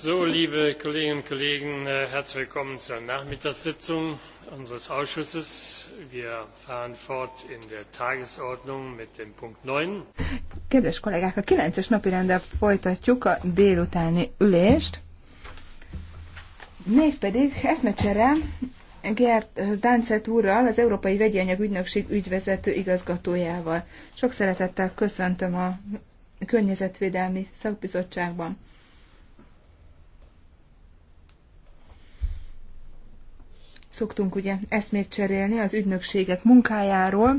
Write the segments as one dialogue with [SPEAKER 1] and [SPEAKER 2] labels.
[SPEAKER 1] So, liebe Kolleginnen und Kollegen, äh, herzlich willkommen zur Nachmittagssitzung unseres Ausschusses. Wir fahren fort in der Tagesordnung mit dem Punkt 9.
[SPEAKER 2] Kedves kollégák, a 9-es napi folytatjuk a délutáni ülést. Mégpedig eszmecsere Gert Dancet úrral, az Európai Vegyi Anyag Ügynökség ügyvezető igazgatójával. Sok szeretettel köszöntöm a Környezetvédelmi Szakbizottságban. szoktunk ugye eszmét cserélni az ügynökségek munkájáról.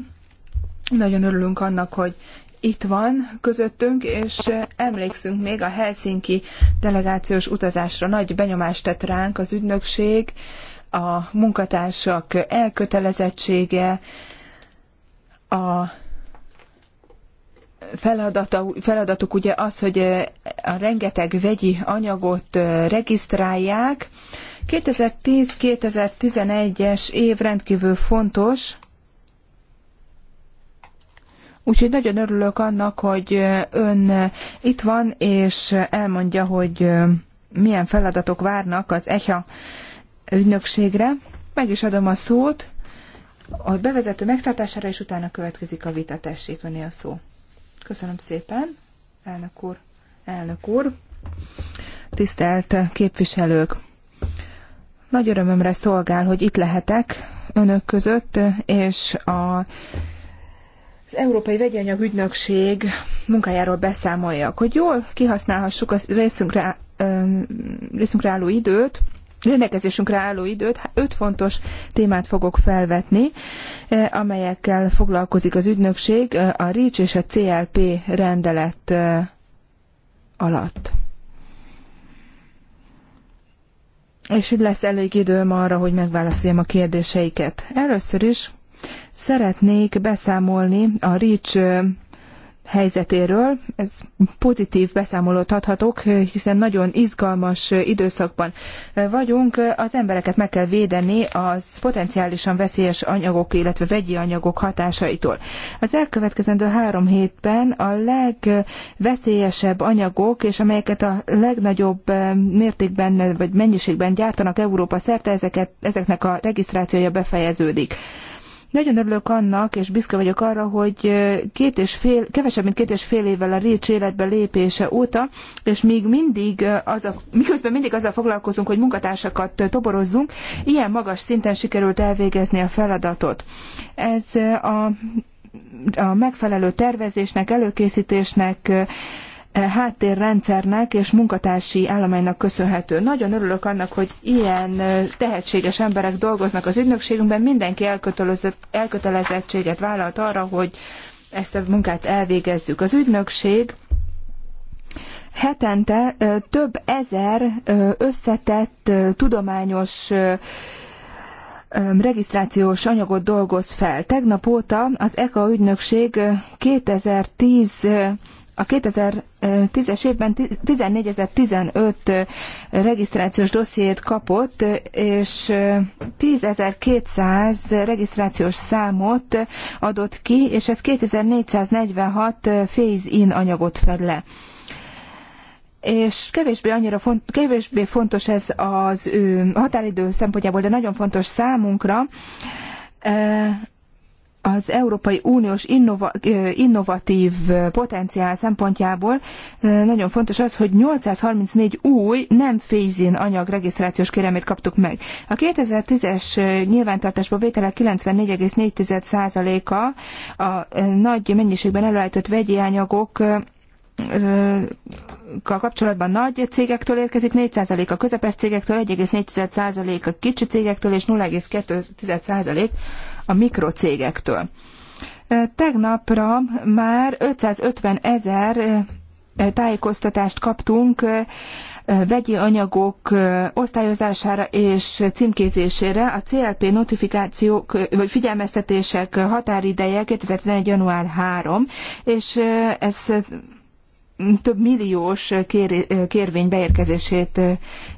[SPEAKER 2] Nagyon örülünk annak, hogy itt van közöttünk, és emlékszünk még a Helsinki delegációs utazásra. Nagy benyomást tett ránk az ügynökség, a munkatársak elkötelezettsége, a feladata, feladatuk ugye az, hogy a rengeteg vegyi anyagot regisztrálják, 2010-2011-es év rendkívül fontos, Úgyhogy nagyon örülök annak, hogy ön itt van, és elmondja, hogy milyen feladatok várnak az EHA ügynökségre. Meg is adom a szót a bevezető megtartására, és utána következik a vita. Tessék öné a szó. Köszönöm szépen, elnök úr. Elnök úr, tisztelt képviselők! Nagy örömömre szolgál, hogy itt lehetek önök között, és a az Európai Vegyanyag Ügynökség munkájáról beszámoljak, hogy jól kihasználhassuk a részünkre, részünkre álló időt, rendelkezésünkre álló időt, hát öt fontos témát fogok felvetni, amelyekkel foglalkozik az ügynökség a REACH és a CLP rendelet alatt. és így lesz elég időm arra, hogy megválaszoljam a kérdéseiket. Először is szeretnék beszámolni a REACH helyzetéről. Ez pozitív beszámolót adhatok, hiszen nagyon izgalmas időszakban vagyunk. Az embereket meg kell védeni az potenciálisan veszélyes anyagok, illetve vegyi anyagok hatásaitól. Az elkövetkezendő három hétben a legveszélyesebb anyagok, és amelyeket a legnagyobb mértékben vagy mennyiségben gyártanak Európa szerte, ezeket, ezeknek a regisztrációja befejeződik. Nagyon örülök annak, és büszke vagyok arra, hogy két és fél, kevesebb, mint két és fél évvel a Récs életbe lépése óta, és még mindig az a, miközben mindig azzal foglalkozunk, hogy munkatársakat toborozzunk, ilyen magas szinten sikerült elvégezni a feladatot. Ez a, a megfelelő tervezésnek, előkészítésnek, E, háttérrendszernek és munkatársi állománynak köszönhető. Nagyon örülök annak, hogy ilyen e, tehetséges emberek dolgoznak az ügynökségünkben, mindenki elkötelezettséget vállalt arra, hogy ezt a munkát elvégezzük. Az ügynökség hetente e, több ezer összetett tudományos regisztrációs anyagot dolgoz fel. Tegnap óta az ECA ügynökség 2010 a 2010-es évben 14.015 regisztrációs dossziét kapott, és 10.200 regisztrációs számot adott ki, és ez 2446 phase-in anyagot fed le és kevésbé, annyira font, kevésbé fontos ez az határidő szempontjából, de nagyon fontos számunkra, az Európai Uniós innova, innovatív potenciál szempontjából nagyon fontos az, hogy 834 új nem fézin anyag regisztrációs kérelmét kaptuk meg. A 2010-es nyilvántartásba vételek 94,4%-a a nagy mennyiségben előállított vegyi anyagok kapcsolatban nagy cégektől érkezik, 4% a közepes cégektől, 1,4% a kicsi cégektől, és 0,2% a mikrocégektől. Tegnapra már 550 ezer tájékoztatást kaptunk vegyi anyagok osztályozására és címkézésére. A CLP notifikációk vagy figyelmeztetések határideje 2011. január 3, és ez több milliós kér, kérvény beérkezését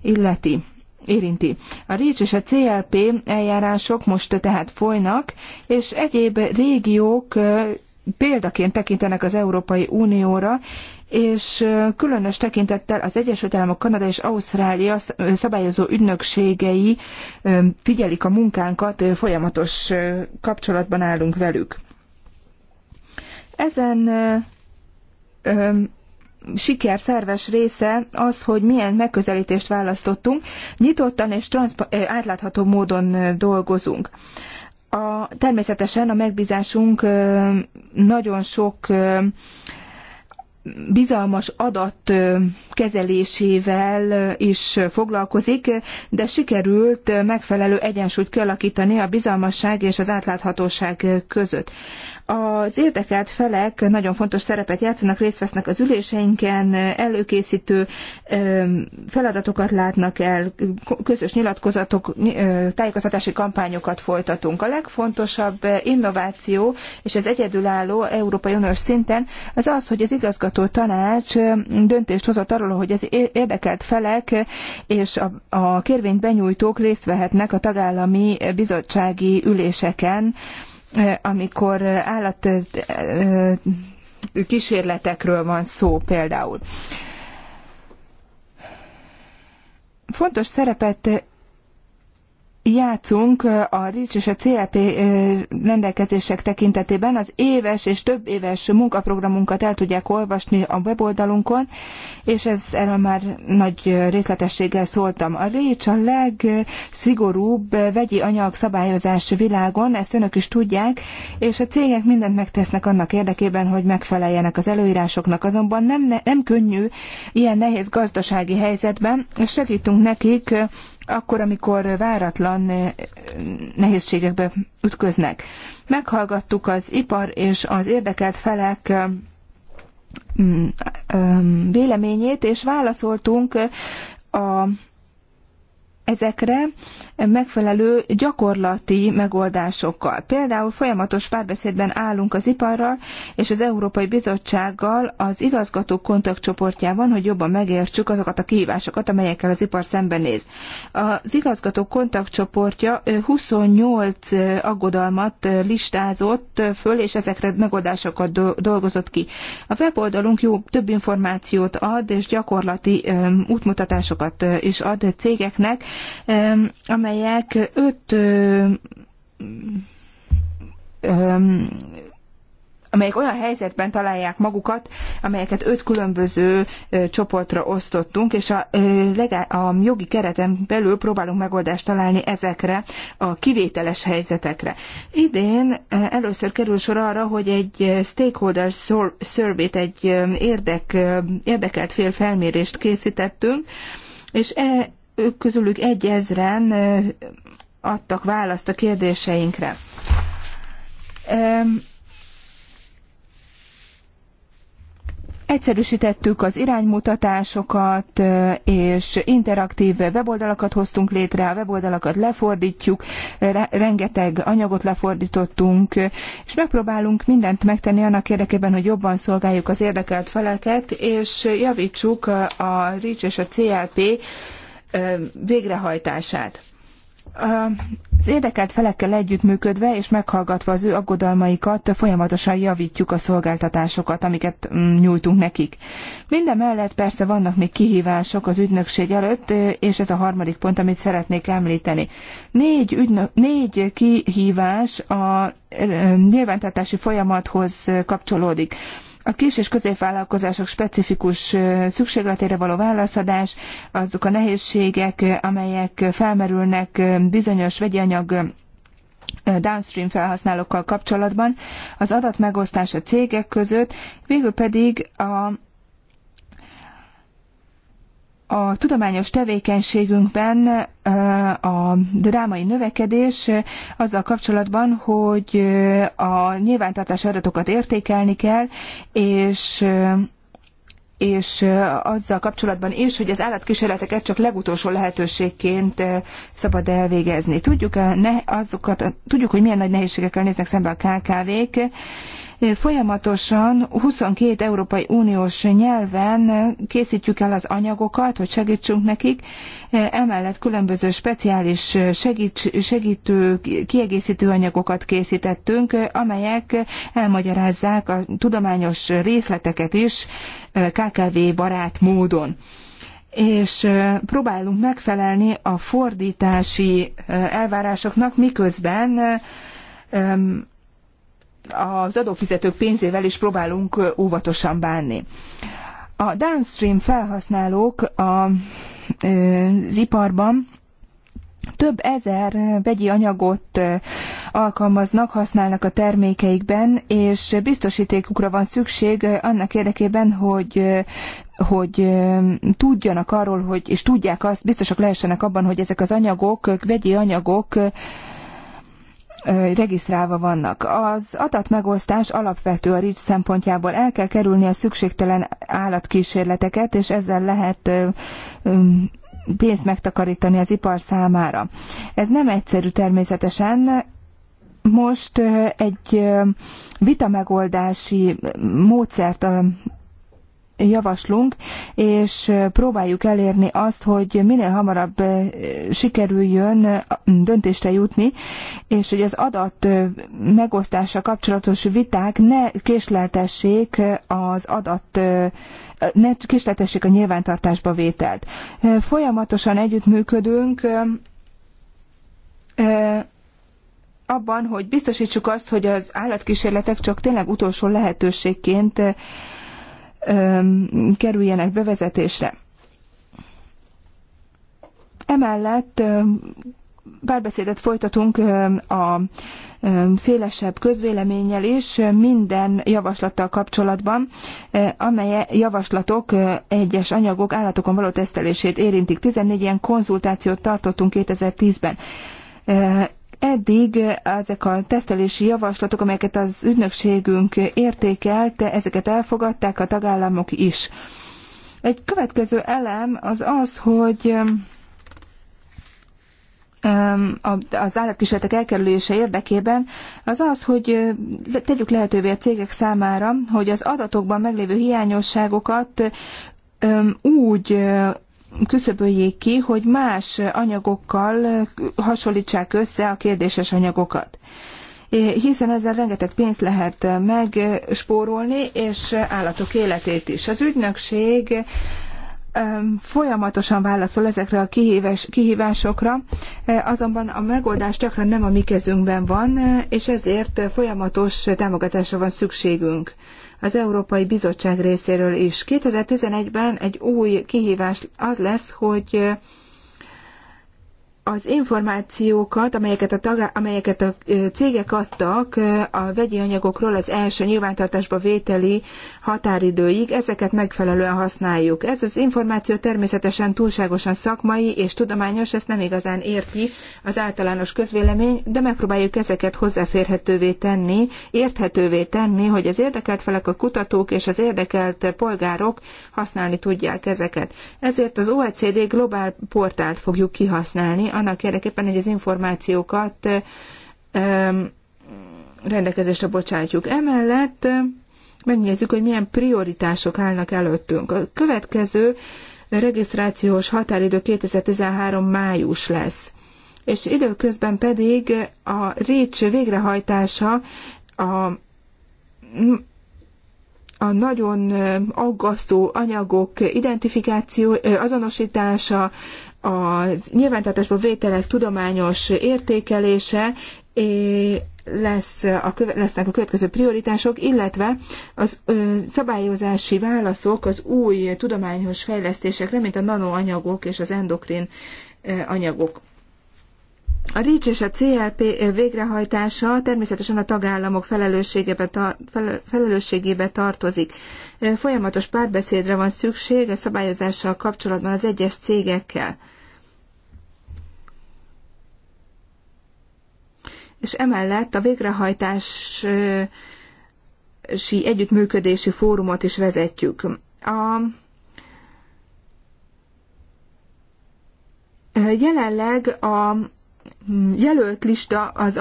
[SPEAKER 2] illeti érinti. A Rics és a CLP eljárások most tehát folynak, és egyéb régiók példaként tekintenek az Európai Unióra, és különös tekintettel az Egyesült Államok, Kanada és Ausztrália szabályozó ügynökségei figyelik a munkánkat, folyamatos kapcsolatban állunk velük. Ezen siker szerves része az, hogy milyen megközelítést választottunk, nyitottan és átlátható módon dolgozunk. A, természetesen a megbízásunk nagyon sok bizalmas adat kezelésével is foglalkozik, de sikerült megfelelő egyensúlyt kialakítani a bizalmasság és az átláthatóság között. Az érdekelt felek nagyon fontos szerepet játszanak, részt vesznek az üléseinken, előkészítő feladatokat látnak el, közös nyilatkozatok, tájékoztatási kampányokat folytatunk. A legfontosabb innováció, és ez egyedülálló Európai Uniós szinten, az az, hogy az igazgató tanács döntést hozott arról, hogy az érdekelt felek és a, a kérvényt benyújtók részt vehetnek a tagállami bizottsági üléseken, amikor állat kísérletekről van szó például. Fontos szerepet játszunk a RICS és a CLP e rendelkezések tekintetében. Az éves és több éves munkaprogramunkat el tudják olvasni a weboldalunkon, és ez erről már nagy részletességgel szóltam. A RICS a legszigorúbb vegyi anyag szabályozás világon, ezt önök is tudják, és a cégek mindent megtesznek annak érdekében, hogy megfeleljenek az előírásoknak, azonban nem, nem könnyű ilyen nehéz gazdasági helyzetben, segítünk nekik akkor, amikor váratlan eh, nehézségekbe ütköznek. Meghallgattuk az ipar és az érdekelt felek eh, mm, eh, mm, véleményét, és válaszoltunk a ezekre megfelelő gyakorlati megoldásokkal. Például folyamatos párbeszédben állunk az iparral és az Európai Bizottsággal az igazgatók kontaktcsoportjában, hogy jobban megértsük azokat a kihívásokat, amelyekkel az ipar szembenéz. Az igazgatók kontaktcsoportja 28 aggodalmat listázott föl, és ezekre megoldásokat dolgozott ki. A weboldalunk jó több információt ad, és gyakorlati útmutatásokat is ad cégeknek, amelyek öt amelyek olyan helyzetben találják magukat, amelyeket öt különböző csoportra osztottunk, és a, a jogi kereten belül próbálunk megoldást találni ezekre a kivételes helyzetekre. Idén először kerül sor arra, hogy egy stakeholder survey-t, egy érdek, érdekelt fél felmérést készítettünk, és e, ők közülük egy ezren adtak választ a kérdéseinkre. Egyszerűsítettük az iránymutatásokat, és interaktív weboldalakat hoztunk létre, a weboldalakat lefordítjuk, rengeteg anyagot lefordítottunk, és megpróbálunk mindent megtenni annak érdekében, hogy jobban szolgáljuk az érdekelt feleket, és javítsuk a Rics és a CLP végrehajtását. Az érdekelt felekkel együttműködve és meghallgatva az ő aggodalmaikat folyamatosan javítjuk a szolgáltatásokat, amiket mm, nyújtunk nekik. Minden mellett persze vannak még kihívások az ügynökség előtt, és ez a harmadik pont, amit szeretnék említeni. Négy, ügynök, négy kihívás a nyilvántartási folyamathoz kapcsolódik. A kis és középvállalkozások specifikus szükségletére való válaszadás, azok a nehézségek, amelyek felmerülnek bizonyos vegyi anyag downstream felhasználókkal kapcsolatban, az adatmegosztás a cégek között, végül pedig a a tudományos tevékenységünkben a drámai növekedés azzal kapcsolatban, hogy a nyilvántartási adatokat értékelni kell, és és azzal kapcsolatban is, hogy az állatkísérleteket csak legutolsó lehetőségként szabad elvégezni. Tudjuk, -e ne, azokat, tudjuk hogy milyen nagy nehézségekkel néznek szembe a KKV-k, Folyamatosan 22 Európai Uniós nyelven készítjük el az anyagokat, hogy segítsünk nekik. Emellett különböző speciális segít, segítő, kiegészítő anyagokat készítettünk, amelyek elmagyarázzák a tudományos részleteket is KKV barát módon és próbálunk megfelelni a fordítási elvárásoknak, miközben az adófizetők pénzével is próbálunk óvatosan bánni. A downstream felhasználók a, az iparban több ezer vegyi anyagot alkalmaznak, használnak a termékeikben, és biztosítékukra van szükség annak érdekében, hogy hogy tudjanak arról, hogy, és tudják azt, biztosak lehessenek abban, hogy ezek az anyagok, vegyi anyagok regisztrálva vannak. Az adatmegosztás alapvető a RICS szempontjából. El kell kerülni a szükségtelen állatkísérleteket, és ezzel lehet pénzt megtakarítani az ipar számára. Ez nem egyszerű természetesen, most egy vita megoldási módszert javaslunk, és próbáljuk elérni azt, hogy minél hamarabb eh, sikerüljön eh, döntésre jutni, és hogy az adat eh, megosztása kapcsolatos viták ne késleltessék az adat ne késleltessék a nyilvántartásba vételt. Folyamatosan együttműködünk abban, hogy biztosítsuk azt, hogy az állatkísérletek csak tényleg utolsó lehetőségként kerüljenek bevezetésre. Emellett párbeszédet folytatunk a szélesebb közvéleménnyel is minden javaslattal kapcsolatban, amely javaslatok egyes anyagok állatokon való tesztelését érintik. 14 ilyen konzultációt tartottunk 2010-ben Eddig ezek a tesztelési javaslatok, amelyeket az ügynökségünk értékelt, ezeket elfogadták a tagállamok is. Egy következő elem az az, hogy az állatkísérletek elkerülése érdekében az az, hogy tegyük lehetővé a cégek számára, hogy az adatokban meglévő hiányosságokat úgy küszöböljék ki, hogy más anyagokkal hasonlítsák össze a kérdéses anyagokat hiszen ezzel rengeteg pénzt lehet megspórolni, és állatok életét is. Az ügynökség folyamatosan válaszol ezekre a kihívás, kihívásokra, e, azonban a megoldás gyakran nem a mi kezünkben van, e, és ezért folyamatos támogatásra van szükségünk az Európai Bizottság részéről is. 2011-ben egy új kihívás az lesz, hogy az információkat, amelyeket a, taga, amelyeket a cégek adtak a vegyi anyagokról az első nyilvántartásba vételi határidőig, ezeket megfelelően használjuk. Ez az információ természetesen túlságosan szakmai és tudományos, ezt nem igazán érti az általános közvélemény, de megpróbáljuk ezeket hozzáférhetővé tenni, érthetővé tenni, hogy az érdekelt felek, a kutatók és az érdekelt polgárok használni tudják ezeket. Ezért az OECD globál portált fogjuk kihasználni, annak érdekében, hogy az információkat rendelkezésre bocsátjuk. Emellett megnézzük, hogy milyen prioritások állnak előttünk. A következő regisztrációs határidő 2013 május lesz, és időközben pedig a REACH végrehajtása a a nagyon aggasztó anyagok identifikáció, azonosítása, az nyilvántartásba vételek tudományos értékelése lesz a, lesznek a következő prioritások, illetve az ö, szabályozási válaszok az új tudományos fejlesztésekre, mint a nanoanyagok és az endokrin ö, anyagok. A rics és a CLP végrehajtása természetesen a tagállamok felelősségébe, tar- felelősségébe tartozik. Folyamatos párbeszédre van szükség a szabályozással kapcsolatban az egyes cégekkel. és emellett a végrehajtási együttműködési fórumot is vezetjük. A jelenleg a jelölt lista, az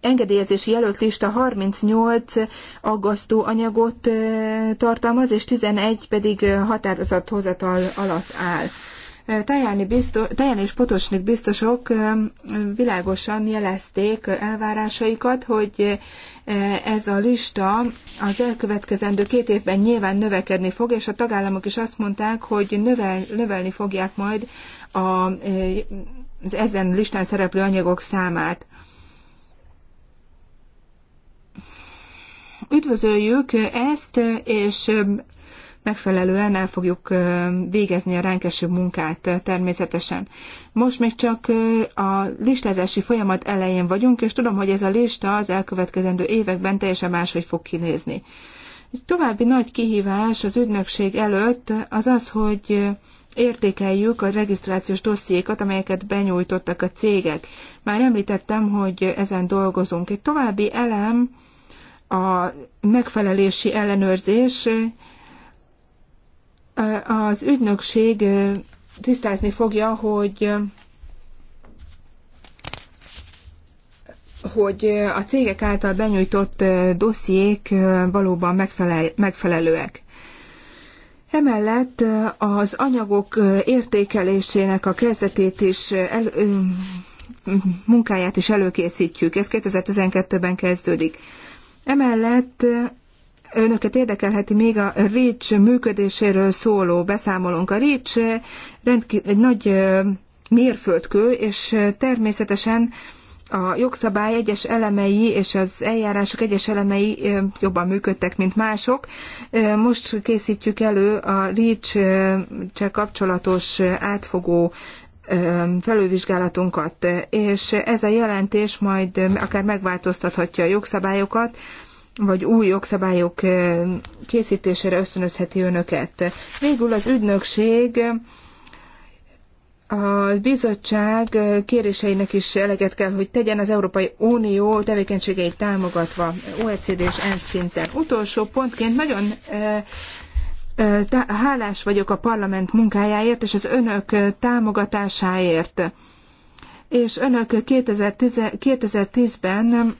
[SPEAKER 2] engedélyezési jelölt lista 38 aggasztó anyagot tartalmaz, és 11 pedig határozathozatal alatt áll. Tajani, biztos, Tajani és Potosnik biztosok világosan jelezték elvárásaikat, hogy ez a lista az elkövetkezendő két évben nyilván növekedni fog, és a tagállamok is azt mondták, hogy növel, növelni fogják majd a, az ezen listán szereplő anyagok számát. Üdvözöljük ezt, és megfelelően el fogjuk végezni a ránk eső munkát természetesen. Most még csak a listázási folyamat elején vagyunk, és tudom, hogy ez a lista az elkövetkezendő években teljesen máshogy fog kinézni. Egy további nagy kihívás az ügynökség előtt az az, hogy értékeljük a regisztrációs dossziékat, amelyeket benyújtottak a cégek. Már említettem, hogy ezen dolgozunk. Egy további elem a megfelelési ellenőrzés, az ügynökség tisztázni fogja, hogy hogy a cégek által benyújtott dossziék valóban megfelel, megfelelőek. Emellett az anyagok értékelésének a kezdetét is el, munkáját is előkészítjük. Ez 2012-ben kezdődik. Emellett Önöket érdekelheti még a REACH működéséről szóló beszámolónk. A REACH rendkív- egy nagy mérföldkő, és természetesen a jogszabály egyes elemei és az eljárások egyes elemei jobban működtek, mint mások. Most készítjük elő a REACH-csel kapcsolatos átfogó felővizsgálatunkat, és ez a jelentés majd akár megváltoztathatja a jogszabályokat, vagy új jogszabályok készítésére ösztönözheti önöket. Végül az ügynökség a bizottság kéréseinek is eleget kell, hogy tegyen az Európai Unió tevékenységeit támogatva OECD és ENSZ szinten. Utolsó pontként nagyon hálás vagyok a parlament munkájáért és az önök támogatásáért. És önök 2010-ben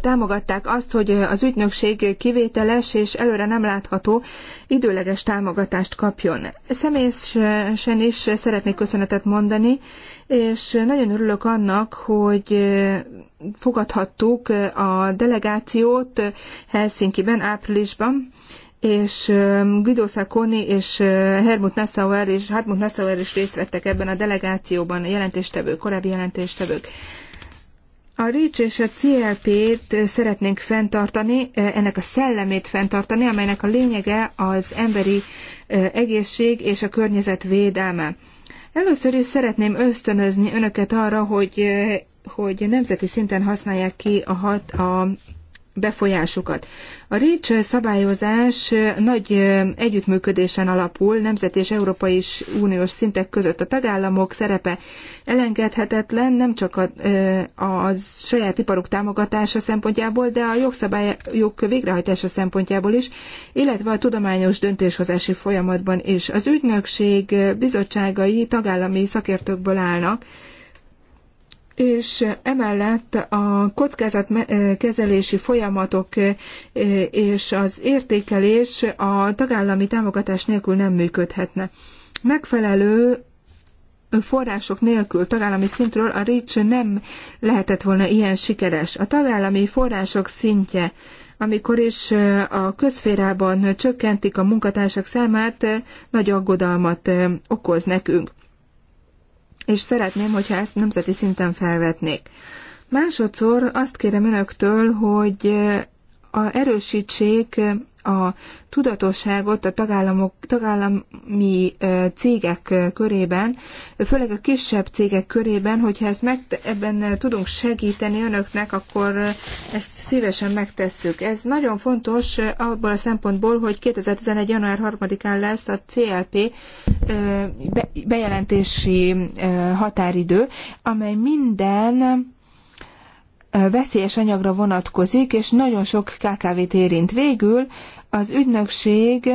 [SPEAKER 2] támogatták azt, hogy az ügynökség kivételes és előre nem látható időleges támogatást kapjon. Személyesen is szeretnék köszönetet mondani, és nagyon örülök annak, hogy fogadhattuk a delegációt Helsinki-ben áprilisban, és Guido Sacconi és Helmut Nassauer és Hartmut Nassauer is részt vettek ebben a delegációban, jelentéstevők, korábbi jelentéstevők. A REACH és a CLP-t szeretnénk fenntartani, eh, ennek a szellemét fenntartani, amelynek a lényege az emberi eh, egészség és a környezet védelme. Először is szeretném ösztönözni önöket arra, hogy eh, hogy nemzeti szinten használják ki a, hat, a befolyásukat. A REACH szabályozás nagy együttműködésen alapul nemzet és európai és uniós szintek között. A tagállamok szerepe elengedhetetlen nem csak a, a saját iparuk támogatása szempontjából, de a jogszabályok végrehajtása szempontjából is, illetve a tudományos döntéshozási folyamatban is. Az ügynökség bizottságai tagállami szakértőkből állnak, és emellett a kockázatkezelési folyamatok eh, és az értékelés a tagállami támogatás nélkül nem működhetne. Megfelelő források nélkül tagállami szintről a REACH nem lehetett volna ilyen sikeres. A tagállami források szintje, amikor is eh, a közférában csökkentik a munkatársak számát, eh, nagy aggodalmat okoz nekünk és szeretném, hogyha ezt nemzeti szinten felvetnék. Másodszor azt kérem önöktől, hogy eh, a erősítsék a tudatosságot a tagállamok, tagállami cégek körében, főleg a kisebb cégek körében, hogyha ezt meg, ebben tudunk segíteni önöknek, akkor ezt szívesen megtesszük. Ez nagyon fontos abból a szempontból, hogy 2011. január 3-án lesz a CLP bejelentési határidő, amely minden veszélyes anyagra vonatkozik, és nagyon sok KKV-t érint. Végül az ügynökség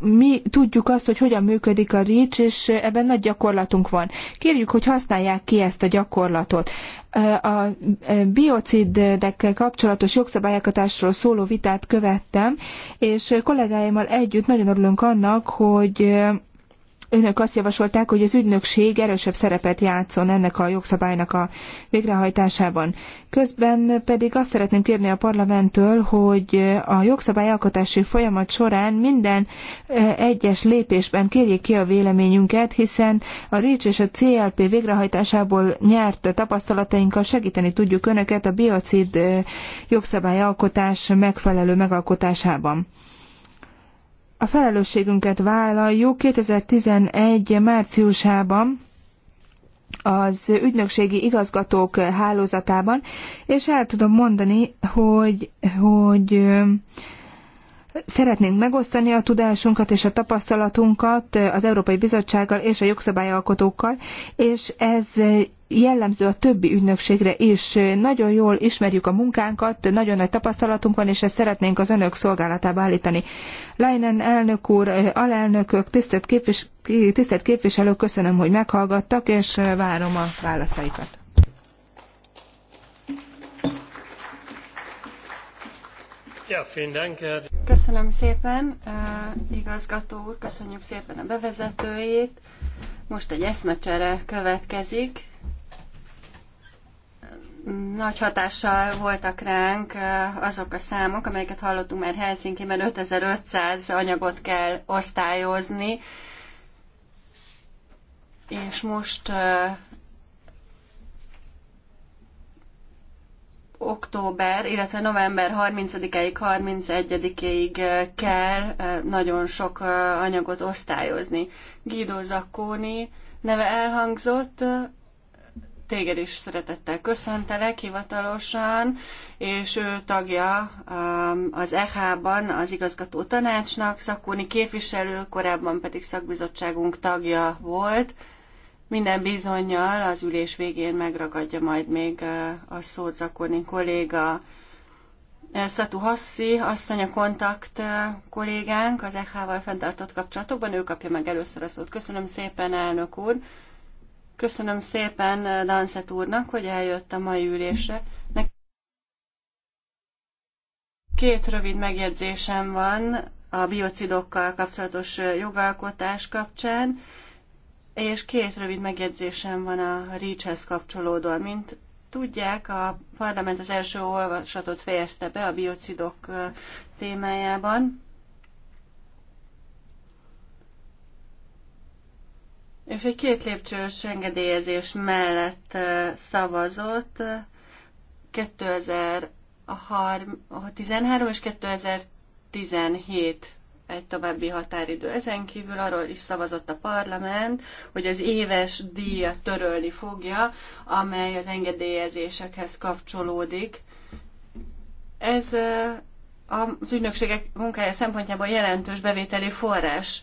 [SPEAKER 2] mi tudjuk azt, hogy hogyan működik a REACH, és ebben nagy gyakorlatunk van. Kérjük, hogy használják ki ezt a gyakorlatot. A biocidekkel kapcsolatos jogszabályokatásról szóló vitát követtem, és kollégáimmal együtt nagyon örülünk annak, hogy Önök azt javasolták, hogy az ügynökség erősebb szerepet játszon ennek a jogszabálynak a végrehajtásában. Közben pedig azt szeretném kérni a parlamenttől, hogy a jogszabályalkotási folyamat során minden e, egyes lépésben kérjék ki a véleményünket, hiszen a RICS és a CLP végrehajtásából nyert tapasztalatainkkal segíteni tudjuk Önöket a biocid e, jogszabályalkotás megfelelő megalkotásában a felelősségünket vállaljuk. 2011. márciusában az ügynökségi igazgatók hálózatában, és el tudom mondani, hogy, hogy Szeretnénk megosztani a tudásunkat és a tapasztalatunkat az Európai Bizottsággal és a jogszabályalkotókkal, és ez jellemző a többi ügynökségre is. Nagyon jól ismerjük a munkánkat, nagyon nagy tapasztalatunk van, és ezt szeretnénk az önök szolgálatába állítani. Leinen elnök úr, alelnökök, tisztelt, képvis- tisztelt képviselők, köszönöm, hogy meghallgattak, és várom a válaszaikat.
[SPEAKER 1] Köszönöm szépen, eh, igazgató úr, köszönjük szépen a bevezetőjét. Most egy eszmecsere következik nagy hatással voltak ránk azok a számok, amelyeket hallottunk már Helsinki-ben, 5500 anyagot kell osztályozni, és most október, illetve november 30-ig, 31-ig kell nagyon sok anyagot osztályozni. Guido Zacconi neve elhangzott, téged is szeretettel köszöntelek hivatalosan, és ő tagja um, az EH-ban az igazgató tanácsnak, szakúni képviselő, korábban pedig szakbizottságunk tagja volt. Minden bizonyal az ülés végén megragadja majd még uh, a szót Zakorni kolléga. Uh, Szatu Hasszi, asszony a kontakt uh, kollégánk az EH-val fenntartott kapcsolatokban, ő kapja meg először a szót. Köszönöm szépen, elnök úr! Köszönöm szépen Lancet eh, úrnak, hogy eljött a mai ülésre. Két rövid megjegyzésem van a biocidokkal kapcsolatos eh, jogalkotás kapcsán, és két rövid megjegyzésem van a REACH-hez kapcsolódóan. Mint tudják, a parlament az első olvasatot fejezte be a biocidok eh, témájában. és egy két lépcsős engedélyezés mellett szavazott 2013 és 2017 egy további határidő. Ezen kívül arról is szavazott a parlament, hogy az éves díjat törölni fogja, amely az engedélyezésekhez kapcsolódik. Ez az ügynökségek munkája szempontjából jelentős bevételi forrás.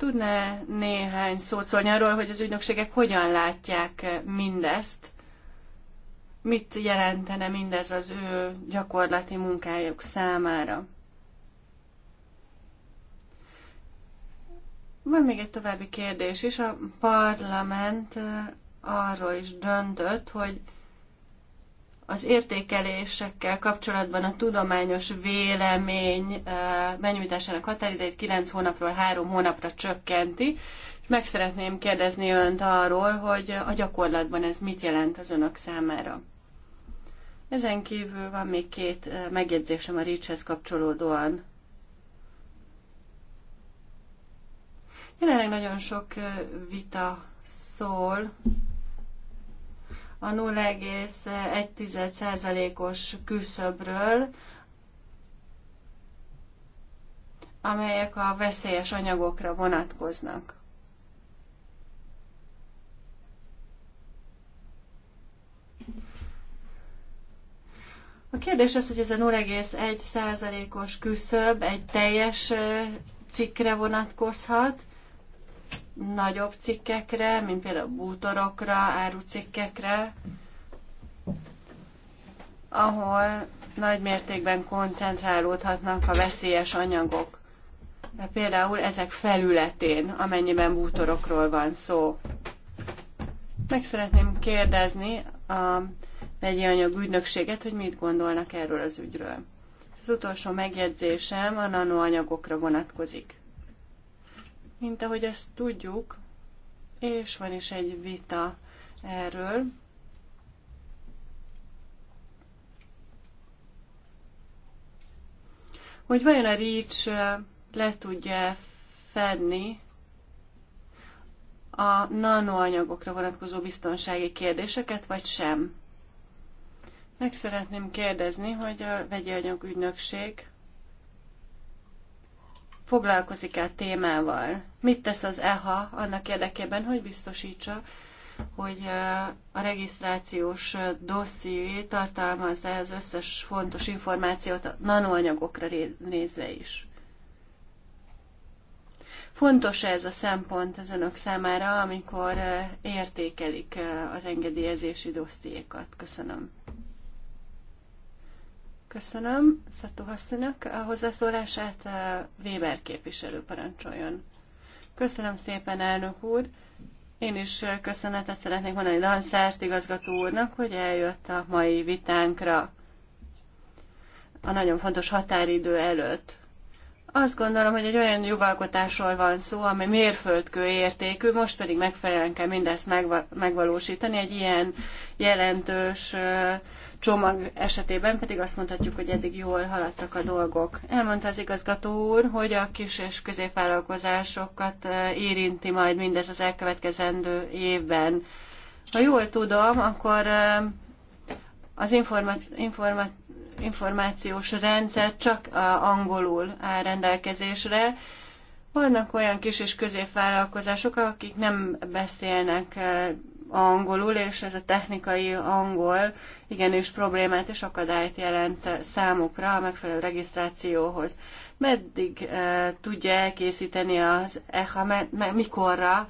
[SPEAKER 1] Tudná néhány szót szólni arról, hogy az ügynökségek hogyan látják mindezt? Mit jelentene mindez az ő gyakorlati munkájuk számára? Van még egy további kérdés is. A parlament eh, arról is döntött, hogy az értékelésekkel kapcsolatban a tudományos vélemény eh, benyújtásának határidejét 9 hónapról 3 hónapra csökkenti. És meg szeretném kérdezni önt arról, hogy a gyakorlatban ez mit jelent az önök számára. Ezen kívül van még két eh, megjegyzésem a Ricshez kapcsolódóan. Jelenleg nagyon sok eh, vita szól a 0,1%-os küszöbről, amelyek a veszélyes anyagokra vonatkoznak. A kérdés az, hogy ez a 0,1 százalékos küszöb egy teljes cikkre vonatkozhat, nagyobb cikkekre, mint például bútorokra, árucikkekre, ahol nagy mértékben koncentrálódhatnak a veszélyes anyagok. De például ezek felületén, amennyiben bútorokról van szó. Meg szeretném kérdezni a megyi anyag ügynökséget, hogy mit gondolnak erről az ügyről. Az utolsó megjegyzésem a nanoanyagokra vonatkozik. Mint ahogy ezt tudjuk, és van is egy vita erről, hogy vajon a Rics le tudja fedni a nanoanyagokra vonatkozó biztonsági kérdéseket, vagy sem. Meg szeretném kérdezni, hogy a vegyi anyagügynökség foglalkozik-e a témával? Mit tesz az EHA annak érdekében, hogy biztosítsa, hogy a regisztrációs dosszié tartalmazza az összes fontos információt a nanoanyagokra nézve is? Fontos ez a szempont az önök számára, amikor értékelik az engedélyezési dossziékat? Köszönöm. Köszönöm Szató Hasszonynak a hozzászólását. Eh, Weber képviselő parancsoljon. Köszönöm szépen, elnök úr. Én is eh, köszönetet szeretnék mondani Danszárt igazgató úrnak, hogy eljött a mai vitánkra a nagyon fontos határidő előtt. Azt gondolom, hogy egy olyan jogalkotásról van szó, ami mérföldkő értékű, most pedig megfelelően kell mindezt megvalósítani. Egy ilyen jelentős csomag esetében pedig azt mondhatjuk, hogy eddig jól haladtak a dolgok. Elmondta az igazgató úr, hogy a kis és középvállalkozásokat érinti majd mindez az elkövetkezendő évben. Ha jól tudom, akkor az informat, informat, információs rendszer csak angolul áll rendelkezésre. Vannak olyan kis és középvállalkozások, akik nem beszélnek angolul, és ez a technikai angol igenis problémát és akadályt jelent számukra a megfelelő regisztrációhoz. Meddig e, tudja elkészíteni az EHA, me, mikorra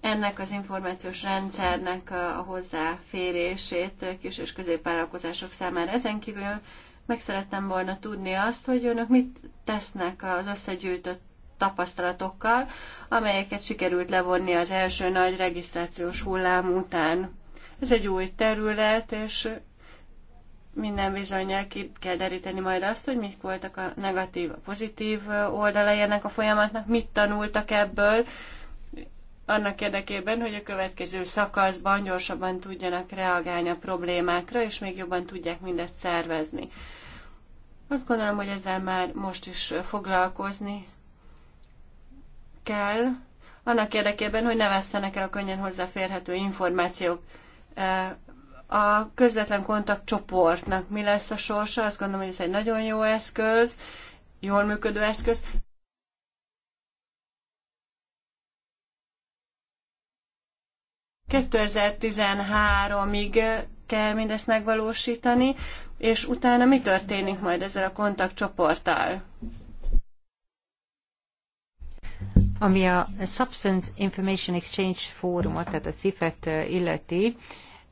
[SPEAKER 1] ennek az információs rendszernek a, a hozzáférését kis- és középvállalkozások számára. Ezen kívül meg szerettem volna tudni azt, hogy önök mit tesznek az összegyűjtött tapasztalatokkal, amelyeket sikerült levonni az első nagy regisztrációs hullám után. Ez egy új terület, és minden bizonyal ki kell deríteni majd azt, hogy mik voltak a negatív, a pozitív oldalai ennek a folyamatnak, mit tanultak ebből, annak érdekében, hogy a következő szakaszban gyorsabban tudjanak reagálni a problémákra, és még jobban tudják mindezt szervezni. Azt gondolom, hogy ezzel már most is foglalkozni kell, annak érdekében, hogy ne vesztenek el a könnyen hozzáférhető információk. E, a közvetlen kontaktcsoportnak mi lesz a sorsa? Azt gondolom, hogy ez egy nagyon jó eszköz, jól működő eszköz. ...2013-ig kell mindezt megvalósítani, és utána mi történik majd ezzel a kontaktcsoporttal?
[SPEAKER 3] Ami a Substance Information Exchange fórumot, tehát a CIFET illeti,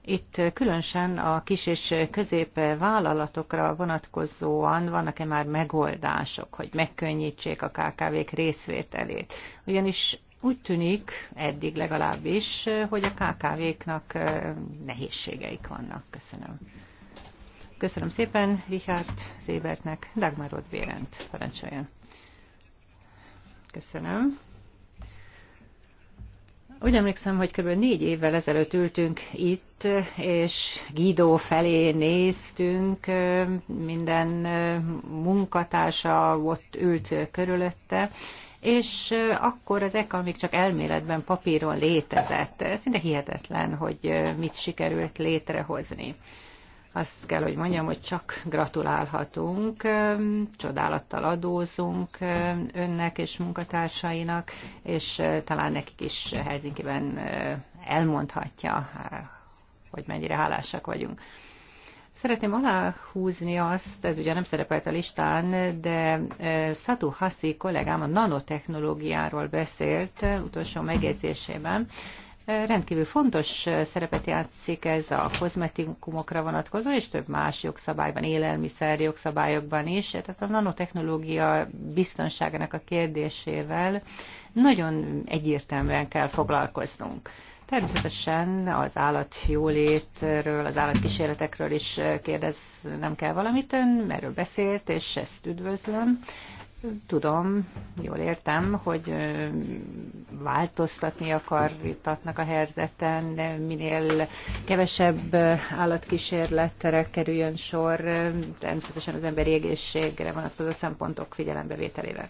[SPEAKER 3] itt különösen a kis és közép vállalatokra vonatkozóan vannak-e már megoldások, hogy megkönnyítsék a KKV-k részvételét? Ugyanis úgy tűnik, eddig legalábbis, hogy a KKV-knak nehézségeik vannak. Köszönöm. Köszönöm szépen Richard Zébertnek, Dagmar Rodbérent. Parancsoljon. Köszönöm. Úgy emlékszem, hogy kb. négy évvel ezelőtt ültünk itt, és Guido felé néztünk, minden munkatársa ott ült körülötte, és akkor az EKA még csak elméletben papíron létezett. Ez szinte hihetetlen, hogy mit sikerült létrehozni. Azt kell, hogy mondjam, hogy csak gratulálhatunk, csodálattal adózunk önnek és munkatársainak, és talán nekik is Helsinki-ben elmondhatja, hogy mennyire hálásak vagyunk. Szeretném aláhúzni azt, ez ugye nem szerepelt a listán, de Szatú Haszi kollégám a nanotechnológiáról beszélt utolsó megjegyzésében, Rendkívül fontos szerepet játszik ez a kozmetikumokra vonatkozó, és több más jogszabályban, élelmiszer jogszabályokban is. Tehát a nanotechnológia biztonságának a kérdésével nagyon egyértelműen kell foglalkoznunk. Természetesen az állatjólétről, az állatkísérletekről is kérdez, nem kell valamit. Ön erről beszélt, és ezt üdvözlöm. Tudom, jól értem, hogy változtatni akartatnak a herdeten, de minél kevesebb állatkísérletre kerüljön sor, természetesen az emberi egészségre vonatkozó szempontok figyelembevételével.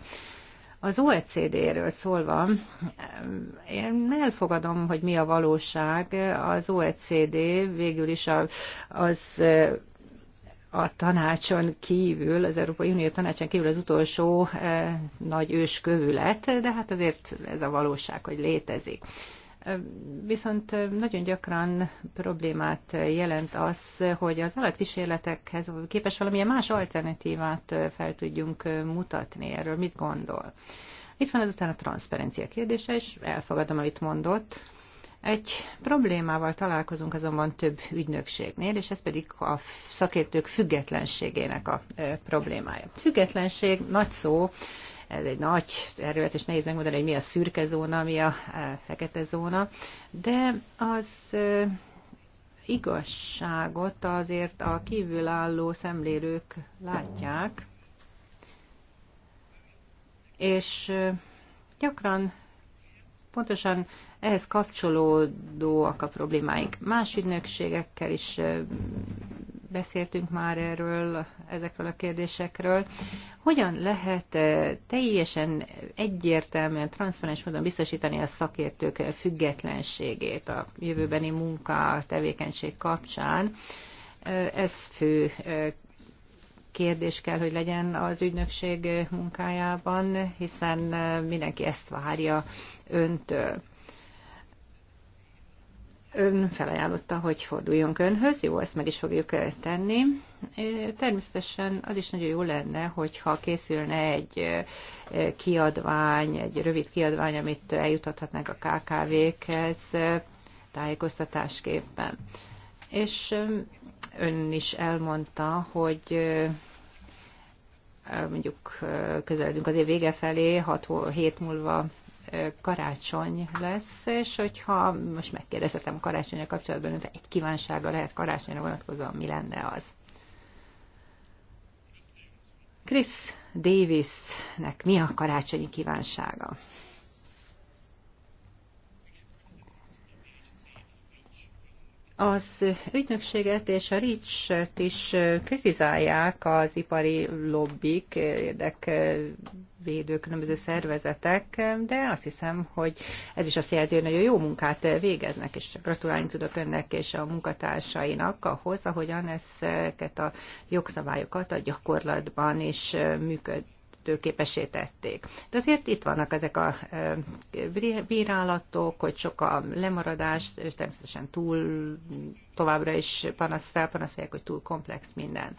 [SPEAKER 3] Az OECD-ről szólva, én elfogadom, hogy mi a valóság. Az OECD végül is az a tanácson kívül, az Európai Unió tanácson kívül az utolsó eh, nagy őskövület, de hát azért ez a valóság, hogy létezik. Eh, viszont eh, nagyon gyakran problémát eh, jelent az, hogy az állatkísérletekhez képes valamilyen más alternatívát fel tudjunk mutatni. Erről mit gondol? Itt van azután a transzparencia kérdése, és elfogadom, amit mondott egy problémával találkozunk azonban több ügynökségnél, és ez pedig a szakértők függetlenségének a e, problémája. Függetlenség nagy szó, ez egy nagy terület, és nehéz megmondani, hogy mi a szürke zóna, mi a e, fekete zóna, de az e, igazságot azért a kívülálló szemlélők látják, és gyakran pontosan ehhez kapcsolódóak a problémáink. Más ügynökségekkel is beszéltünk már erről, ezekről a kérdésekről. Hogyan lehet teljesen egyértelműen, transzparens módon biztosítani a szakértők függetlenségét a jövőbeni munka, tevékenység kapcsán? Ez fő kérdés kell, hogy legyen az ügynökség munkájában, hiszen mindenki ezt várja öntől ön felajánlotta, hogy forduljunk önhöz, jó, ezt meg is fogjuk tenni. Természetesen az is nagyon jó lenne, hogyha készülne egy kiadvány, egy rövid kiadvány, amit eljutathatnánk a KKV-khez tájékoztatásképpen. És ön is elmondta, hogy mondjuk közeledünk az év vége felé, 6 hét múlva karácsony lesz, és hogyha most megkérdezhetem a karácsonyra kapcsolatban, hogy egy kívánsága lehet karácsonyra vonatkozóan, mi lenne az? Chris Davisnek mi a karácsonyi kívánsága? Az ügynökséget és a RICS-t is kritizálják az ipari lobbik, érdekvédő különböző szervezetek, de azt hiszem, hogy ez is azt jelzi, hogy nagyon jó munkát végeznek, és gratulálni tudok önnek és a munkatársainak ahhoz, ahogyan ezeket a jogszabályokat a gyakorlatban is működ, fizetőképessé tették. De azért itt vannak ezek a bírálatok, hogy sok a lemaradás, és természetesen túl továbbra is panasz, felpanaszolják, hogy túl komplex minden.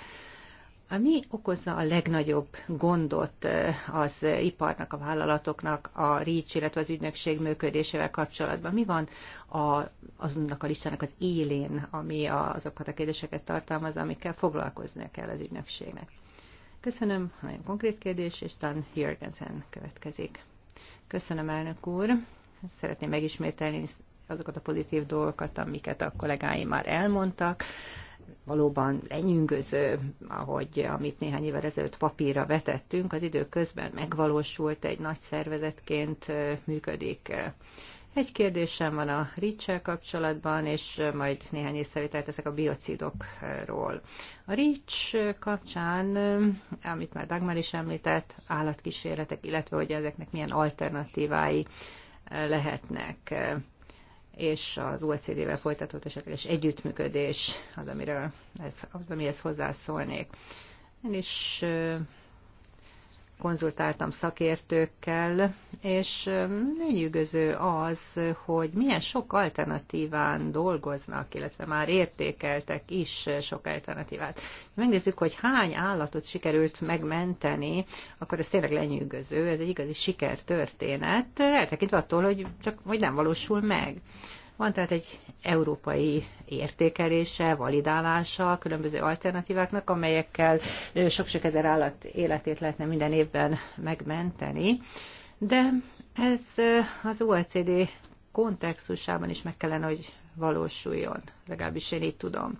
[SPEAKER 3] Mi okozza a legnagyobb gondot az iparnak, a vállalatoknak a REACH, illetve az ügynökség működésével kapcsolatban? Mi van a, azonnak a listának az élén, ami a, azokat a kérdéseket tartalmaz, amikkel foglalkoznia kell az ügynökségnek? Köszönöm, nagyon konkrét kérdés, és Dan Jörgensen következik. Köszönöm, elnök úr. Szeretném megismételni azokat a pozitív dolgokat, amiket a kollégáim már elmondtak. Valóban lenyűgöző, ahogy amit néhány évvel ezelőtt papírra vetettünk, az idő közben megvalósult, egy nagy szervezetként működik egy kérdésem van a rics kapcsolatban, és majd néhány észrevételt ezek a biocidokról. A rics kapcsán, amit már Dagmar is említett, állatkísérletek, illetve hogy ezeknek milyen alternatívái lehetnek és az OECD-vel folytatott és együttműködés az, amiről ez, az, amihez hozzászólnék. Én is konzultáltam szakértőkkel, és um, lenyűgöző az, hogy milyen sok alternatíván dolgoznak, illetve már értékeltek is sok alternatívát. Megnézzük, hogy hány állatot sikerült megmenteni, akkor ez tényleg lenyűgöző, ez egy igazi sikertörténet, eltekintve attól, hogy csak hogy nem valósul meg. Van tehát egy európai értékelése, validálása a különböző alternatíváknak, amelyekkel sok-sok ezer állat életét lehetne minden évben megmenteni. De ez az OECD kontextusában is meg kellene, hogy valósuljon, legalábbis én így tudom.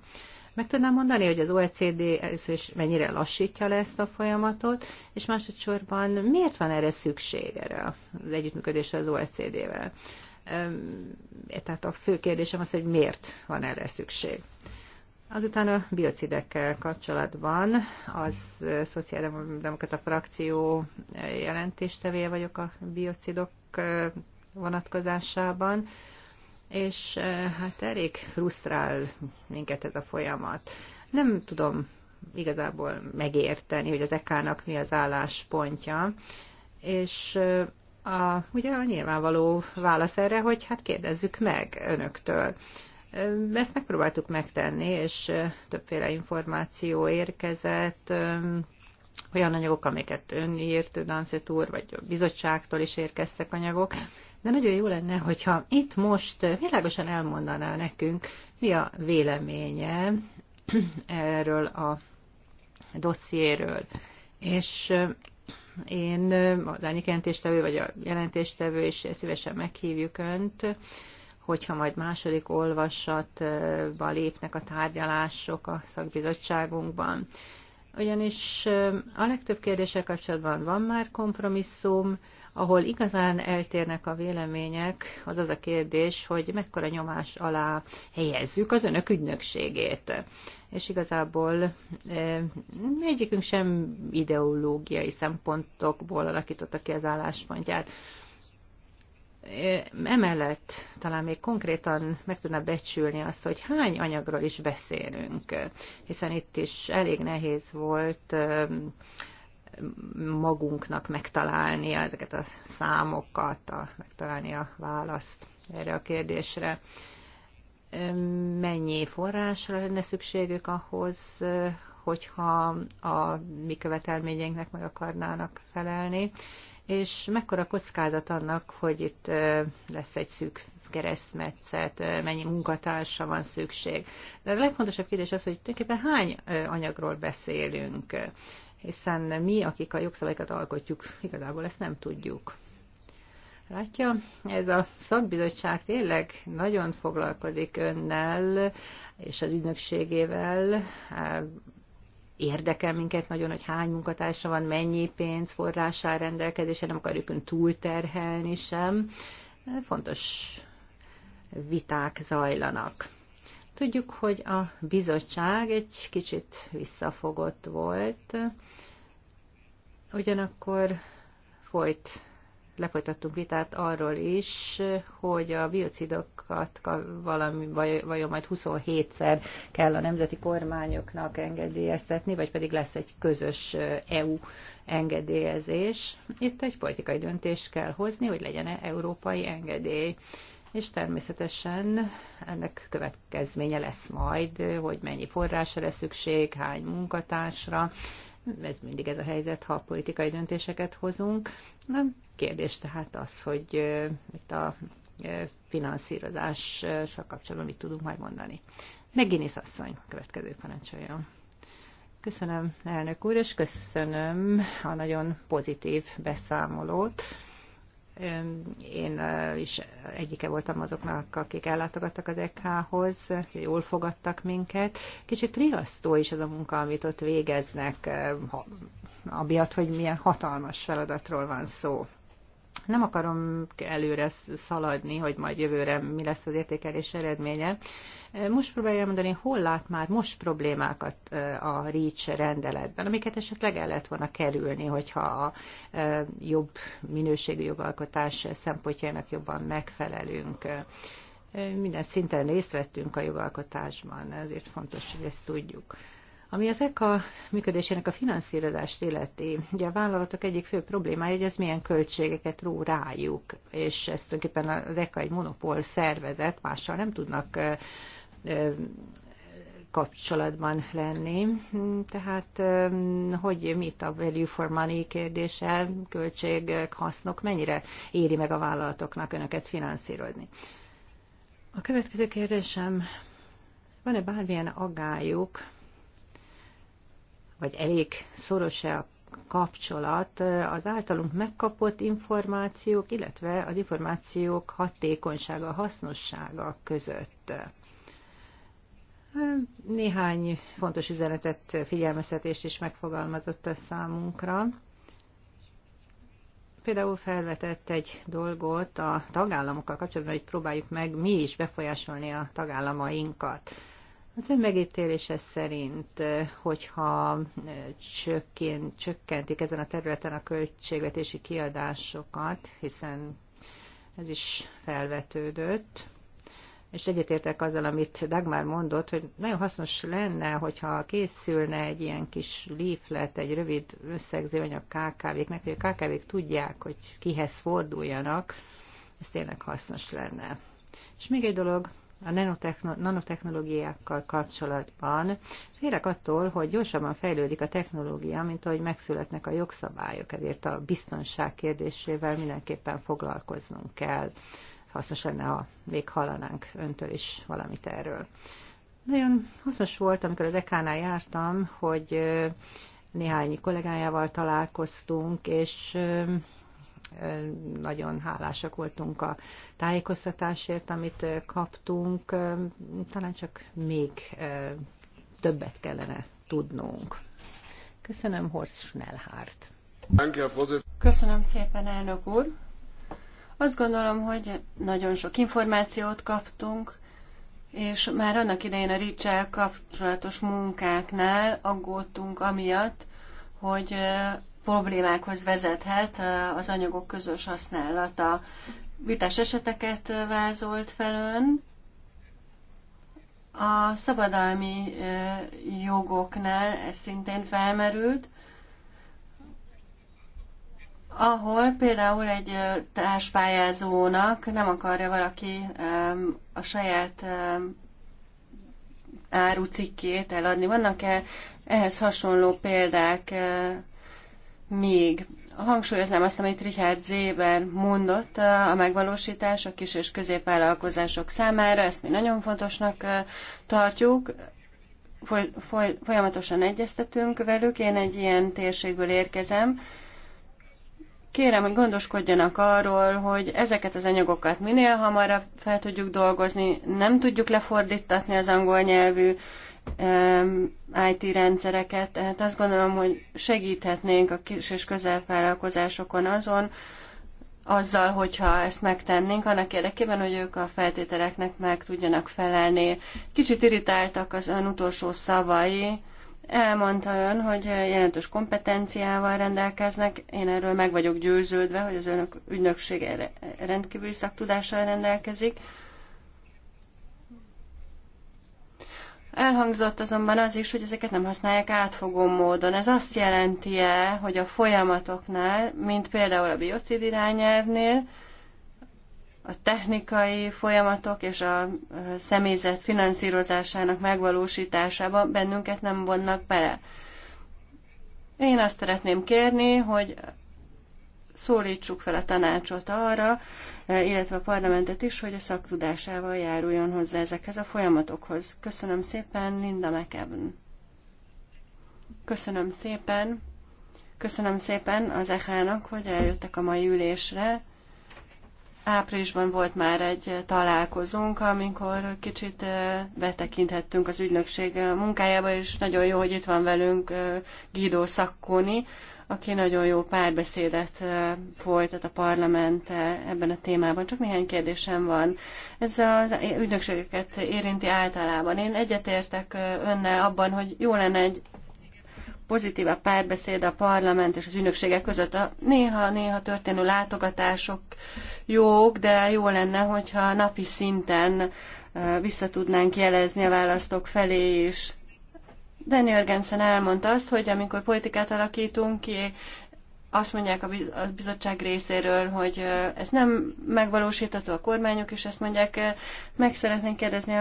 [SPEAKER 3] Meg tudnám mondani, hogy az OECD először is mennyire lassítja le ezt a folyamatot, és másodszorban miért van erre szükség, erre az együttműködésre az OECD-vel? Tehát a fő kérdésem az, hogy miért van erre szükség. Azután a biocidekkel kapcsolatban az eh, Szociáldemokrata frakció eh, jelentéstevéje vagyok a biocidok eh, vonatkozásában, és hát elég frusztrál minket ez a folyamat. Nem tudom igazából megérteni, hogy az EK-nak mi az álláspontja, és a, ugye a nyilvánvaló válasz erre, hogy hát kérdezzük meg önöktől. Ezt megpróbáltuk megtenni, és többféle információ érkezett, olyan anyagok, amiket ön írt, Dancet úr, vagy a bizottságtól is érkeztek anyagok, de nagyon jó lenne, hogyha itt most világosan elmondaná nekünk, mi a véleménye erről a dossziéről. És én az árnyék jelentéstevő vagy a jelentéstevő, és szívesen meghívjuk Önt, hogyha majd második olvasatba lépnek a tárgyalások a szakbizottságunkban. Ugyanis a legtöbb kérdéssel kapcsolatban van már kompromisszum, ahol igazán eltérnek a vélemények, az az a kérdés, hogy mekkora nyomás alá helyezzük az önök ügynökségét. És igazából eh, egyikünk sem ideológiai szempontokból alakította ki az álláspontját. Eh, emellett talán még konkrétan meg tudna becsülni azt, hogy hány anyagról is beszélünk, hiszen itt is elég nehéz volt eh, magunknak megtalálni ezeket a számokat, a, megtalálni a választ erre a kérdésre. Mennyi forrásra lenne szükségük ahhoz, hogyha a mi követelményeinknek meg akarnának felelni, és mekkora kockázat annak, hogy itt lesz egy szűk keresztmetszet, mennyi munkatársa van szükség. De a legfontosabb kérdés az, hogy tulajdonképpen hány anyagról beszélünk hiszen mi, akik a jogszabályokat alkotjuk, igazából ezt nem tudjuk. Látja, ez a szakbizottság tényleg nagyon foglalkozik önnel és az ügynökségével. Érdekel minket nagyon, hogy hány munkatársa van, mennyi pénz forrásá rendelkezésre, nem akarjuk ön túlterhelni sem. Fontos viták zajlanak. Tudjuk, hogy a bizottság egy kicsit visszafogott volt, Ugyanakkor folyt, lefolytattunk vitát arról is, hogy a biocidokat valami, vajon majd 27-szer kell a nemzeti kormányoknak engedélyeztetni, vagy pedig lesz egy közös EU engedélyezés. Itt egy politikai döntést kell hozni, hogy legyen -e európai engedély és természetesen ennek következménye lesz majd, hogy mennyi forrásra lesz szükség, hány munkatársra, ez mindig ez a helyzet, ha politikai döntéseket hozunk. Na, kérdés tehát az, hogy itt a finanszírozással kapcsolatban mit tudunk majd mondani. Megginis asszony, következő parancsolja. Köszönöm, elnök úr, és köszönöm a nagyon pozitív beszámolót. Én is egyike voltam azoknak, akik ellátogattak az EKH-hoz, jól fogadtak minket. Kicsit riasztó is az a munka, amit ott végeznek, amiatt, hogy milyen hatalmas feladatról van szó. Nem akarom előre szaladni, hogy majd jövőre mi lesz az értékelés eredménye. Most próbálja mondani, hol lát már most problémákat a REACH rendeletben, amiket esetleg el lehet volna kerülni, hogyha a jobb minőségű jogalkotás szempontjának jobban megfelelünk. Minden szinten részt vettünk a jogalkotásban, ezért fontos, hogy ezt tudjuk. Ami az ECA működésének a finanszírozást illeti, ugye a vállalatok egyik fő problémája, hogy ez milyen költségeket ró rájuk, és ezt tulajdonképpen az ECA egy monopól szervezet, mással nem tudnak kapcsolatban lenni. Tehát, hogy mit a value for money kérdése, költségek, hasznok, mennyire éri meg a vállalatoknak önöket finanszírozni? A következő kérdésem, van-e bármilyen agályuk vagy elég szoros-e a kapcsolat az általunk megkapott információk, illetve az információk hatékonysága, hasznossága között. Néhány fontos üzenetet, figyelmeztetést is megfogalmazott a számunkra. Például felvetett egy dolgot a tagállamokkal kapcsolatban, hogy próbáljuk meg mi is befolyásolni a tagállamainkat. Az ön megítélése szerint, hogyha csökkent, csökkentik ezen a területen a költségvetési kiadásokat, hiszen ez is felvetődött, és egyetértek azzal, amit Dagmar mondott, hogy nagyon hasznos lenne, hogyha készülne egy ilyen kis leaflet, egy rövid összegző anyag KKV-knek, hogy a KKV-k tudják, hogy kihez forduljanak, ez tényleg hasznos lenne. És még egy dolog, a nanotechnológiákkal kapcsolatban. Félek attól, hogy gyorsabban fejlődik a technológia, mint ahogy megszületnek a jogszabályok, ezért a biztonság kérdésével mindenképpen foglalkoznunk kell. Hasznos lenne, ha még hallanánk öntől is valamit erről. Nagyon hasznos volt, amikor az EK-nál jártam, hogy néhány kollégájával találkoztunk, és nagyon hálásak voltunk a tájékoztatásért, amit kaptunk. Talán csak még többet kellene tudnunk.
[SPEAKER 1] Köszönöm, Horst Schnellhardt. Köszönöm szépen, elnök úr. Azt gondolom, hogy nagyon sok információt kaptunk, és már annak idején a rics kapcsolatos munkáknál aggódtunk amiatt, hogy problémákhoz vezethet az anyagok közös használata. Vitás eseteket vázolt fel ön. A szabadalmi jogoknál ez szintén felmerült, ahol például egy társpályázónak nem akarja valaki a saját árucikkét eladni. Vannak-e ehhez hasonló példák még hangsúlyoznám azt, amit Richard Zéber mondott, eh, a megvalósítás a kis és középvállalkozások számára, ezt mi nagyon fontosnak eh, tartjuk, foly, foly, folyamatosan egyeztetünk velük, én egy ilyen térségből érkezem, Kérem, hogy gondoskodjanak arról, hogy ezeket az anyagokat minél hamarabb fel tudjuk dolgozni, nem tudjuk lefordítatni az angol nyelvű IT rendszereket. Tehát azt gondolom, hogy segíthetnénk a kis és középvállalkozásokon azon, azzal, hogyha ezt megtennénk, annak érdekében, hogy ők a feltételeknek meg tudjanak felelni. Kicsit irritáltak az ön utolsó szavai. Elmondta ön, hogy jelentős kompetenciával rendelkeznek. Én erről meg vagyok győződve, hogy az önök ügynöksége rendkívüli szaktudással rendelkezik Elhangzott azonban az is, hogy ezeket nem használják átfogó módon. Ez azt jelenti-e, hogy a folyamatoknál, mint például a biocid irányelvnél, a technikai folyamatok és a személyzet finanszírozásának megvalósításába bennünket nem vonnak bele. Én azt szeretném kérni, hogy szólítsuk fel a tanácsot arra, Eh, illetve a parlamentet is, hogy a szaktudásával járuljon hozzá ezekhez a folyamatokhoz. Köszönöm szépen, Linda McEwen. Köszönöm szépen. Köszönöm szépen az EH-nak, hogy eljöttek a mai ülésre. Áprilisban volt már egy találkozónk, amikor kicsit eh, betekinthettünk az ügynökség munkájába, és nagyon jó, hogy itt van velünk eh, Guido Szakkóni, aki nagyon jó párbeszédet folytat a parlament ebben a témában. Csak néhány kérdésem van. Ez az ügynökségeket érinti általában. Én egyetértek önnel abban, hogy jó lenne egy pozitívabb párbeszéd a parlament és az ügynökségek között. A néha-néha történő látogatások jók, de jó lenne, hogyha napi szinten visszatudnánk jelezni a választók felé is Danny Jörgensen elmondta azt, hogy amikor politikát alakítunk ki, azt mondják a bizottság részéről, hogy ez nem megvalósítható, a kormányok és ezt mondják. Meg szeretnénk kérdezni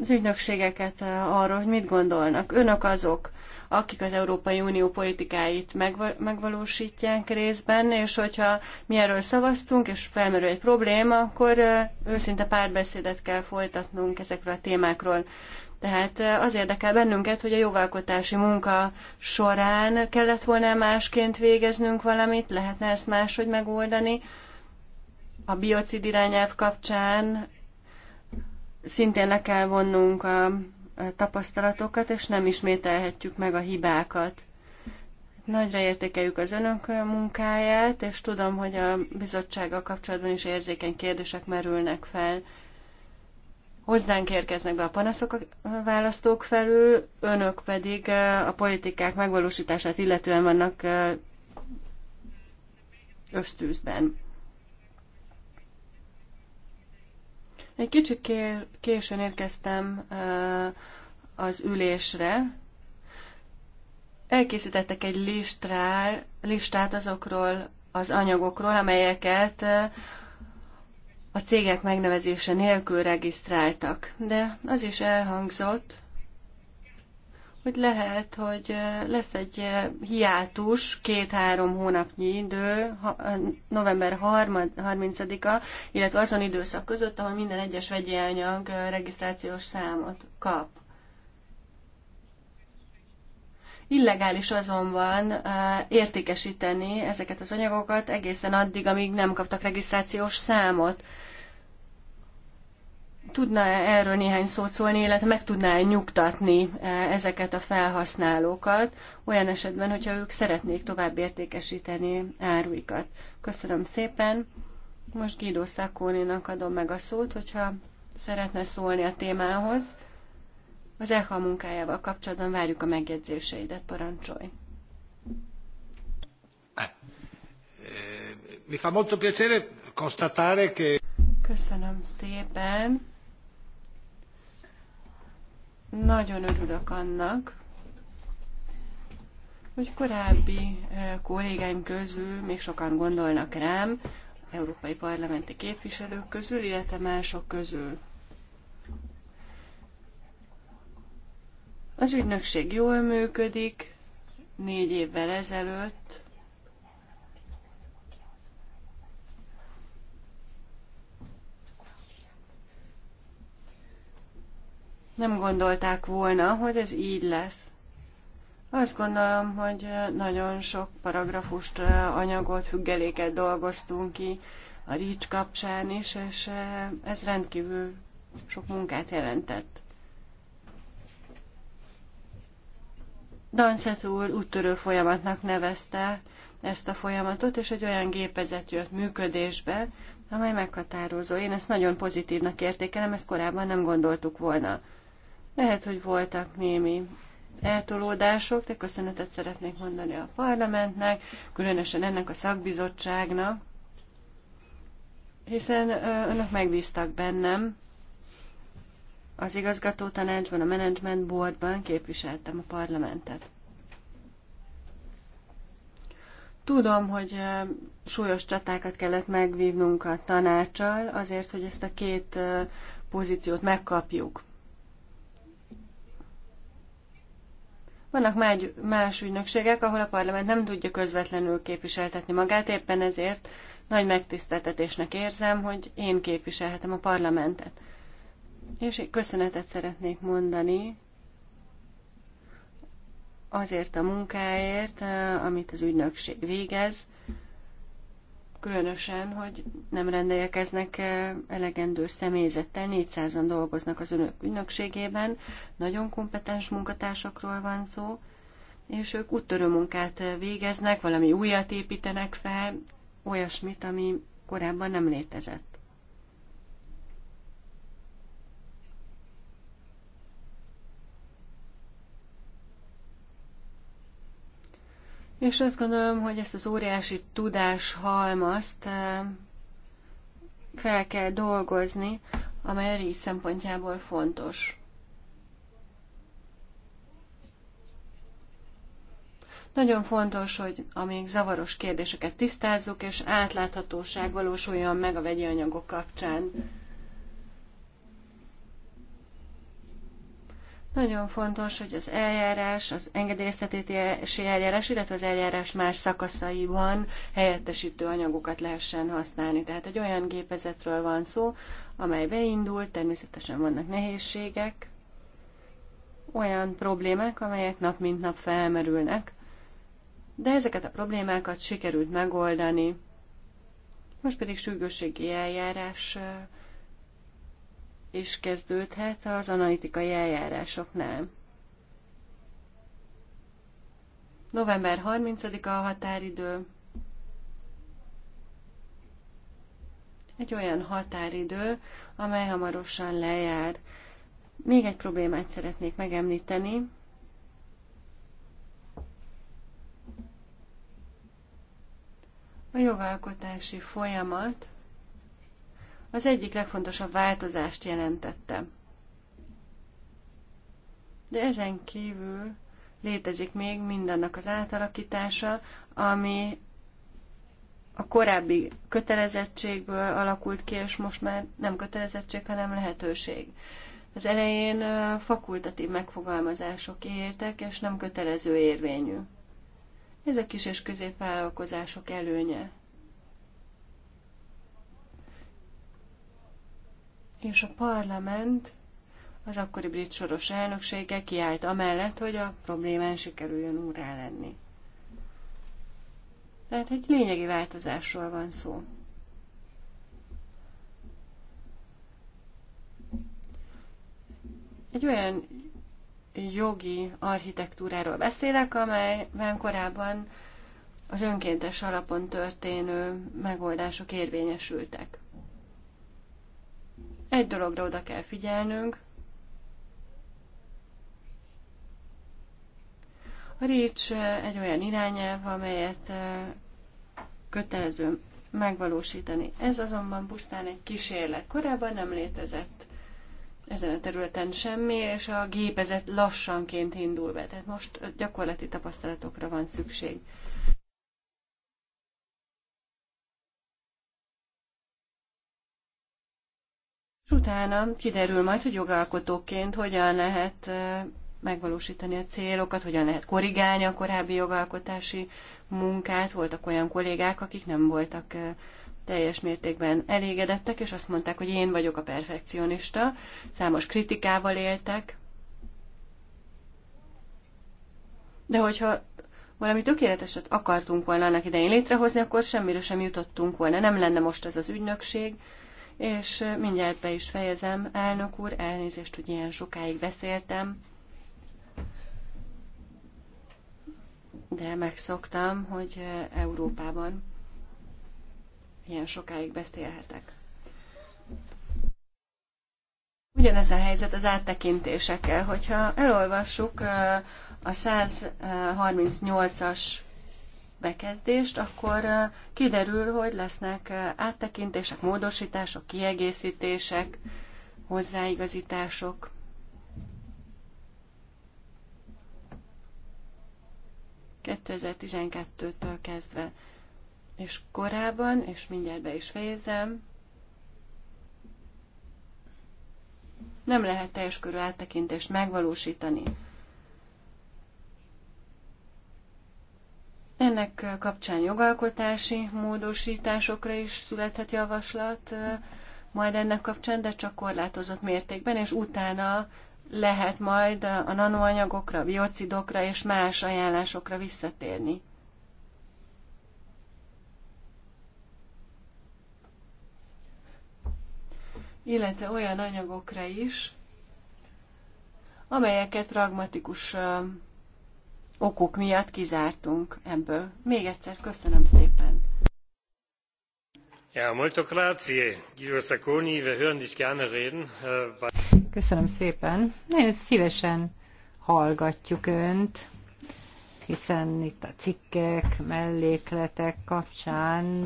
[SPEAKER 1] az ügynökségeket arról, hogy mit gondolnak. Önök azok, akik az Európai Unió politikáit megvalósítják részben, és hogyha mi erről szavaztunk, és felmerül egy probléma, akkor őszinte párbeszédet kell folytatnunk ezekről a témákról. Tehát az érdekel bennünket, hogy a jogalkotási munka során kellett volna másként végeznünk valamit, lehetne ezt máshogy megoldani. A biocid irányelv kapcsán szintén le kell vonnunk a tapasztalatokat, és nem ismételhetjük meg a hibákat. Nagyra értékeljük az önök munkáját, és tudom, hogy a bizottsággal kapcsolatban is érzékeny kérdések merülnek fel. Hozzánk érkeznek be a panaszok a választók felül, önök pedig a politikák megvalósítását illetően vannak ösztűzben. Egy kicsit későn érkeztem az ülésre. Elkészítettek egy listrál, listát azokról az anyagokról, amelyeket a cégek megnevezése nélkül regisztráltak. De az is elhangzott, hogy lehet, hogy lesz egy hiátus, két-három hónapnyi idő, november 30-a, illetve azon időszak között, ahol minden egyes vegyi anyag regisztrációs számot kap. Illegális azonban értékesíteni ezeket az anyagokat egészen addig, amíg nem kaptak regisztrációs számot. Tudna -e erről néhány szót szólni, illetve meg tudná -e nyugtatni ezeket a felhasználókat, olyan esetben, hogyha ők szeretnék tovább értékesíteni áruikat. Köszönöm szépen. Most Guido Szakóninak adom meg a szót, hogyha szeretne szólni a témához. Az EHA munkájával kapcsolatban várjuk a megjegyzéseidet, parancsolj. Eh, eh, mi fa molto piacere constatare che... Köszönöm szépen. Nagyon örülök annak, hogy korábbi eh, kollégáim közül még sokan gondolnak rám, európai parlamenti képviselők közül, illetve mások közül. Az ügynökség jól működik, négy évvel ezelőtt nem gondolták volna, hogy ez így lesz. Azt gondolom, hogy nagyon sok paragrafust, anyagot, függeléket dolgoztunk ki a rics kapcsán is, és ez rendkívül sok munkát jelentett. Danszet úr úttörő folyamatnak nevezte ezt a folyamatot, és egy olyan gépezet jött működésbe, amely meghatározó. Én ezt nagyon pozitívnak értékelem, ezt korábban nem gondoltuk volna. Lehet, hogy voltak némi eltolódások, de köszönetet szeretnék mondani a parlamentnek, különösen ennek a szakbizottságnak, hiszen önök megbíztak bennem, az igazgató tanácsban, a management boardban képviseltem a parlamentet. Tudom, hogy súlyos csatákat kellett megvívnunk a tanácsal azért, hogy ezt a két pozíciót megkapjuk. Vannak más ügynökségek, ahol a parlament nem tudja közvetlenül képviseltetni magát, éppen ezért nagy megtiszteltetésnek érzem, hogy én képviselhetem a parlamentet. És köszönetet szeretnék mondani azért a munkáért, eh, amit az ügynökség végez, különösen, hogy nem rendelkeznek eh, elegendő személyzettel, 400-an dolgoznak az önök ügynökségében, nagyon kompetens munkatársakról van szó, és ők úttörő munkát eh, végeznek, valami újat építenek fel, olyasmit, ami korábban nem létezett. És azt gondolom, hogy ezt az óriási tudás halmazt eh, fel kell dolgozni, amely így szempontjából fontos. Nagyon fontos, hogy amíg zavaros kérdéseket tisztázzuk, és átláthatóság valósuljon meg a vegyi anyagok kapcsán. Nagyon fontos, hogy az eljárás, az engedélyeztetési eljárás, illetve az eljárás más szakaszaiban helyettesítő anyagokat lehessen használni. Tehát egy olyan gépezetről van szó, amely beindult, természetesen vannak nehézségek, olyan problémák, amelyek nap mint nap felmerülnek, de ezeket a problémákat sikerült megoldani. Most pedig sürgősségi eljárás és kezdődhet az analitikai eljárásoknál. November 30-a a határidő. Egy olyan határidő, amely hamarosan lejár. Még egy problémát szeretnék megemlíteni. A jogalkotási folyamat az egyik legfontosabb változást jelentette. De ezen kívül létezik még mindannak az átalakítása, ami a korábbi kötelezettségből alakult ki, és most már nem kötelezettség, hanem lehetőség. Az elején fakultatív megfogalmazások értek, és nem kötelező érvényű. Ez a kis és középvállalkozások előnye. és a parlament az akkori brit soros elnöksége kiállt amellett, hogy a problémán sikerüljön úrá lenni. Tehát egy lényegi változásról van szó. Egy olyan jogi architektúráról beszélek, amelyben korábban az önkéntes alapon történő megoldások érvényesültek. Egy dologra oda kell figyelnünk. A récs eh, egy olyan irányelv, amelyet eh, kötelező megvalósítani. Ez azonban pusztán egy kísérlet. Korábban nem létezett ezen a területen semmi, és a gépezet lassanként indul be. Tehát most gyakorlati tapasztalatokra van szükség. utána kiderül majd, hogy jogalkotóként hogyan lehet megvalósítani a célokat, hogyan lehet korrigálni a korábbi jogalkotási munkát. Voltak olyan kollégák, akik nem voltak teljes mértékben elégedettek, és azt mondták, hogy én vagyok a perfekcionista. Számos kritikával éltek. De hogyha valami tökéleteset akartunk volna annak idején létrehozni, akkor semmiről sem jutottunk volna. Nem lenne most ez az ügynökség, és eh, mindjárt be is fejezem. Elnök úr, elnézést, hogy ilyen sokáig beszéltem, de megszoktam, hogy eh, Európában ilyen sokáig beszélhetek. Ugyanez a helyzet az áttekintésekkel, hogyha elolvassuk eh, a 138-as bekezdést, akkor kiderül, hogy lesznek áttekintések, módosítások, kiegészítések, hozzáigazítások. ...2012-től kezdve. És korábban, és mindjárt be is fejezem, nem lehet teljes körű áttekintést megvalósítani. Ennek kapcsán jogalkotási módosításokra is születhet javaslat, majd ennek kapcsán, de csak korlátozott mértékben, és utána lehet majd a nanoanyagokra, biocidokra és más ajánlásokra visszatérni. Illetve olyan anyagokra is, amelyeket pragmatikus okok miatt kizártunk ebből. Még egyszer köszönöm szépen. Ja, molto grazie, Guido Sacconi. Wir hören dich gerne reden. Äh, köszönöm szépen.
[SPEAKER 3] Nagyon szívesen hallgatjuk Önt, hiszen itt a cikkek, mellékletek kapcsán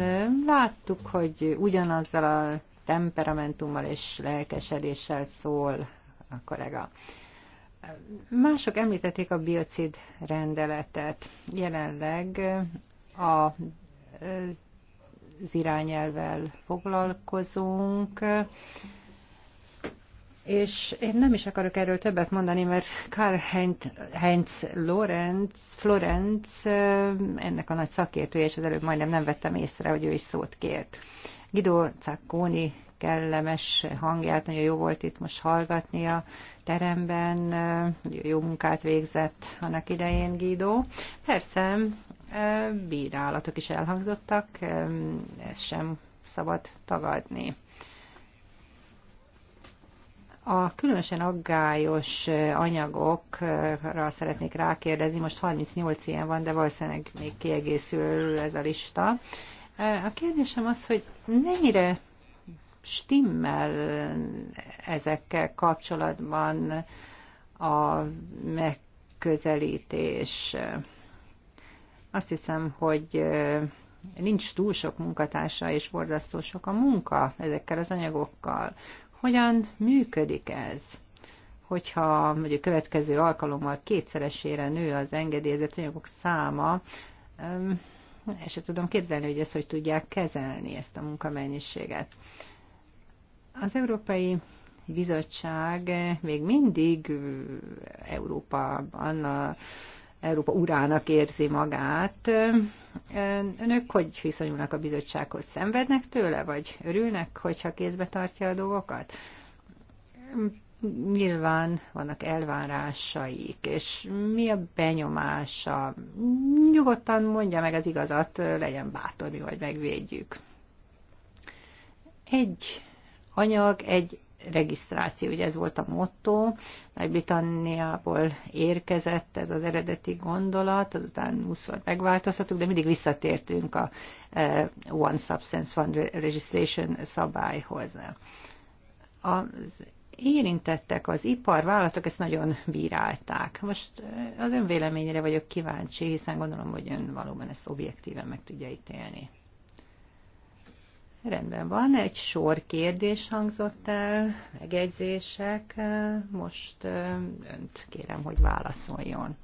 [SPEAKER 3] láttuk, hogy ugyanazzal a temperamentummal és lelkesedéssel szól a kollega. Mások említették a biocid rendeletet. Jelenleg a, az irányelvel foglalkozunk, és én nem is akarok erről többet mondani, mert Karl Heinz Lorenz, Florenz ennek a nagy szakértője, és az előbb majdnem nem vettem észre, hogy ő is szót kért. Guido Cacconi kellemes hangját, nagyon jó volt itt most hallgatni a teremben, jó munkát végzett annak idején Guido. Persze, bírálatok is elhangzottak, ezt sem szabad tagadni. A különösen aggályos anyagokra szeretnék rákérdezni, most 38 ilyen van, de valószínűleg még kiegészül ez a lista. A kérdésem az, hogy mennyire stimmel ezekkel kapcsolatban a megközelítés. Azt hiszem, hogy nincs túl sok munkatársa és borzasztó sok a munka ezekkel az anyagokkal. Hogyan működik ez? Hogyha mondjuk következő alkalommal kétszeresére nő az engedélyezett anyagok száma, és se tudom képzelni, hogy ezt hogy tudják kezelni, ezt a munkamennyiséget. Az Európai Bizottság még mindig Európában a Európa urának érzi magát. Önök hogy viszonyulnak a bizottsághoz? Szenvednek tőle, vagy örülnek, hogyha kézbe tartja a dolgokat? Nyilván vannak elvárásaik, és mi a benyomása? Nyugodtan mondja meg az igazat, legyen bátor, mi vagy megvédjük. Egy anyag, egy regisztráció, ugye ez volt a motto. Nagy-Britanniából érkezett ez az eredeti gondolat, azután 20-szor megváltoztattuk, de mindig visszatértünk a e, One Substance, One Registration szabályhoz. Az érintettek, az iparvállalatok ezt nagyon bírálták. Most e, az ön véleményére vagyok kíváncsi, hiszen gondolom, hogy ön valóban ezt objektíven meg tudja ítélni. Rendben van, egy sor kérdés hangzott el, megegyzések. Most önt kérem, hogy válaszoljon.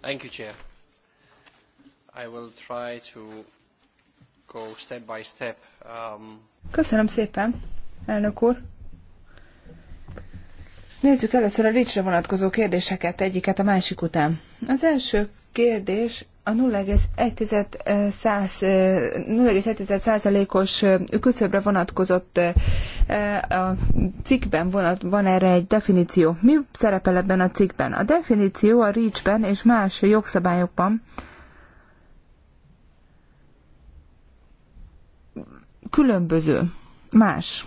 [SPEAKER 3] Thank you, Chair. I will try to go step by step. Um...
[SPEAKER 2] Köszönöm szépen, elnök úr. Nézzük először a ricsre vonatkozó kérdéseket egyiket a másik után. Az első kérdés a 0,1%-os küszöbre vonatkozott a cikkben vonat, van erre egy definíció. Mi szerepel ebben a cikkben? A definíció a REACH-ben és más jogszabályokban különböző, más.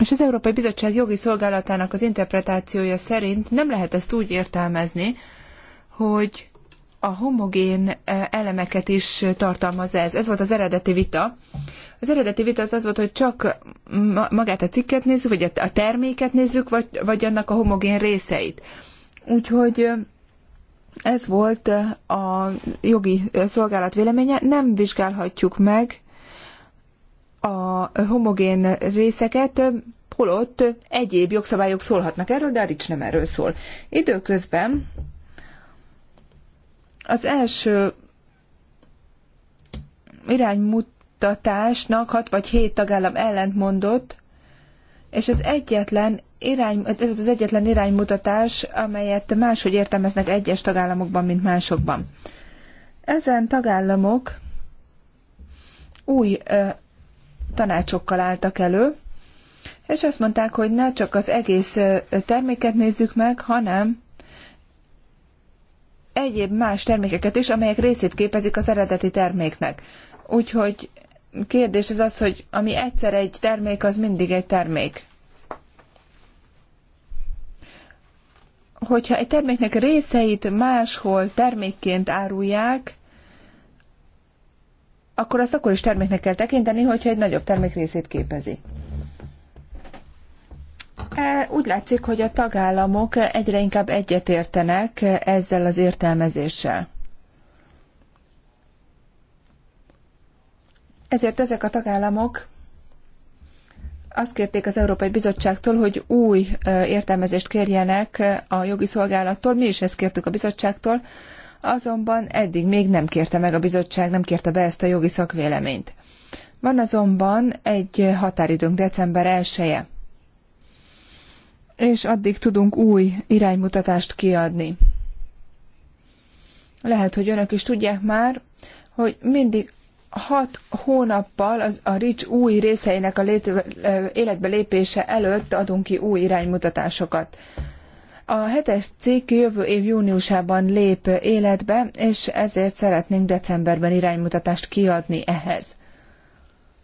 [SPEAKER 2] És az Európai Bizottság jogi szolgálatának az interpretációja szerint nem lehet ezt úgy értelmezni, hogy a homogén e, elemeket is tartalmaz ez. Ez volt az eredeti vita. Az eredeti vita az az volt, hogy csak magát a cikket nézzük, vagy a terméket nézzük, vagy, vagy annak a homogén részeit. Úgyhogy ez volt a jogi szolgálat véleménye. Nem vizsgálhatjuk meg a homogén részeket, holott egyéb jogszabályok szólhatnak erről, de a RICS nem erről szól. Időközben az első iránymutatásnak 6 vagy 7 tagállam ellentmondott, és az egyetlen irány, ez az egyetlen iránymutatás, amelyet máshogy értelmeznek egyes tagállamokban, mint másokban. Ezen tagállamok új tanácsokkal álltak elő, és azt mondták, hogy ne csak az egész terméket nézzük meg, hanem egyéb más termékeket is, amelyek részét képezik az eredeti terméknek. Úgyhogy kérdés az az, hogy ami egyszer egy termék, az mindig egy termék. Hogyha egy terméknek részeit máshol termékként árulják, akkor azt akkor is terméknek kell tekinteni, hogyha egy nagyobb termék részét képezi. E, úgy látszik, hogy a tagállamok egyre inkább egyetértenek ezzel az értelmezéssel. Ezért ezek a tagállamok azt kérték az Európai Bizottságtól, hogy új értelmezést kérjenek a jogi szolgálattól. Mi is ezt kértük a bizottságtól, azonban eddig még nem kérte meg a bizottság, nem kérte be ezt a jogi szakvéleményt. Van azonban egy határidőnk december 1 -e, és addig tudunk új iránymutatást kiadni. Lehet, hogy önök is tudják már, hogy mindig hat hónappal az, a RICS új részeinek a lét, életbe lépése előtt adunk ki új iránymutatásokat. A hetes cikk jövő év júniusában lép életbe, és ezért szeretnénk decemberben iránymutatást kiadni ehhez.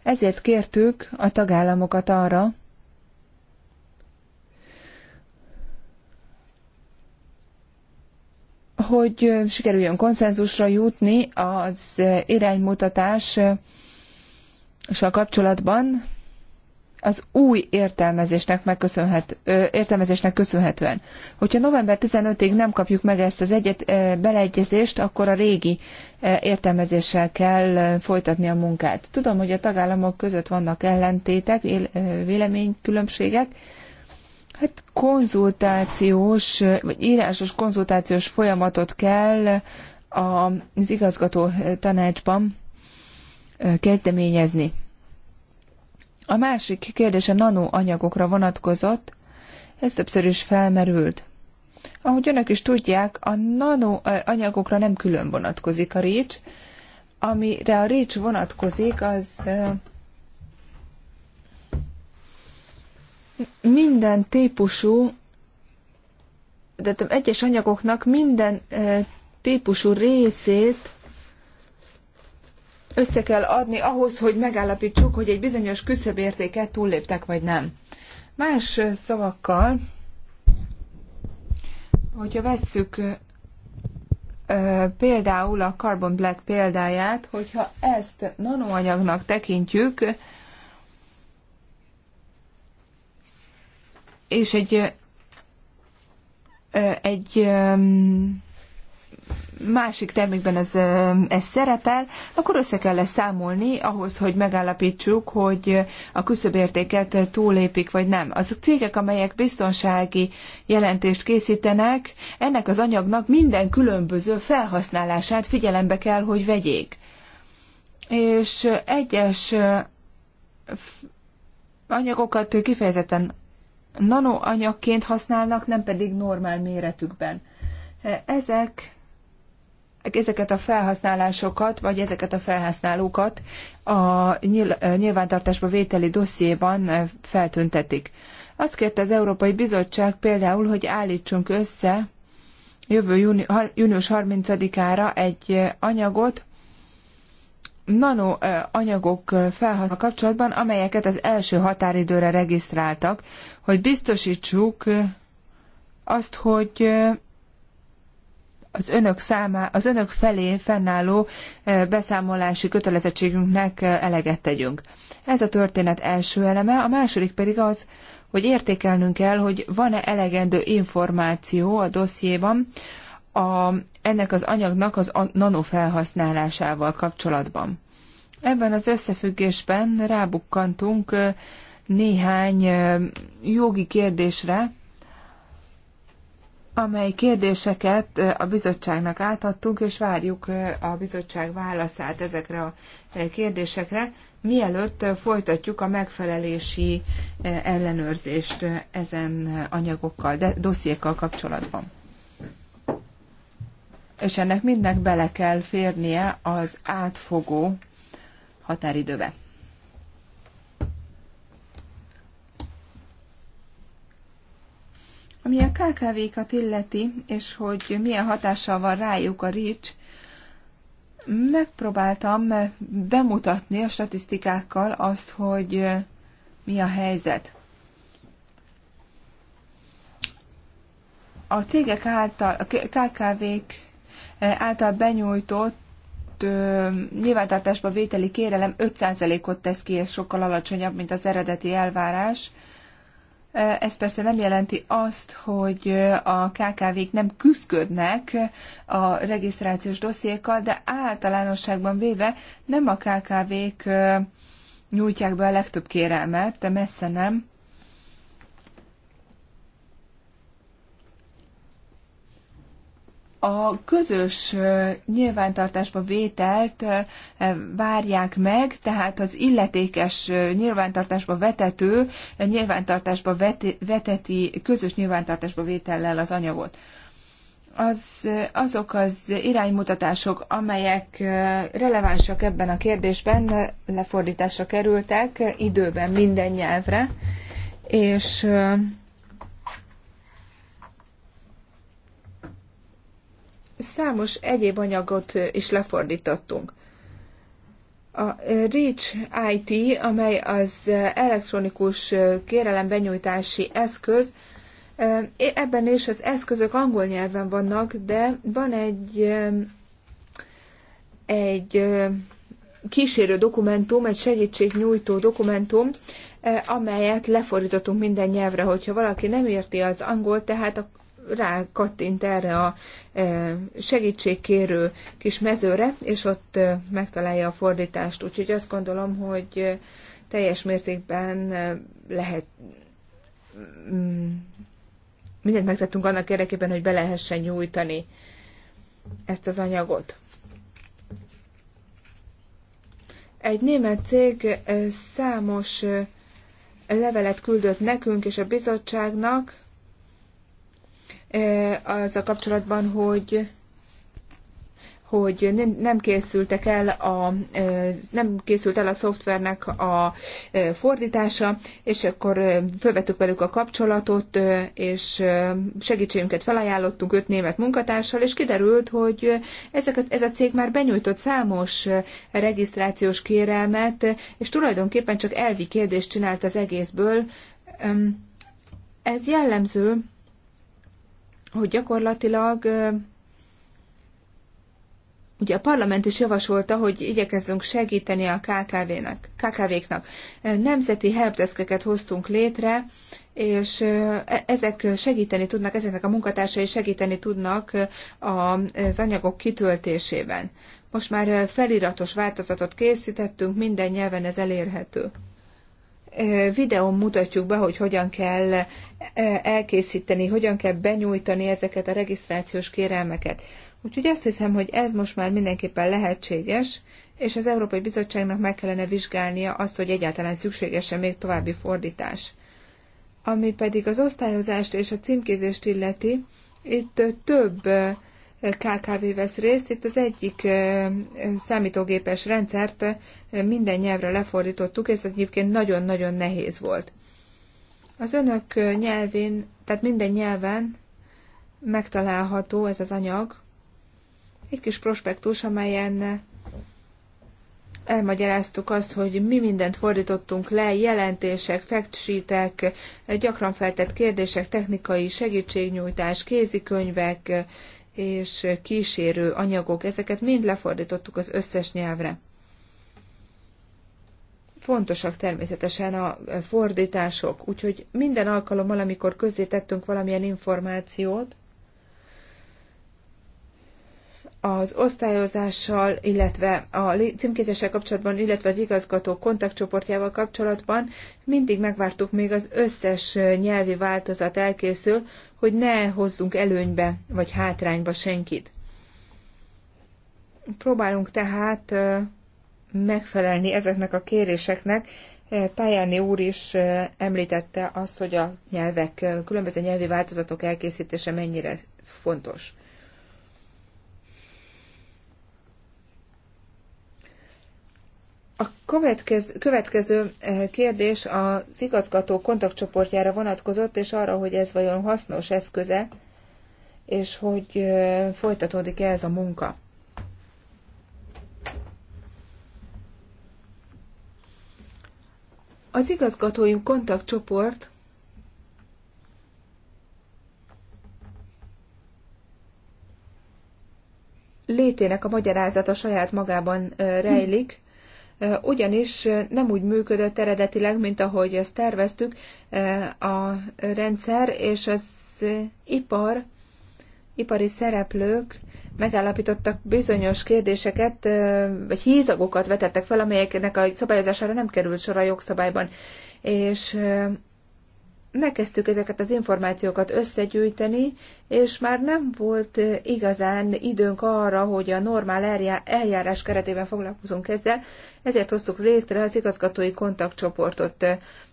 [SPEAKER 2] Ezért kértük a tagállamokat arra, hogy sikerüljön konszenzusra jutni az iránymutatás kapcsolatban, az új értelmezésnek, megköszönhet, ö, értelmezésnek köszönhetően. Hogyha november 15-ig nem kapjuk meg ezt az egyet, ö, beleegyezést, akkor a régi ö, értelmezéssel kell ö, folytatni a munkát. Tudom, hogy a tagállamok között vannak ellentétek, él, ö, véleménykülönbségek, Hát konzultációs, vagy írásos konzultációs folyamatot kell az igazgató tanácsban kezdeményezni. A másik kérdés a vonatkozott, ez többször is felmerült. Ahogy önök is tudják, a nanóanyagokra nem külön vonatkozik a rics, amire a rics vonatkozik, az minden típusú, tehát egyes anyagoknak minden típusú részét össze kell adni ahhoz, hogy megállapítsuk, hogy egy bizonyos küszöbértéket túlléptek vagy nem. Más szavakkal, hogyha vesszük például a Carbon Black példáját, hogyha ezt nanoanyagnak tekintjük, és egy, egy másik termékben ez, ez szerepel, akkor össze kell ezt számolni ahhoz, hogy megállapítsuk, hogy a küszöbértéket túlépik vagy nem. Azok cégek, amelyek biztonsági jelentést készítenek, ennek az anyagnak minden különböző felhasználását figyelembe kell, hogy vegyék. És egyes anyagokat kifejezetten nanoanyagként használnak, nem pedig normál méretükben. Ezek ezeket a felhasználásokat, vagy ezeket a felhasználókat a eh, nyilvántartásba vételi dossziéban eh, feltüntetik. Azt kérte az Európai Bizottság például, hogy állítsunk össze jövő júni, június 30-ára egy eh, anyagot, nano anyagok kapcsolatban, amelyeket az első határidőre regisztráltak, hogy biztosítsuk azt, hogy az önök számá, az önök felé fennálló e, beszámolási kötelezettségünknek e, eleget tegyünk. Ez a történet első eleme, a második pedig az, hogy értékelnünk kell, hogy van-e elegendő információ a dossziéban a, ennek az anyagnak az nanofelhasználásával kapcsolatban. Ebben az összefüggésben rábukkantunk e, néhány jogi kérdésre, amely kérdéseket a bizottságnak átadtunk, és várjuk a bizottság válaszát ezekre a kérdésekre, mielőtt folytatjuk a megfelelési ellenőrzést ezen anyagokkal, de dossziékkal kapcsolatban. És ennek mindnek bele kell férnie az átfogó határidőbe. Ami a KKV-kat illeti, és hogy milyen hatással van rájuk a REACH, megpróbáltam bemutatni a statisztikákkal azt, hogy mi a helyzet. A cégek által, a KKV-k által benyújtott nyilvántartásba vételi kérelem 5%-ot tesz ki, ez sokkal alacsonyabb, mint az eredeti elvárás. Ez persze nem jelenti azt, hogy a KKV-k nem küzdködnek a regisztrációs dossziékkal, de általánosságban véve nem a KKV-k nyújtják be a legtöbb kérelmet, de messze nem. a közös nyilvántartásba vételt várják meg, tehát az illetékes nyilvántartásba vetető nyilvántartásba veteti közös nyilvántartásba vétellel az anyagot. Az, azok az iránymutatások, amelyek relevánsak ebben a kérdésben, lefordításra kerültek időben minden nyelvre, és számos egyéb anyagot is lefordítottunk. A REACH IT, amely az elektronikus kérelem benyújtási eszköz, ebben is az eszközök angol nyelven vannak, de van egy, egy kísérő dokumentum, egy segítségnyújtó dokumentum, amelyet lefordítottunk minden nyelvre, hogyha valaki nem érti az angolt, tehát kattint erre a e, segítségkérő kis mezőre, és ott e, megtalálja a fordítást. Úgyhogy azt gondolom, hogy e, teljes mértékben lehet mm, mindent megtettünk annak érdekében, hogy be lehessen nyújtani ezt az anyagot. Egy német cég számos levelet küldött nekünk és a bizottságnak, az a kapcsolatban, hogy hogy nem, készültek el a, nem készült el a szoftvernek a fordítása, és akkor felvettük velük a kapcsolatot, és segítségünket felajánlottunk öt német munkatársal, és kiderült, hogy ezeket, ez a cég már benyújtott számos regisztrációs kérelmet, és tulajdonképpen csak elvi kérdést csinált az egészből. Ez jellemző hogy gyakorlatilag Ugye a parlament is javasolta, hogy igyekezzünk segíteni a KKV-nak, KKV-knak. Nemzeti helpdeszkeket hoztunk létre, és e-, ezek segíteni tudnak, ezeknek a munkatársai segíteni tudnak az anyagok kitöltésében. Most már feliratos változatot készítettünk, minden nyelven ez elérhető videón mutatjuk be, hogy hogyan kell elkészíteni, hogyan kell benyújtani ezeket a regisztrációs kérelmeket. Úgyhogy azt hiszem, hogy ez most már mindenképpen lehetséges, és az Európai Bizottságnak meg kellene vizsgálnia azt, hogy egyáltalán szükséges-e még további fordítás. Ami pedig az osztályozást és a címkézést illeti, itt több KKV vesz részt. Itt az egyik számítógépes rendszert minden nyelvre lefordítottuk, és ez egyébként nagyon-nagyon nehéz volt. Az önök nyelvén, tehát minden nyelven megtalálható ez az anyag, egy kis prospektus, amelyen elmagyaráztuk azt, hogy mi mindent fordítottunk le, jelentések, factsheetek, gyakran feltett kérdések, technikai segítségnyújtás, kézikönyvek, és kísérő anyagok, ezeket mind lefordítottuk az összes nyelvre. Fontosak természetesen a fordítások, úgyhogy minden alkalommal, amikor közzétettünk valamilyen információt, az osztályozással, illetve a címkézéssel kapcsolatban, illetve az igazgató kontaktcsoportjával kapcsolatban mindig megvártuk, még az összes nyelvi változat elkészül, hogy ne hozzunk előnybe vagy hátrányba senkit. Próbálunk tehát megfelelni ezeknek a kéréseknek. Tajáni úr is említette azt, hogy a nyelvek, különböző nyelvi változatok elkészítése mennyire fontos. A következő, következő eh, kérdés az igazgató kontaktcsoportjára vonatkozott, és arra, hogy ez vajon hasznos eszköze, és hogy eh, folytatódik-e ez a munka. Az igazgatói kontaktcsoport létének a magyarázata saját magában eh, rejlik, ugyanis nem úgy működött eredetileg, mint ahogy ezt terveztük a rendszer, és az ipar, ipari szereplők megállapítottak bizonyos kérdéseket, vagy hízagokat vetettek fel, amelyeknek a szabályozására nem került sor a jogszabályban. És megkezdtük ezeket az információkat összegyűjteni, és már nem volt eh, igazán időnk arra, hogy a normál eljárás keretében foglalkozunk ezzel, ezért hoztuk létre az igazgatói kontaktcsoportot.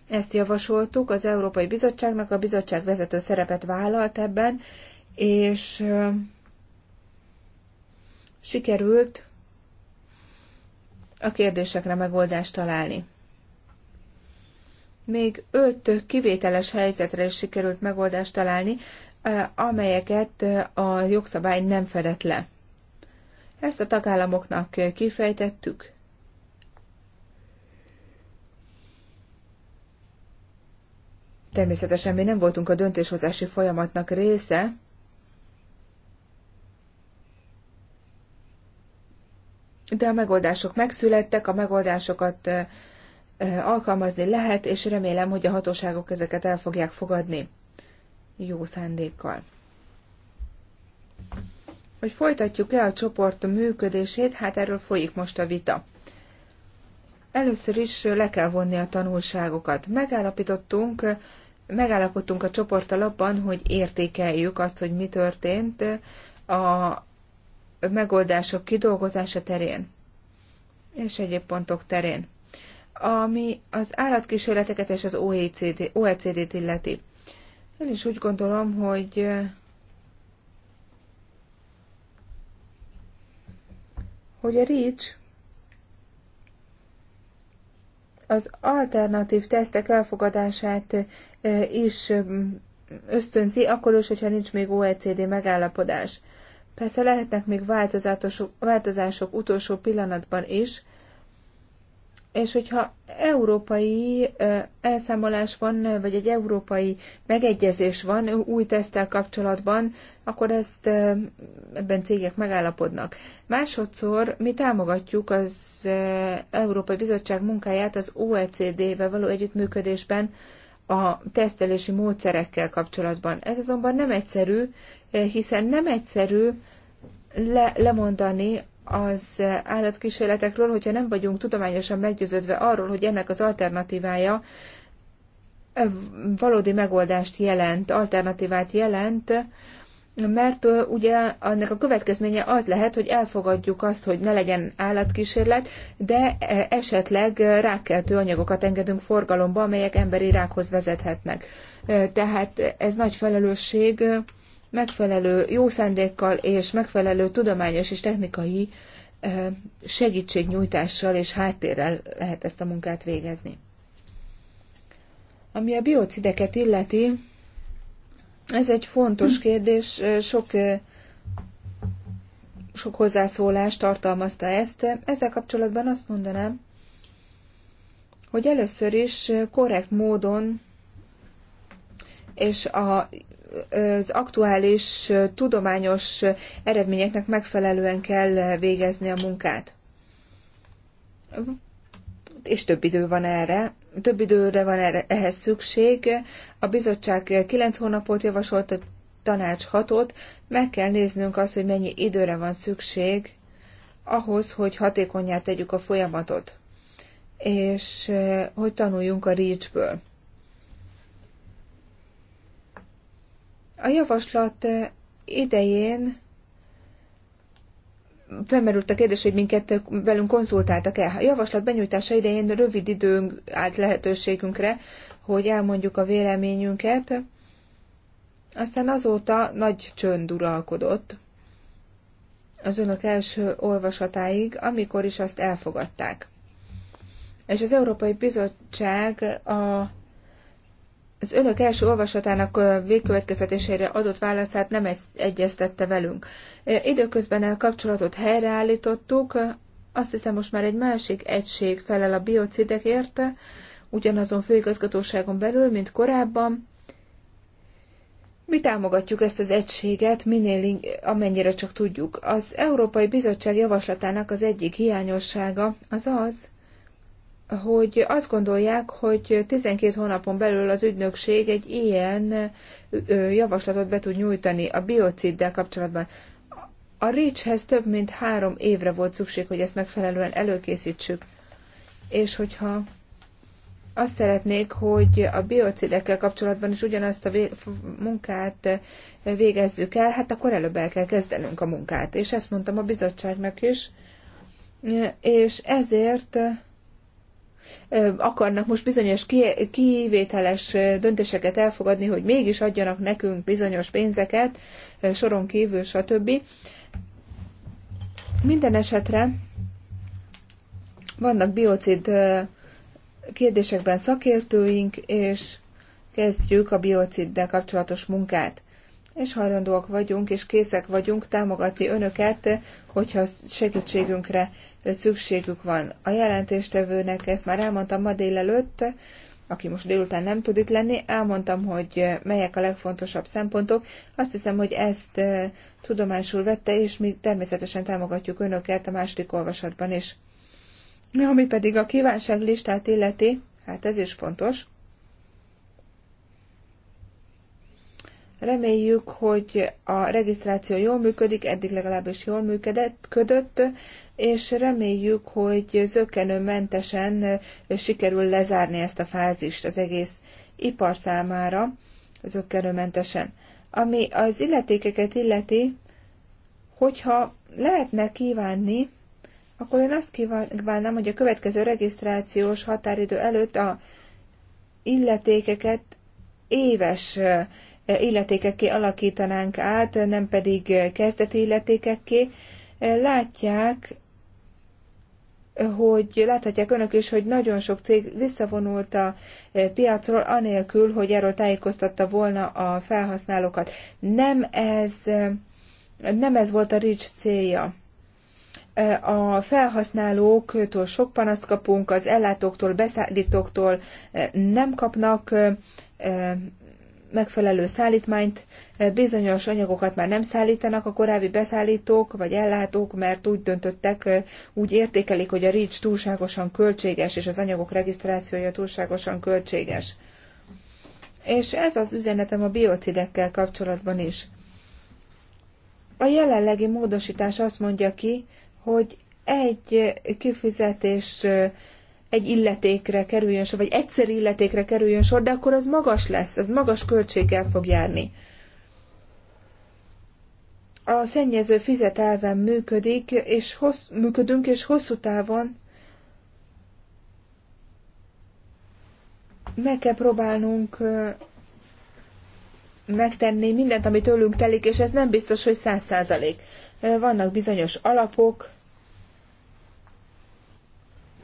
[SPEAKER 2] Ezt javasoltuk az Európai Bizottságnak, a bizottság vezető szerepet vállalt ebben, és eh, sikerült a kérdésekre megoldást találni még öt kivételes helyzetre is sikerült megoldást találni, amelyeket a jogszabály nem fedett le. Ezt a tagállamoknak kifejtettük. Természetesen mi nem voltunk a döntéshozási folyamatnak része, de a megoldások megszülettek, a megoldásokat alkalmazni lehet, és remélem, hogy a hatóságok ezeket el fogják fogadni jó szándékkal. Hogy folytatjuk-e a csoport működését, hát erről folyik most a vita. Először is le kell vonni a tanulságokat. Megállapítottunk, megállapodtunk a csoporttal abban, hogy értékeljük azt, hogy mi történt a megoldások kidolgozása terén és egyéb pontok terén ami az állatkísérleteket és az OECD, OECD-t illeti. Én is úgy gondolom, hogy hogy a REACH az alternatív tesztek elfogadását e, is e, ösztönzi, akkor is, hogyha nincs még OECD megállapodás. Persze lehetnek még változások utolsó pillanatban is, és hogyha európai elszámolás van, vagy egy európai megegyezés van új tesztel kapcsolatban, akkor ezt ebben cégek megállapodnak. Másodszor mi támogatjuk az Európai Bizottság munkáját az OECD-vel való együttműködésben a tesztelési módszerekkel kapcsolatban. Ez azonban nem egyszerű, hiszen nem egyszerű le, lemondani az állatkísérletekről, hogyha nem vagyunk tudományosan meggyőződve arról, hogy ennek az alternatívája valódi megoldást jelent, alternatívát jelent, mert ugye annak a következménye az lehet, hogy elfogadjuk azt, hogy ne legyen állatkísérlet, de e, esetleg rákkeltő anyagokat engedünk forgalomba, amelyek emberi rákhoz vezethetnek. Tehát ez nagy felelősség megfelelő jó szándékkal és megfelelő tudományos és technikai segítségnyújtással és háttérrel lehet ezt a munkát végezni. Ami a biocideket illeti, ez egy fontos kérdés, sok, sok hozzászólás tartalmazta ezt. Ezzel kapcsolatban azt mondanám, hogy először is korrekt módon és a az aktuális tudományos eredményeknek megfelelően kell végezni a munkát. És több idő van erre, több időre van erre, ehhez szükség. A bizottság 9 hónapot javasolt, a tanács 6-ot. Meg kell néznünk azt, hogy mennyi időre van szükség ahhoz, hogy hatékonyá tegyük a folyamatot, és hogy tanuljunk a reach -ből. A javaslat eh, idején felmerült a kérdés, hogy minket eh, velünk konzultáltak-e. A javaslat benyújtása idején rövid időnk állt lehetőségünkre, hogy elmondjuk a véleményünket. Aztán azóta nagy csönd uralkodott az önök első olvasatáig, amikor is azt elfogadták. És az Európai Bizottság a az önök első olvasatának végkövetkeztetésére adott válaszát nem egyeztette velünk. Időközben a kapcsolatot helyreállítottuk, azt hiszem most már egy másik egység felel a érte, ugyanazon főigazgatóságon belül, mint korábban. Mi támogatjuk ezt az egységet, minél amennyire csak tudjuk. Az Európai Bizottság javaslatának az egyik hiányossága az az, hogy azt gondolják, hogy 12 hónapon belül az ügynökség egy ilyen javaslatot be tud nyújtani a biociddel kapcsolatban. A REACH-hez több mint három évre volt szükség, hogy ezt megfelelően előkészítsük. És hogyha azt szeretnék, hogy a biocidekkel kapcsolatban is ugyanazt a munkát végezzük el, hát akkor előbb el kell kezdenünk a munkát. És ezt mondtam a bizottságnak is, és ezért akarnak most bizonyos kivételes döntéseket elfogadni, hogy mégis adjanak nekünk bizonyos pénzeket, soron kívül, stb. Minden esetre vannak biocid kérdésekben szakértőink, és kezdjük a biociddel kapcsolatos munkát. És hajlandóak vagyunk, és készek vagyunk támogatni önöket, hogyha segítségünkre szükségük van. A jelentéstevőnek ezt már elmondtam ma délelőtt, aki most délután nem tud itt lenni, elmondtam, hogy melyek a legfontosabb szempontok. Azt hiszem, hogy ezt eh, tudomásul vette, és mi természetesen támogatjuk önöket a második olvasatban is. Ami pedig a kívánság listát illeti, hát ez is fontos. Reméljük, hogy a regisztráció jól működik, eddig legalábbis jól működött, ködött, és reméljük, hogy zökkenőmentesen sikerül lezárni ezt a fázist az egész ipar számára zökkenőmentesen. Ami az illetékeket illeti, hogyha lehetne kívánni, akkor én azt kívánnám, hogy a következő regisztrációs határidő előtt a illetékeket éves illetékekké alakítanánk át, nem pedig kezdeti illetékekké. Látják, hogy láthatják önök is, hogy nagyon sok cég visszavonult a piacról, anélkül, hogy erről tájékoztatta volna a felhasználókat. Nem ez, nem ez volt a RICS célja. A felhasználóktól sok panaszt kapunk, az ellátóktól, beszállítóktól nem kapnak megfelelő szállítmányt, eh, bizonyos anyagokat már nem szállítanak a korábbi beszállítók vagy ellátók, mert úgy döntöttek, eh, úgy értékelik, hogy a REACH túlságosan költséges, és az anyagok regisztrációja túlságosan költséges. És ez az üzenetem a biocidekkel kapcsolatban is. A jelenlegi módosítás azt mondja ki, hogy egy kifizetés eh, egy illetékre kerüljön sor, vagy egyszer illetékre kerüljön sor, de akkor az magas lesz, ez magas költséggel fog járni. A szennyező fizetelven működik, és hossz, működünk, és hosszú távon meg kell próbálnunk megtenni mindent, ami tőlünk telik, és ez nem biztos, hogy száz százalék. Vannak bizonyos alapok,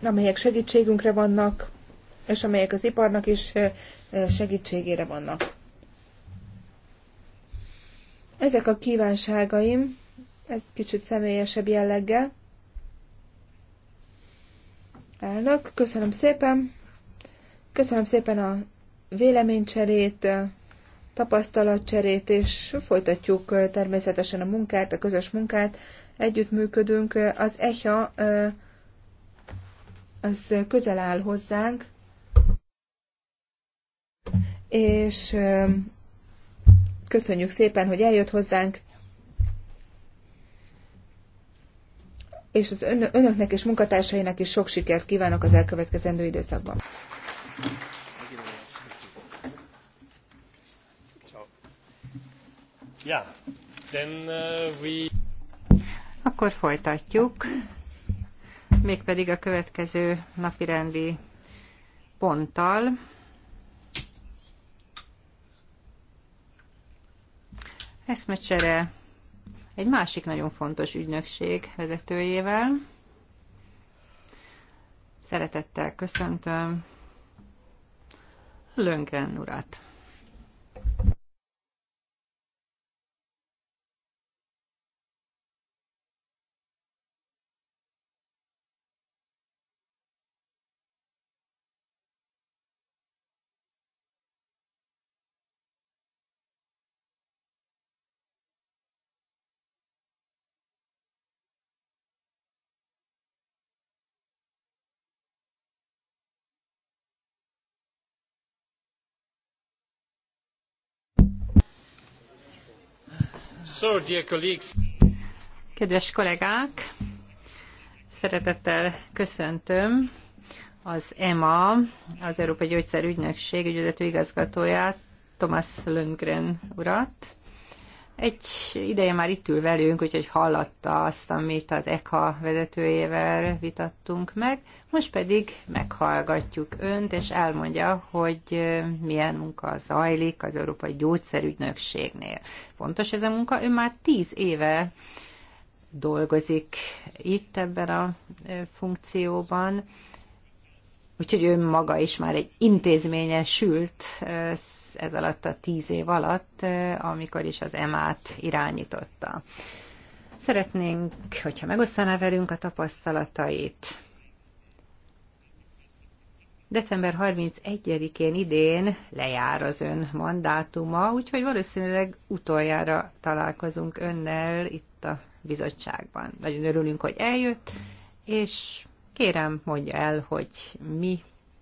[SPEAKER 2] amelyek segítségünkre vannak, és amelyek az iparnak is segítségére vannak. Ezek a kívánságaim, ez kicsit személyesebb jelleggel. Elnök, köszönöm szépen. Köszönöm szépen a véleménycserét, tapasztalatcserét, és folytatjuk természetesen a munkát, a közös munkát. Együttműködünk. Az EHA az közel áll hozzánk, és köszönjük szépen, hogy eljött hozzánk, és az önöknek és munkatársainak is sok sikert kívánok az elkövetkezendő időszakban.
[SPEAKER 1] Ja, then, uh, we...
[SPEAKER 3] Akkor folytatjuk mégpedig a következő napirendi ponttal. Eszmecsere egy másik nagyon fontos ügynökség vezetőjével. Szeretettel köszöntöm Löngren urat. Kedves kollégák, szeretettel köszöntöm az EMA, az Európai Gyógyszerügynökség ügyvezető igazgatóját, Thomas Lundgren urat egy ideje már itt ül velünk, úgyhogy hallatta azt, amit az EKA vezetőjével vitattunk meg. Most pedig meghallgatjuk önt, és elmondja, hogy milyen munka zajlik az Európai Gyógyszerügynökségnél. Fontos ez a munka, ő már tíz éve dolgozik itt ebben a funkcióban, úgyhogy ő maga is már egy intézményesült ez alatt a tíz év alatt, amikor is az EMA-t irányította. Szeretnénk, hogyha megosztaná velünk a tapasztalatait. December 31-én idén lejár az ön mandátuma, úgyhogy valószínűleg utoljára találkozunk önnel itt a bizottságban. Nagyon örülünk, hogy eljött, és kérem, mondja el, hogy mi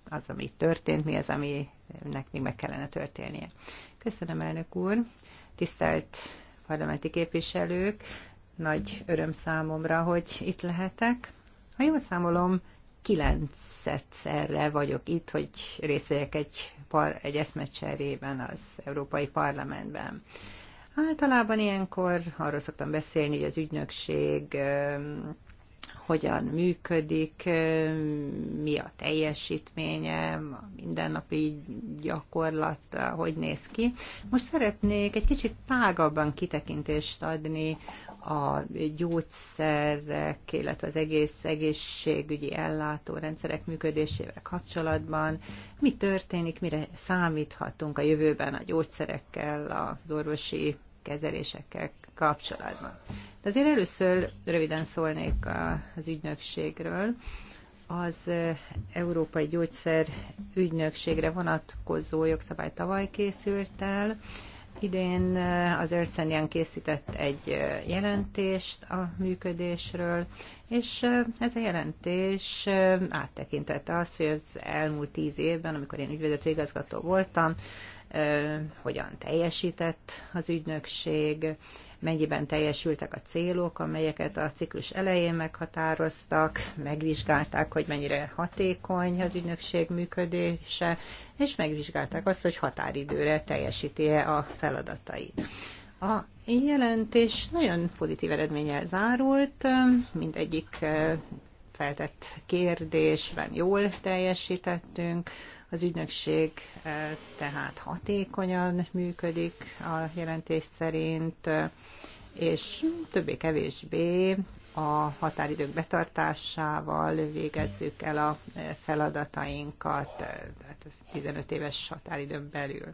[SPEAKER 3] az, ami történt, mi az, ami ennek még meg kellene történnie. Köszönöm, elnök úr! Tisztelt parlamenti képviselők! Nagy öröm számomra, hogy itt lehetek. Ha jól számolom, kilencszerre vagyok itt, hogy részt vegyek egy, par, egy eszmecserében az Európai Parlamentben. Általában ilyenkor arról szoktam beszélni, hogy az ügynökség hogyan működik, mi a teljesítménye, a mindennapi gyakorlat, hogy néz ki. Most szeretnék egy kicsit tágabban kitekintést adni a gyógyszerek, illetve az egész egészségügyi ellátórendszerek működésével kapcsolatban. Mi történik, mire számíthatunk a jövőben a gyógyszerekkel, az orvosi kezelésekkel kapcsolatban. De azért először röviden szólnék az ügynökségről. Az Európai Gyógyszer Ügynökségre vonatkozó jogszabály tavaly készült el. Idén az Örcenyen készített egy jelentést a működésről, és ez a jelentés áttekintette azt, hogy az elmúlt tíz évben, amikor én ügyvezető igazgató voltam, hogyan teljesített az ügynökség, mennyiben teljesültek a célok, amelyeket a ciklus elején meghatároztak, megvizsgálták, hogy mennyire hatékony az ügynökség működése, és megvizsgálták azt, hogy határidőre teljesíti-e a feladatait. A jelentés nagyon pozitív eredménnyel zárult, mindegyik feltett kérdésben jól teljesítettünk, az ügynökség eh, tehát hatékonyan működik a jelentés szerint, eh, és többé-kevésbé a határidők betartásával végezzük el a eh, feladatainkat, tehát 15 éves határidőn belül.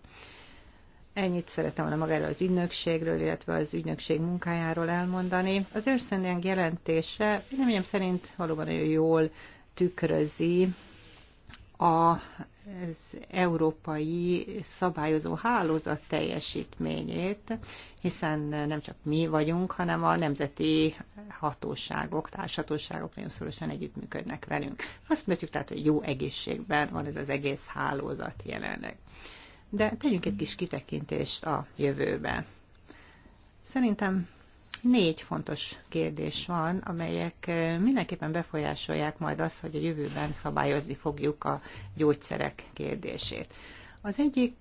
[SPEAKER 3] Ennyit szeretem volna magáról az ügynökségről, illetve az ügynökség munkájáról elmondani. Az őrszendénk jelentése nem szerint valóban nagyon jól tükrözi a az európai szabályozó hálózat teljesítményét, hiszen nem csak mi vagyunk, hanem a nemzeti hatóságok, társhatóságok nagyon szorosan együttműködnek velünk. Azt mondjuk tehát, hogy jó egészségben van ez az egész hálózat jelenleg. De tegyünk egy kis kitekintést a jövőbe. Szerintem Négy fontos kérdés van, amelyek mindenképpen befolyásolják majd azt, hogy a jövőben szabályozni fogjuk a gyógyszerek kérdését. Az egyik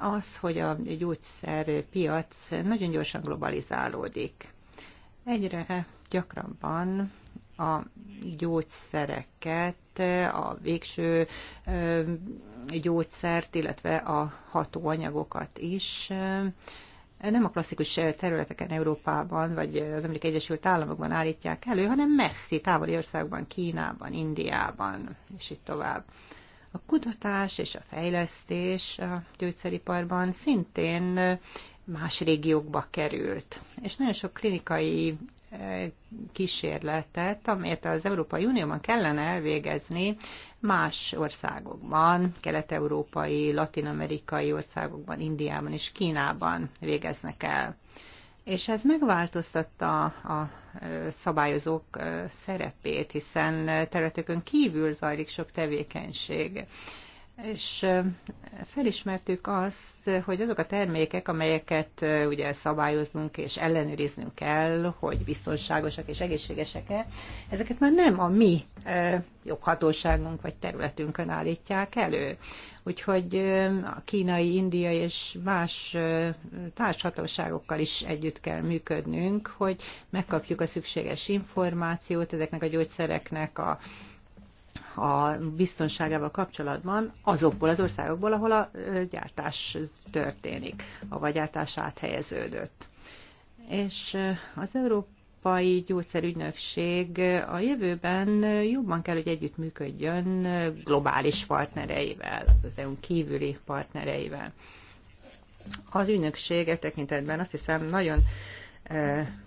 [SPEAKER 3] az, hogy a gyógyszerpiac nagyon gyorsan globalizálódik. Egyre gyakrabban a gyógyszereket, a végső gyógyszert, illetve a hatóanyagokat is nem a klasszikus eh, területeken Európában, vagy eh, az Amerikai Egyesült Államokban állítják elő, hanem messzi, távoli országban, Kínában, Indiában, és így tovább. A kutatás és a fejlesztés a gyógyszeriparban szintén eh, más régiókba került. És nagyon sok klinikai kísérletet, amelyet az Európai Unióban kellene elvégezni, más országokban, kelet-európai, latin-amerikai országokban, Indiában és Kínában végeznek el. És ez megváltoztatta a szabályozók szerepét, hiszen területükön kívül zajlik sok tevékenység és felismertük azt, hogy azok a termékek, amelyeket ugye szabályoznunk és ellenőriznünk kell, hogy biztonságosak és egészségesek-e, ezeket már nem a mi joghatóságunk vagy területünkön állítják elő. Úgyhogy a kínai, indiai és más társhatóságokkal is együtt kell működnünk, hogy megkapjuk a szükséges információt ezeknek a gyógyszereknek a a biztonságával kapcsolatban azokból az országokból, ahol a gyártás történik, a gyártás áthelyeződött. És az Európai Gyógyszerügynökség a jövőben jobban kell, hogy együttműködjön globális partnereivel, az eu kívüli partnereivel. Az ügynökség e tekintetben azt hiszem nagyon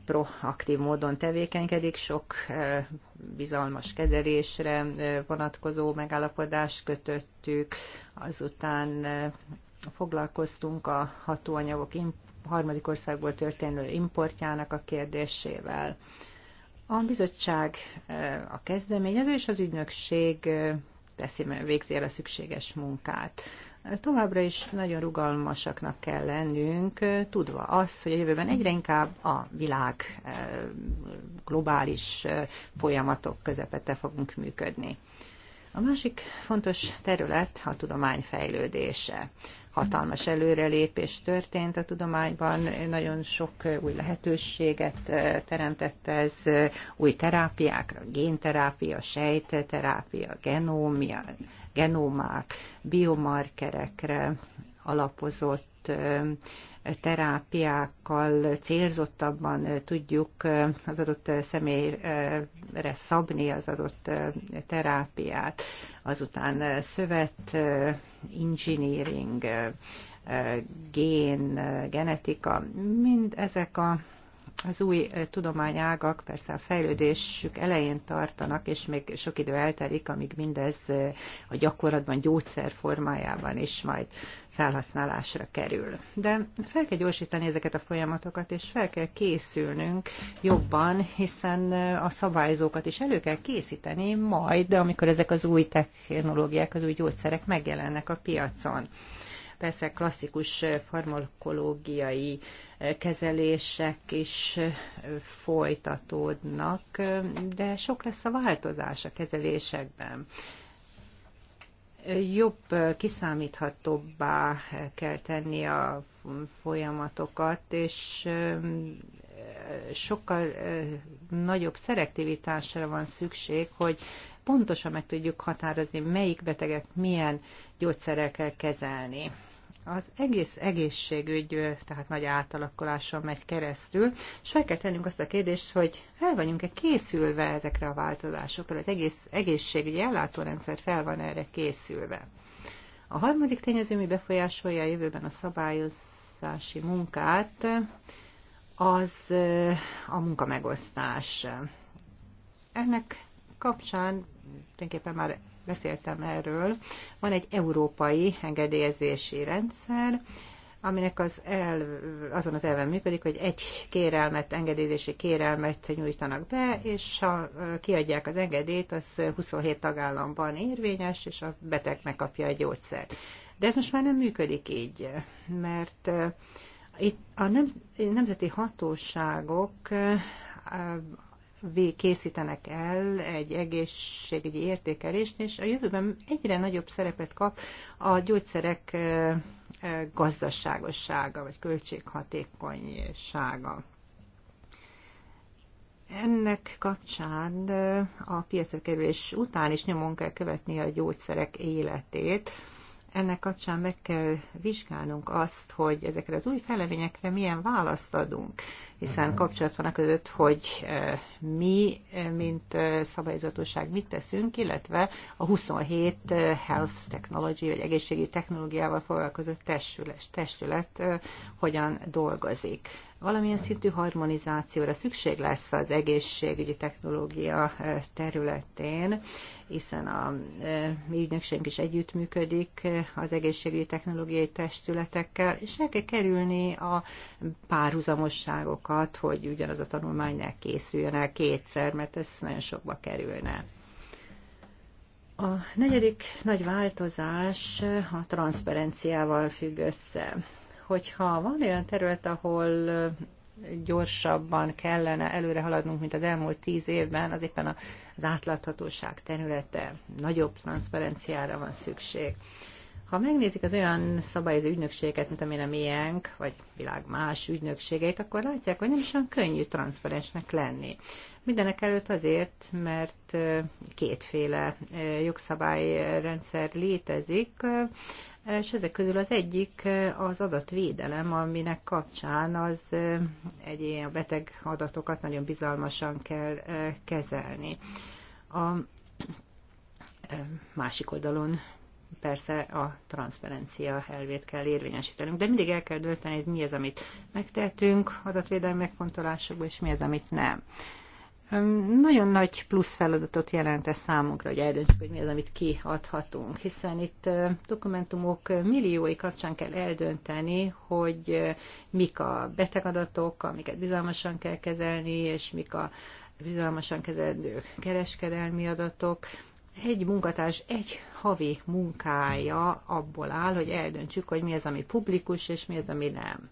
[SPEAKER 3] proaktív módon tevékenykedik, sok bizalmas kezelésre vonatkozó megállapodást kötöttük, azután foglalkoztunk a hatóanyagok harmadik országból történő importjának a kérdésével. A bizottság a kezdeményező és az ügynökség teszi, végzi el a szükséges munkát továbbra is nagyon rugalmasaknak kell lennünk, tudva azt, hogy a jövőben egyre inkább a világ eh, globális eh, folyamatok közepette fogunk működni. A másik fontos terület a tudomány fejlődése. Hatalmas előrelépés történt a tudományban, nagyon sok új lehetőséget eh, teremtett ez, új terápiákra, génterápia, sejtterápia, genómia, genomák, biomarkerekre alapozott terápiákkal célzottabban tudjuk az adott személyre szabni az adott terápiát. Azután szövet, engineering, gén, genetika, mind ezek a az új tudományágak persze a fejlődésük elején tartanak, és még sok idő eltelik, amíg mindez a gyakorlatban gyógyszer formájában is majd felhasználásra kerül. De fel kell gyorsítani ezeket a folyamatokat, és fel kell készülnünk jobban, hiszen a szabályzókat is elő kell készíteni majd, amikor ezek az új technológiák, az új gyógyszerek megjelennek a piacon. Persze klasszikus farmakológiai kezelések is folytatódnak, de sok lesz a változás a kezelésekben jobb, kiszámíthatóbbá kell tenni a folyamatokat, és sokkal nagyobb szerektivitásra van szükség, hogy pontosan meg tudjuk határozni, melyik beteget milyen gyógyszerrel kell kezelni. Az egész egészségügy tehát nagy átalakuláson megy keresztül, és fel kell tennünk azt a kérdést, hogy fel vagyunk-e készülve ezekre a változásokra, az egész egészségügyi ellátórendszer fel van erre készülve. A harmadik tényező, ami befolyásolja a jövőben a szabályozási munkát, az a munkamegosztás. Ennek kapcsán tulajdonképpen már beszéltem erről, van egy európai engedélyezési rendszer, aminek az el, azon az elven működik, hogy egy kérelmet, engedélyezési kérelmet nyújtanak be, és ha kiadják az engedélyt, az 27 tagállamban érvényes, és a beteg megkapja a gyógyszert. De ez most már nem működik így, mert itt a nemzeti hatóságok készítenek el egy egészségügyi értékelést, és a jövőben egyre nagyobb szerepet kap a gyógyszerek gazdaságossága, vagy költséghatékonysága. Ennek kapcsán a piacra kerülés után is nyomon kell követni a gyógyszerek életét, ennek kapcsán meg kell vizsgálnunk azt, hogy ezekre az új fejleményekre milyen választ adunk, hiszen mhm. kapcsolat van a között, hogy eh, mi, eh, mint eh, szabályozatosság mit teszünk, illetve a 27 Health Technology, vagy egészségügyi technológiával foglalkozó testület, testület hogyan dolgozik. Valamilyen szintű harmonizációra szükség lesz az egészségügyi technológia területén, hiszen a mi ügynökségünk is együttműködik az egészségügyi technológiai testületekkel, és el kell kerülni a párhuzamosságokat, hogy ugyanaz a tanulmány ne készüljön el kétszer, mert ez nagyon sokba kerülne. A negyedik nagy változás a transzparenciával függ össze hogyha van olyan terület, ahol gyorsabban kellene előre haladnunk, mint az elmúlt tíz évben, az éppen az átláthatóság területe, nagyobb transzparenciára van szükség. Ha megnézik az olyan szabályozó ügynökségeket, mint amilyen a miénk, vagy világ más ügynökségeit, akkor látják, hogy nem is olyan könnyű transzparensnek lenni. Mindenek előtt azért, mert kétféle jogszabályrendszer létezik, és ezek közül az egyik az adatvédelem, aminek kapcsán az egy a beteg adatokat nagyon bizalmasan kell kezelni. A másik oldalon persze a transzparencia elvét kell érvényesítenünk, de mindig el kell dölteni, hogy mi az, amit megtehetünk adatvédelmi megfontolásokból, és mi az, amit nem. Nagyon nagy plusz feladatot jelent ez számunkra, hogy eldöntsük, hogy mi az, amit kiadhatunk, hiszen itt dokumentumok milliói kapcsán kell eldönteni, hogy mik a betegadatok, amiket bizalmasan kell kezelni, és mik a bizalmasan kezelő kereskedelmi adatok. Egy munkatárs egy havi munkája abból áll, hogy eldöntsük, hogy mi az, ami publikus, és mi az, ami nem.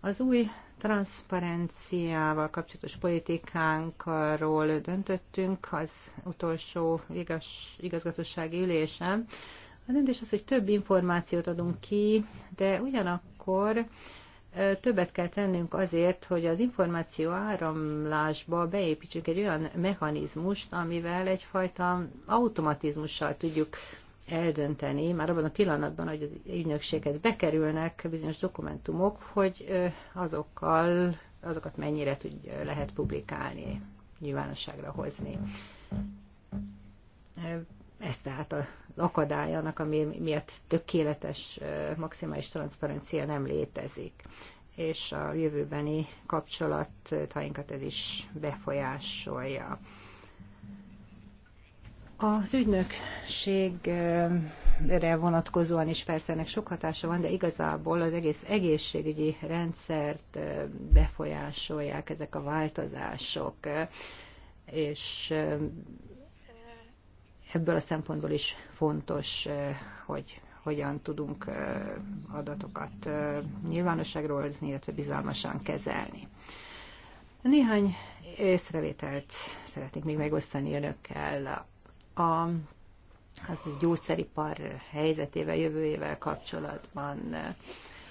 [SPEAKER 3] Az új transzparenciával kapcsolatos politikánkról döntöttünk az utolsó igaz, igazgatósági ülésen. A döntés az, hogy több információt adunk ki, de ugyanakkor többet kell tennünk azért, hogy az információ áramlásba beépítsük egy olyan mechanizmust, amivel egyfajta automatizmussal tudjuk eldönteni, már abban a pillanatban, hogy az ügynökséghez bekerülnek bizonyos dokumentumok, hogy azokkal, azokat mennyire tud, lehet publikálni, nyilvánosságra hozni. Ez tehát az akadály annak, ami miatt tökéletes, maximális transzparencia nem létezik. És a jövőbeni kapcsolatainkat ez is befolyásolja. Az ügynökségre vonatkozóan is persze ennek sok hatása van, de igazából az egész egészségügyi rendszert befolyásolják ezek a változások, és ebből a szempontból is fontos, hogy hogyan tudunk adatokat nyilvánosságról hozni, illetve bizalmasan kezelni. Néhány észrevételt szeretnék még megosztani önökkel a az gyógyszeripar helyzetével, jövőjével kapcsolatban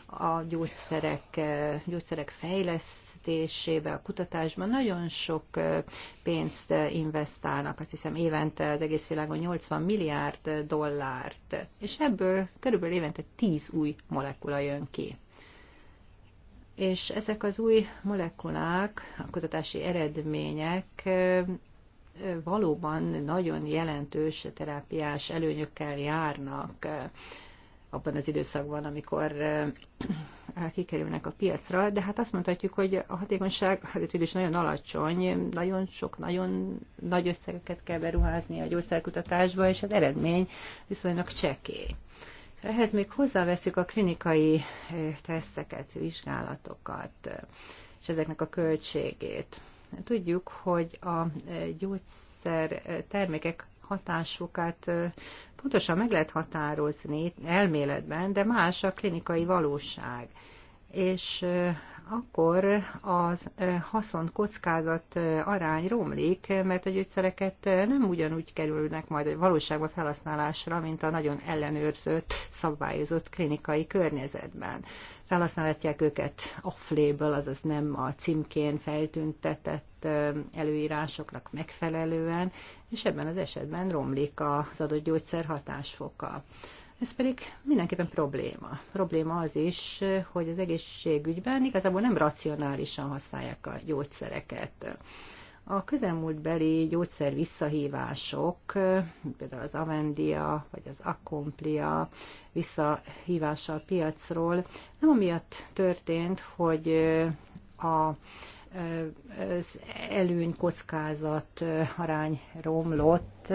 [SPEAKER 3] a gyógyszerek, gyógyszerek fejlesztésével, a kutatásban nagyon sok pénzt investálnak, azt hiszem évente az egész világon 80 milliárd dollárt, és ebből körülbelül évente 10 új molekula jön ki. És ezek az új molekulák, a kutatási eredmények valóban nagyon jelentős terápiás előnyökkel járnak abban az időszakban, amikor kikerülnek a piacra, de hát azt mondhatjuk, hogy a hatékonyság hát is nagyon alacsony, nagyon sok, nagyon nagy összegeket kell beruházni a gyógyszerkutatásba, és az eredmény viszonylag csekély. Ehhez még hozzáveszünk a klinikai teszteket, vizsgálatokat, és ezeknek a költségét. Tudjuk, hogy a e, gyógyszer e, termékek hatásukat e, pontosan meg lehet határozni elméletben, de más a klinikai valóság. És akkor az haszon kockázat arány romlik, mert a gyógyszereket nem ugyanúgy kerülnek majd valóságban felhasználásra, mint a nagyon ellenőrzött, szabályozott klinikai környezetben. Felhasználhatják őket off-label, azaz nem a címkén feltüntetett előírásoknak megfelelően, és ebben az esetben romlik az adott gyógyszer hatásfoka. Ez pedig mindenképpen probléma. Probléma az is, hogy az egészségügyben igazából nem racionálisan használják a gyógyszereket. A közelmúltbeli gyógyszer visszahívások, például az Avendia vagy az Accomplia visszahívása a piacról, nem amiatt történt, hogy a az előny-kockázat arány romlott,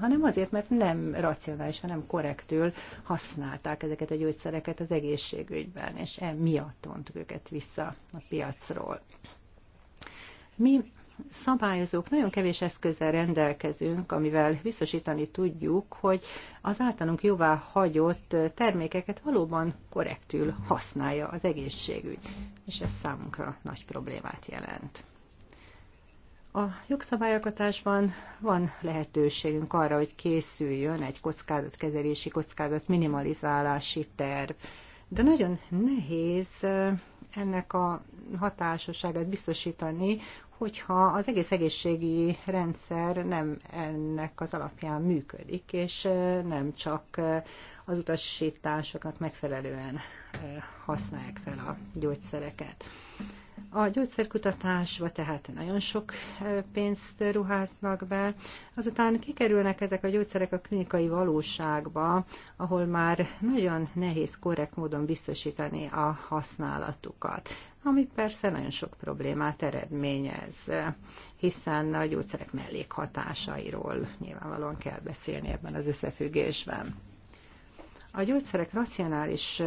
[SPEAKER 3] hanem azért, mert nem racionálisan, nem korrektül használták ezeket a gyógyszereket az egészségügyben, és emiatt vontuk őket vissza a piacról. Mi szabályozók nagyon kevés eszközzel rendelkezünk, amivel biztosítani tudjuk, hogy az általunk jóvá hagyott termékeket valóban korrektül használja az egészségügy, és ez számunkra nagy problémát jelent. A jogszabályalkotásban van lehetőségünk arra, hogy készüljön egy kockázatkezelési, kockázat minimalizálási terv, de nagyon nehéz ennek a hatásosságát biztosítani, hogyha az egész egészségügyi rendszer nem ennek az alapján működik, és nem csak az utasításoknak megfelelően használják fel a gyógyszereket. A gyógyszerkutatásba tehát nagyon sok pénzt ruháznak be, azután kikerülnek ezek a gyógyszerek a klinikai valóságba, ahol már nagyon nehéz korrekt módon biztosítani a használatukat ami persze nagyon sok problémát eredményez, hiszen a gyógyszerek mellékhatásairól nyilvánvalóan kell beszélni ebben az összefüggésben. A gyógyszerek racionális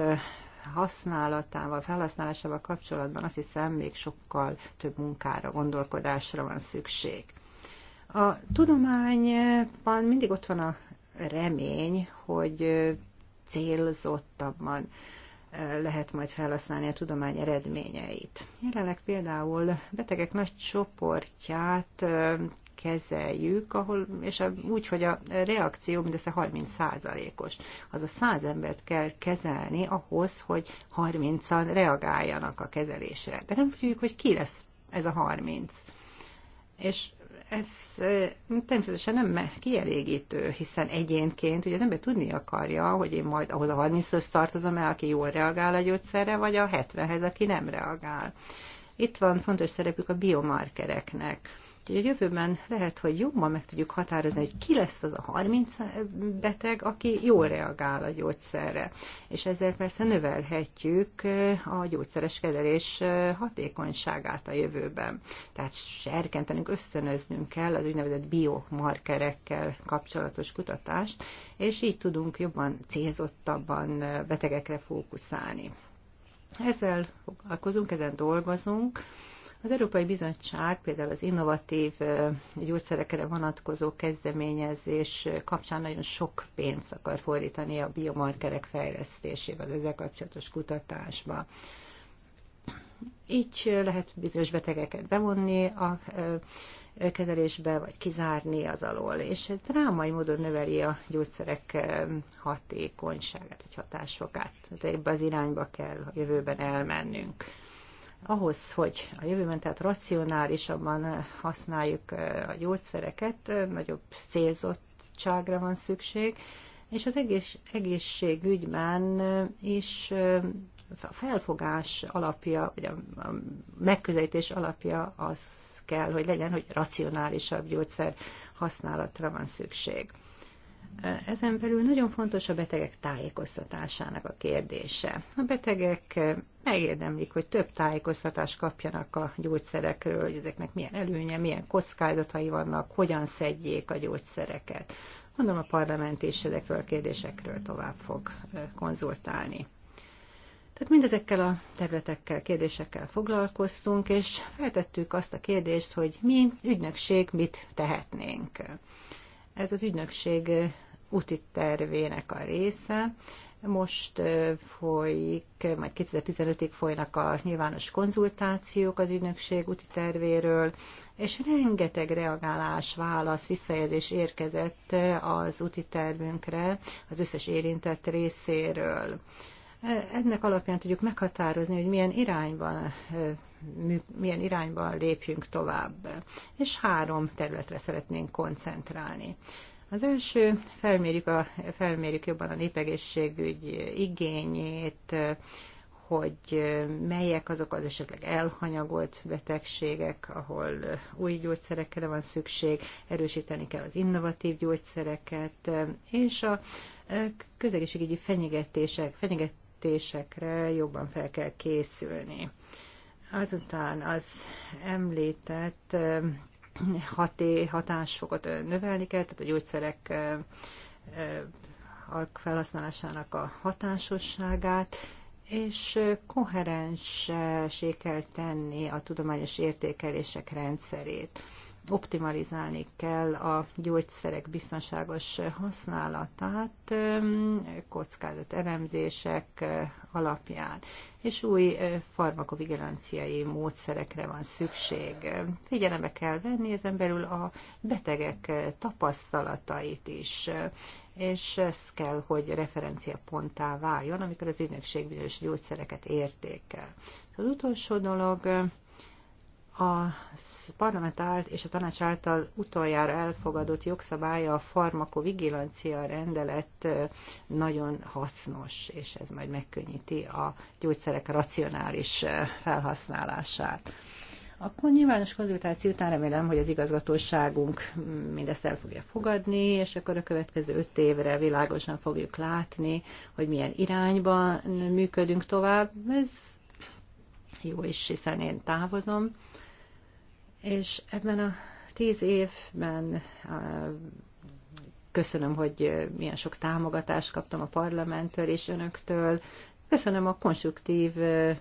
[SPEAKER 3] használatával, felhasználásával kapcsolatban azt hiszem még sokkal több munkára, gondolkodásra van szükség. A tudományban mindig ott van a remény, hogy célzottabban lehet majd felhasználni a tudomány eredményeit. Jelenleg például betegek nagy csoportját kezeljük, ahol, és úgy, hogy a reakció mindössze 30 százalékos. Az a 100 embert kell kezelni ahhoz, hogy 30-an reagáljanak a kezelésre. De nem tudjuk, hogy ki lesz ez a 30. És ez természetesen nem kielégítő, hiszen egyénként ugye az ember tudni akarja, hogy én majd ahhoz a 30 hoz tartozom el, aki jól reagál a gyógyszerre, vagy a 70-hez, aki nem reagál. Itt van fontos szerepük a biomarkereknek Úgyhogy a jövőben lehet, hogy jobban meg tudjuk határozni, hogy ki lesz az a 30 beteg, aki jól reagál a gyógyszerre. És ezzel persze növelhetjük eh, a gyógyszeres kezelés eh, hatékonyságát a jövőben. Tehát serkentenünk, ösztönöznünk kell az úgynevezett biomarkerekkel kapcsolatos kutatást, és így tudunk jobban célzottabban eh, betegekre fókuszálni. Ezzel foglalkozunk, ezen dolgozunk, az Európai Bizottság például az innovatív gyógyszerekre vonatkozó kezdeményezés kapcsán nagyon sok pénzt akar fordítani a biomarkerek fejlesztésével, az ezzel kapcsolatos kutatásba. Így lehet bizonyos betegeket bevonni a kezelésbe, vagy kizárni az alól, és ez drámai módon növeli a gyógyszerek hatékonyságát, vagy hatásfokát. Tehát ebbe az irányba kell a jövőben elmennünk ahhoz, hogy a jövőben tehát racionálisabban használjuk eh, a gyógyszereket, eh, nagyobb célzottságra van szükség, és az egész, egészségügyben eh, is a felfogás alapja, vagy a, megközelítés alapja az kell, hogy legyen, hogy racionálisabb gyógyszer használatra van szükség. Ezen belül nagyon fontos a betegek tájékoztatásának a kérdése. A betegek megérdemlik, hogy több tájékoztatást kapjanak a gyógyszerekről, hogy ezeknek milyen előnye, milyen kockázatai vannak, hogyan szedjék a gyógyszereket. Mondom, a parlament is ezekről a kérdésekről tovább fog konzultálni. Tehát mindezekkel a területekkel, kérdésekkel foglalkoztunk, és feltettük azt a kérdést, hogy mi ügynökség mit tehetnénk. Ez az ügynökség úti tervének a része, most folyik, majd 2015-ig folynak a nyilvános konzultációk az ügynökség úti tervéről, és rengeteg reagálás, válasz, visszajelzés érkezett az úti tervünkre az összes érintett részéről. Ennek alapján tudjuk meghatározni, hogy milyen irányban milyen irányban lépjünk tovább. És három területre szeretnénk koncentrálni. Az első, felmérjük, a, felmérjük jobban a népegészségügy igényét, hogy melyek azok az esetleg elhanyagolt betegségek, ahol új gyógyszerekre van szükség, erősíteni kell az innovatív gyógyszereket, és a e, közegészségügyi fenyegetések, fenyegetésekre jobban fel kell készülni. Azután az említett haté, hatásfokat növelni kell, tehát a gyógyszerek felhasználásának a hatásosságát, és koherenssé kell tenni a tudományos értékelések rendszerét optimalizálni kell a gyógyszerek biztonságos használatát kockázat elemzések alapján, és új farmakovigilanciai módszerekre van szükség. Figyelembe kell venni ezen belül a betegek tapasztalatait is, és ez kell, hogy referenciaponttá váljon, amikor az ügynökség bizonyos gyógyszereket értékel. Az utolsó dolog, a parlament állt és a tanács által utoljára elfogadott jogszabálya a farmakovigilancia rendelet nagyon hasznos, és ez majd megkönnyíti a gyógyszerek racionális felhasználását. Akkor nyilvános konzultáció után remélem, hogy az igazgatóságunk mindezt el fogja fogadni, és akkor a következő öt évre világosan fogjuk látni, hogy milyen irányban működünk tovább. Ez jó is, hiszen én távozom és ebben a tíz évben köszönöm, hogy milyen sok támogatást kaptam a parlamenttől és önöktől. Köszönöm a konstruktív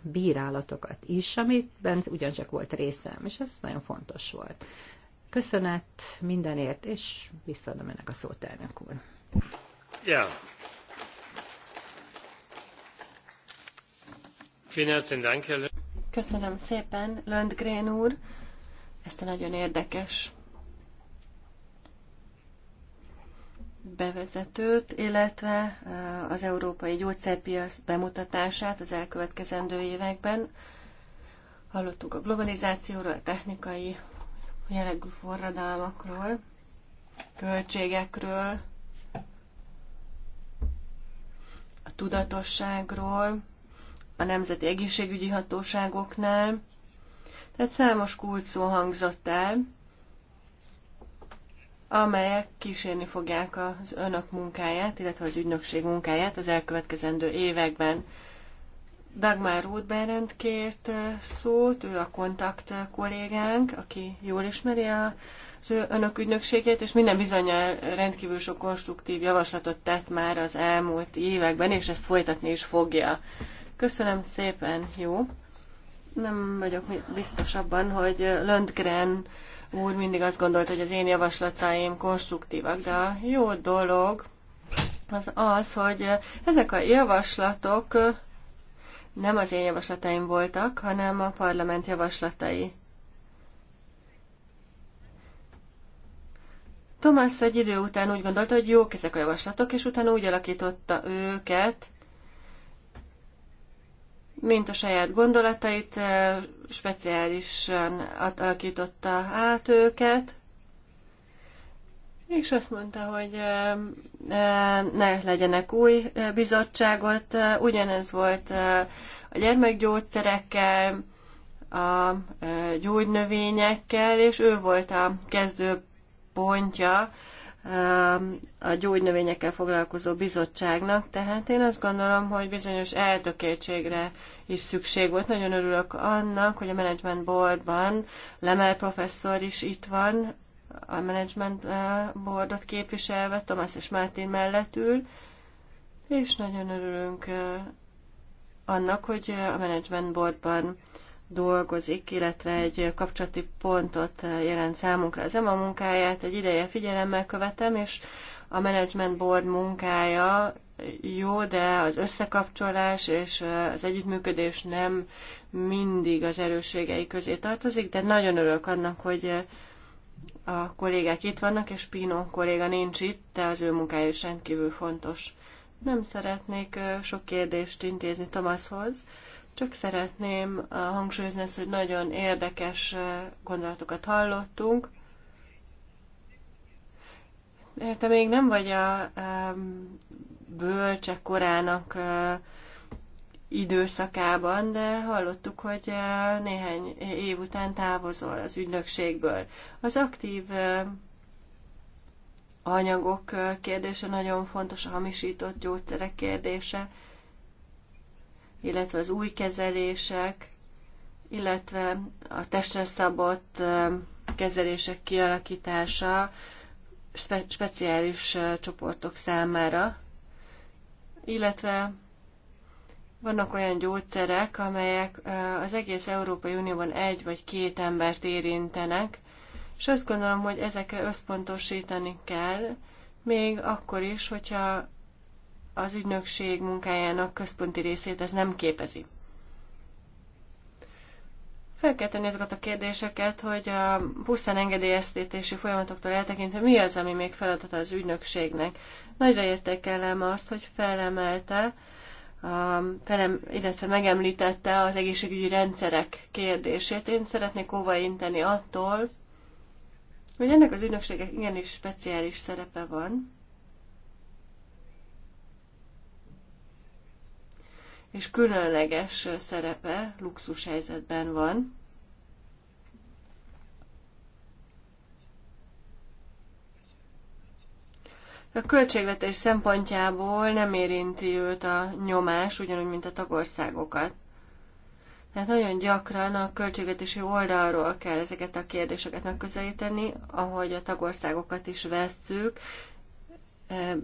[SPEAKER 3] bírálatokat is, amiben ugyancsak volt részem, és ez nagyon fontos volt. Köszönet mindenért, és visszaadom ennek a szót, elnök úr.
[SPEAKER 1] Ja. Köszönöm szépen, Löndgren úr ezt a nagyon érdekes bevezetőt, illetve eh, az európai gyógyszerpiac bemutatását az elkövetkezendő években. Hallottuk a globalizációról, a technikai jellegű forradalmakról, költségekről, a tudatosságról, a nemzeti egészségügyi hatóságoknál, tehát számos kulcsszó hangzott el, amelyek kísérni fogják az önök munkáját, illetve az ügynökség munkáját az elkövetkezendő években. Dagmar Rothberend kért eh, szót, ő a kontakt eh, kollégánk, aki jól ismeri az önök ügynökségét, és minden bizonyal rendkívül sok konstruktív javaslatot tett már az elmúlt években, és ezt folytatni is fogja. Köszönöm szépen, jó! Nem vagyok biztos abban, hogy Löntgren úr mindig azt gondolt, hogy az én javaslataim konstruktívak, de a jó dolog az az, hogy ezek a javaslatok nem az én javaslataim voltak, hanem a parlament javaslatai. Thomas egy idő után úgy gondolta, hogy jók ezek a javaslatok, és utána úgy alakította őket, mint a saját gondolatait, speciálisan alakította át őket, és azt mondta, hogy ne legyenek új bizottságot. Ugyanez volt a gyermekgyógyszerekkel, a gyógynövényekkel, és ő volt a kezdő pontja a gyógynövényekkel foglalkozó bizottságnak, tehát én azt gondolom, hogy bizonyos eltökéltségre is szükség volt. Nagyon örülök annak, hogy a Management Boardban Lemel professzor is itt van, a Management eh, Boardot képviselve, Tomás és Mártin mellett ül, és nagyon örülünk eh, annak, hogy eh, a Management Boardban dolgozik, illetve egy kapcsolati pontot jelent számunkra. Az EMA munkáját egy ideje figyelemmel követem, és a Management Board munkája jó, de az összekapcsolás és az együttműködés nem mindig az erősségei közé tartozik, de nagyon örülök annak, hogy a kollégák itt vannak, és Pino kolléga nincs itt, de az ő munkája is rendkívül fontos. Nem szeretnék sok kérdést intézni Tomaszhoz, csak szeretném uh, hangsúlyozni ezt, hogy nagyon érdekes uh, gondolatokat hallottunk. Te még nem vagy a um, bölcsek korának uh, időszakában, de hallottuk, hogy néhány év után távozol az ügynökségből. Az aktív anyagok kérdése nagyon fontos, a hamisított gyógyszerek kérdése illetve az új kezelések, illetve a testre szabott kezelések kialakítása spe speciális csoportok számára, illetve vannak olyan gyógyszerek, amelyek az egész Európai Unióban egy vagy két embert érintenek, és azt gondolom, hogy ezekre összpontosítani kell, még akkor is, hogyha az ügynökség munkájának központi részét ez nem képezi. Fel kell tenni ezeket a kérdéseket, hogy a pusztán engedélyeztetési folyamatoktól eltekintve mi az, ami még feladata az ügynökségnek. Nagyra értékelem azt, hogy felemelte, a, felem, illetve megemlítette az egészségügyi rendszerek kérdését. Én szeretnék óvainteni attól, hogy ennek az ügynökségek igenis speciális szerepe van, és különleges szerepe luxus helyzetben van. A költségvetés szempontjából nem érinti őt a nyomás, ugyanúgy, mint a tagországokat. Tehát nagyon gyakran a költségvetési oldalról kell ezeket a kérdéseket megközelíteni, ahogy a tagországokat is vesszük,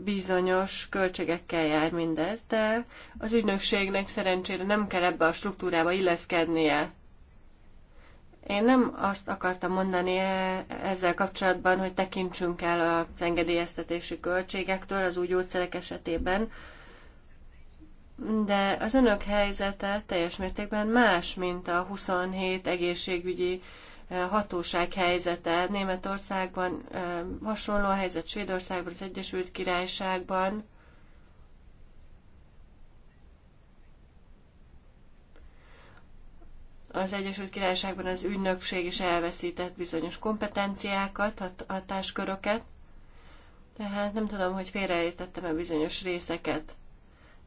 [SPEAKER 1] bizonyos költségekkel jár mindez, de az ügynökségnek szerencsére nem kell ebbe a struktúrába illeszkednie. Én nem azt akartam mondani e- ezzel kapcsolatban, hogy tekintsünk el az engedélyeztetési költségektől az új gyógyszerek esetében, de az önök helyzete teljes mértékben más, mint a 27 egészségügyi hatóság helyzete. Németországban hasonló a helyzet, Svédországban, az Egyesült Királyságban. Az Egyesült Királyságban az ügynökség is elveszített bizonyos kompetenciákat, hat- hatásköröket. Tehát nem tudom, hogy félreértettem-e bizonyos részeket.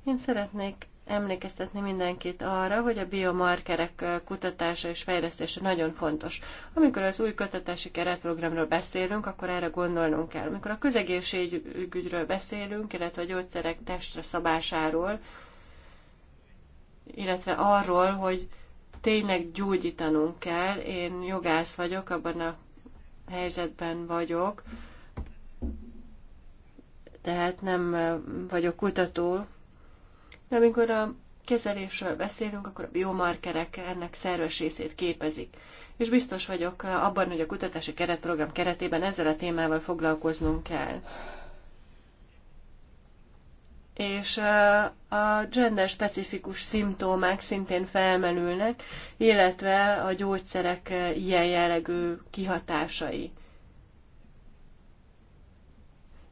[SPEAKER 1] Én szeretnék emlékeztetni mindenkit arra, hogy a biomarkerek kutatása és fejlesztése nagyon fontos. Amikor az új kutatási keretprogramról beszélünk, akkor erre gondolnunk kell. Amikor a közegészségügyről beszélünk, illetve a gyógyszerek testre szabásáról, illetve arról, hogy tényleg gyógyítanunk kell. Én jogász vagyok, abban a helyzetben vagyok, tehát nem vagyok kutató, de amikor a kezelésről beszélünk, akkor a biomarkerek ennek szerves részét képezik. És biztos vagyok abban, hogy a kutatási keretprogram keretében ezzel a témával foglalkoznunk kell. És a gender specifikus szimptomák szintén felmenülnek, illetve a gyógyszerek ilyen jellegű kihatásai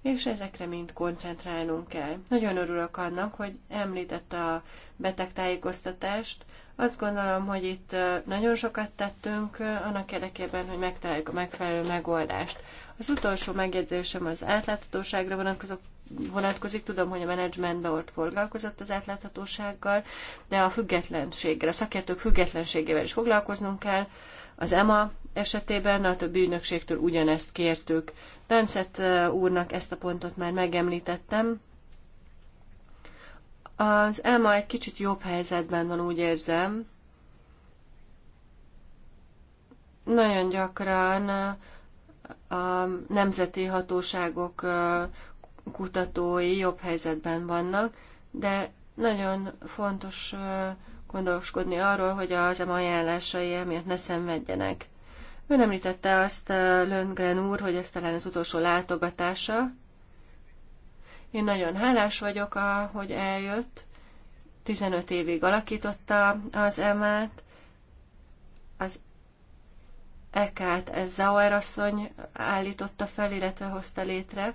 [SPEAKER 1] és ezekre mind koncentrálnunk kell. Nagyon örülök annak, hogy említette a betegtájékoztatást. Azt gondolom, hogy itt nagyon sokat tettünk annak érdekében, hogy megtaláljuk a megfelelő megoldást. Az utolsó megjegyzésem az átláthatóságra vonatkozó vonatkozik. Tudom, hogy a menedzsmentben ott foglalkozott az átláthatósággal, de a függetlenségre, a szakértők függetlenségével is foglalkoznunk kell. Az EMA esetében a többi ügynökségtől ugyanezt kértük. Dancet úrnak ezt a pontot már megemlítettem. Az Emma egy kicsit jobb helyzetben van, úgy érzem. Nagyon gyakran a nemzeti hatóságok kutatói jobb helyzetben vannak, de nagyon fontos gondoskodni arról, hogy az EMA ajánlásai emiatt ne szenvedjenek. Ön említette azt eh, Löngren úr, hogy ez talán az utolsó látogatása. Én nagyon hálás vagyok, hogy eljött. 15 évig alakította az emát, az ekát ez Zauer asszony állította fel, illetve hozta létre.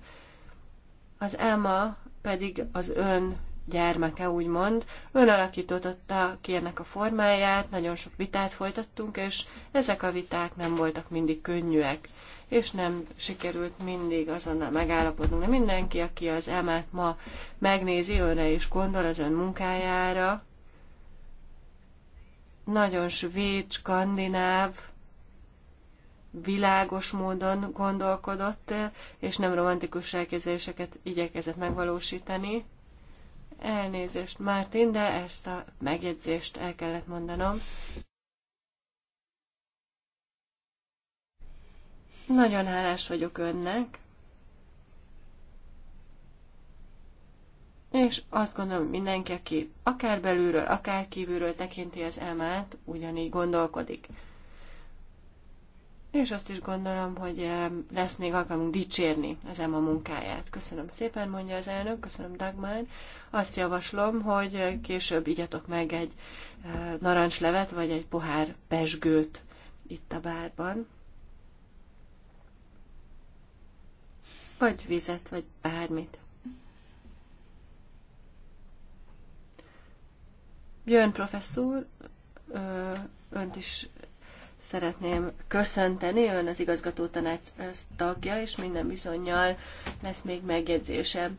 [SPEAKER 1] Az Emma pedig az ön gyermeke, úgymond. Ön alakította ki ennek a formáját, nagyon sok vitát folytattunk, és ezek a viták nem voltak mindig könnyűek, és nem sikerült mindig azonnal megállapodnunk. De mindenki, aki az emát ma megnézi, önre is gondol az ön munkájára, nagyon svéd, skandináv, világos módon gondolkodott, és nem romantikus elképzeléseket igyekezett megvalósítani. Elnézést, Mártin, de ezt a megjegyzést el kellett mondanom. Nagyon hálás vagyok önnek, és azt gondolom, hogy mindenki, aki akár belülről, akár kívülről tekinti az emát, ugyanígy gondolkodik. És azt is gondolom, hogy eh, lesz még alkalmunk dicsérni az EMA munkáját. Köszönöm szépen, mondja az elnök, köszönöm Dagmar. Azt javaslom, hogy eh, később igyatok meg egy eh, narancslevet, vagy egy pohár pesgőt itt a bárban. Vagy vizet, vagy bármit. Jön professzor, önt is szeretném köszönteni. Ön az igazgató tanács tagja, és minden bizonyal lesz még megjegyzése.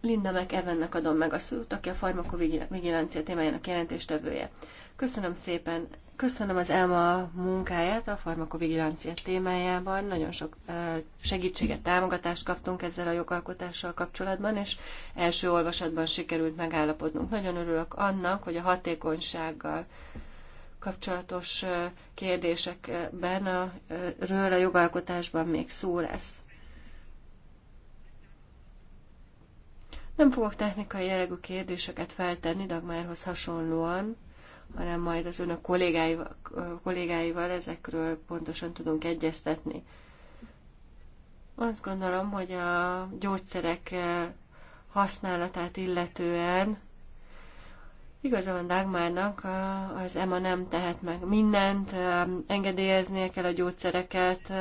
[SPEAKER 1] Linda meg Evennek adom meg a szót, aki a farmakovigilancia témájának jelentéstevője. Köszönöm szépen. Köszönöm az ELMA munkáját a farmakovigilancia témájában. Nagyon sok segítséget, támogatást kaptunk ezzel a jogalkotással kapcsolatban, és első olvasatban sikerült megállapodnunk. Nagyon örülök annak, hogy a hatékonysággal kapcsolatos kérdésekben a, ről a jogalkotásban még szó lesz. Nem fogok technikai jellegű kérdéseket feltenni Dagmárhoz hasonlóan, hanem majd az önök kollégáival, kollégáival ezekről pontosan tudunk egyeztetni. Azt gondolom, hogy a gyógyszerek használatát illetően Igaza van Dagmárnak, az EMA nem tehet meg mindent, engedélyeznie kell a gyógyszereket,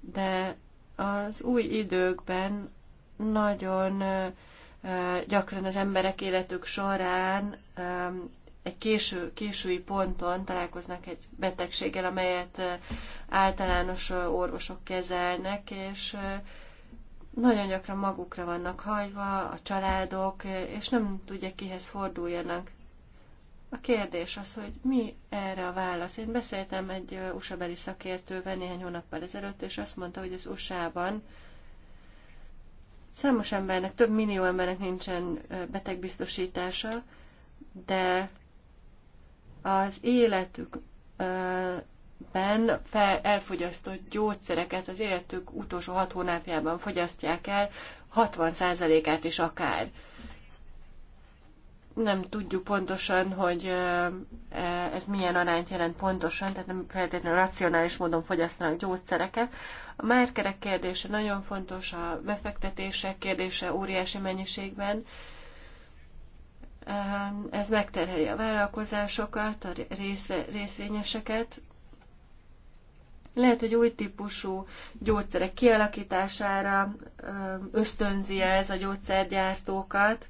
[SPEAKER 1] de az új időkben nagyon gyakran az emberek életük során egy késő, késői ponton találkoznak egy betegséggel, amelyet általános orvosok kezelnek, és nagyon gyakran magukra vannak hagyva a családok, és nem tudják kihez forduljanak. A kérdés az, hogy mi erre a válasz. Én beszéltem egy usa szakértővel néhány hónappal ezelőtt, és azt mondta, hogy az USA-ban számos embernek, több millió embernek nincsen betegbiztosítása, de az életük ben fel, elfogyasztott gyógyszereket az életük utolsó hat hónapjában fogyasztják el, 60%-át is akár. Nem tudjuk pontosan, hogy ez milyen arányt jelent pontosan, tehát nem feltétlenül racionális módon fogyasztanak gyógyszereket. A márkerek kérdése nagyon fontos, a befektetések kérdése óriási mennyiségben, ez megterheli a vállalkozásokat, a részvényeseket, lehet, hogy új típusú gyógyszerek kialakítására ösztönzi -e ez a gyógyszergyártókat.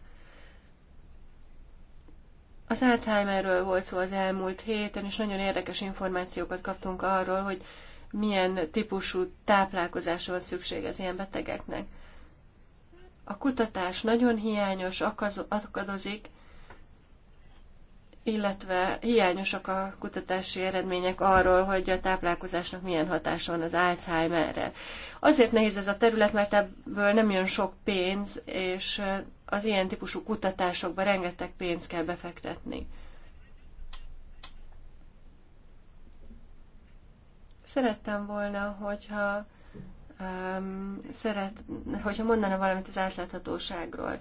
[SPEAKER 1] Az Alzheimerről volt szó az elmúlt héten, és nagyon érdekes információkat kaptunk arról, hogy milyen típusú táplálkozásra van szükség az ilyen betegeknek. A kutatás nagyon hiányos, akadozik, illetve hiányosak a kutatási eredmények arról, hogy a táplálkozásnak milyen hatása van az Alzheimerre. Azért nehéz ez a terület, mert ebből nem jön sok pénz, és az ilyen típusú kutatásokba rengeteg pénzt kell befektetni. Szerettem volna, hogyha, um, szeret, hogyha mondana valamit az átláthatóságról.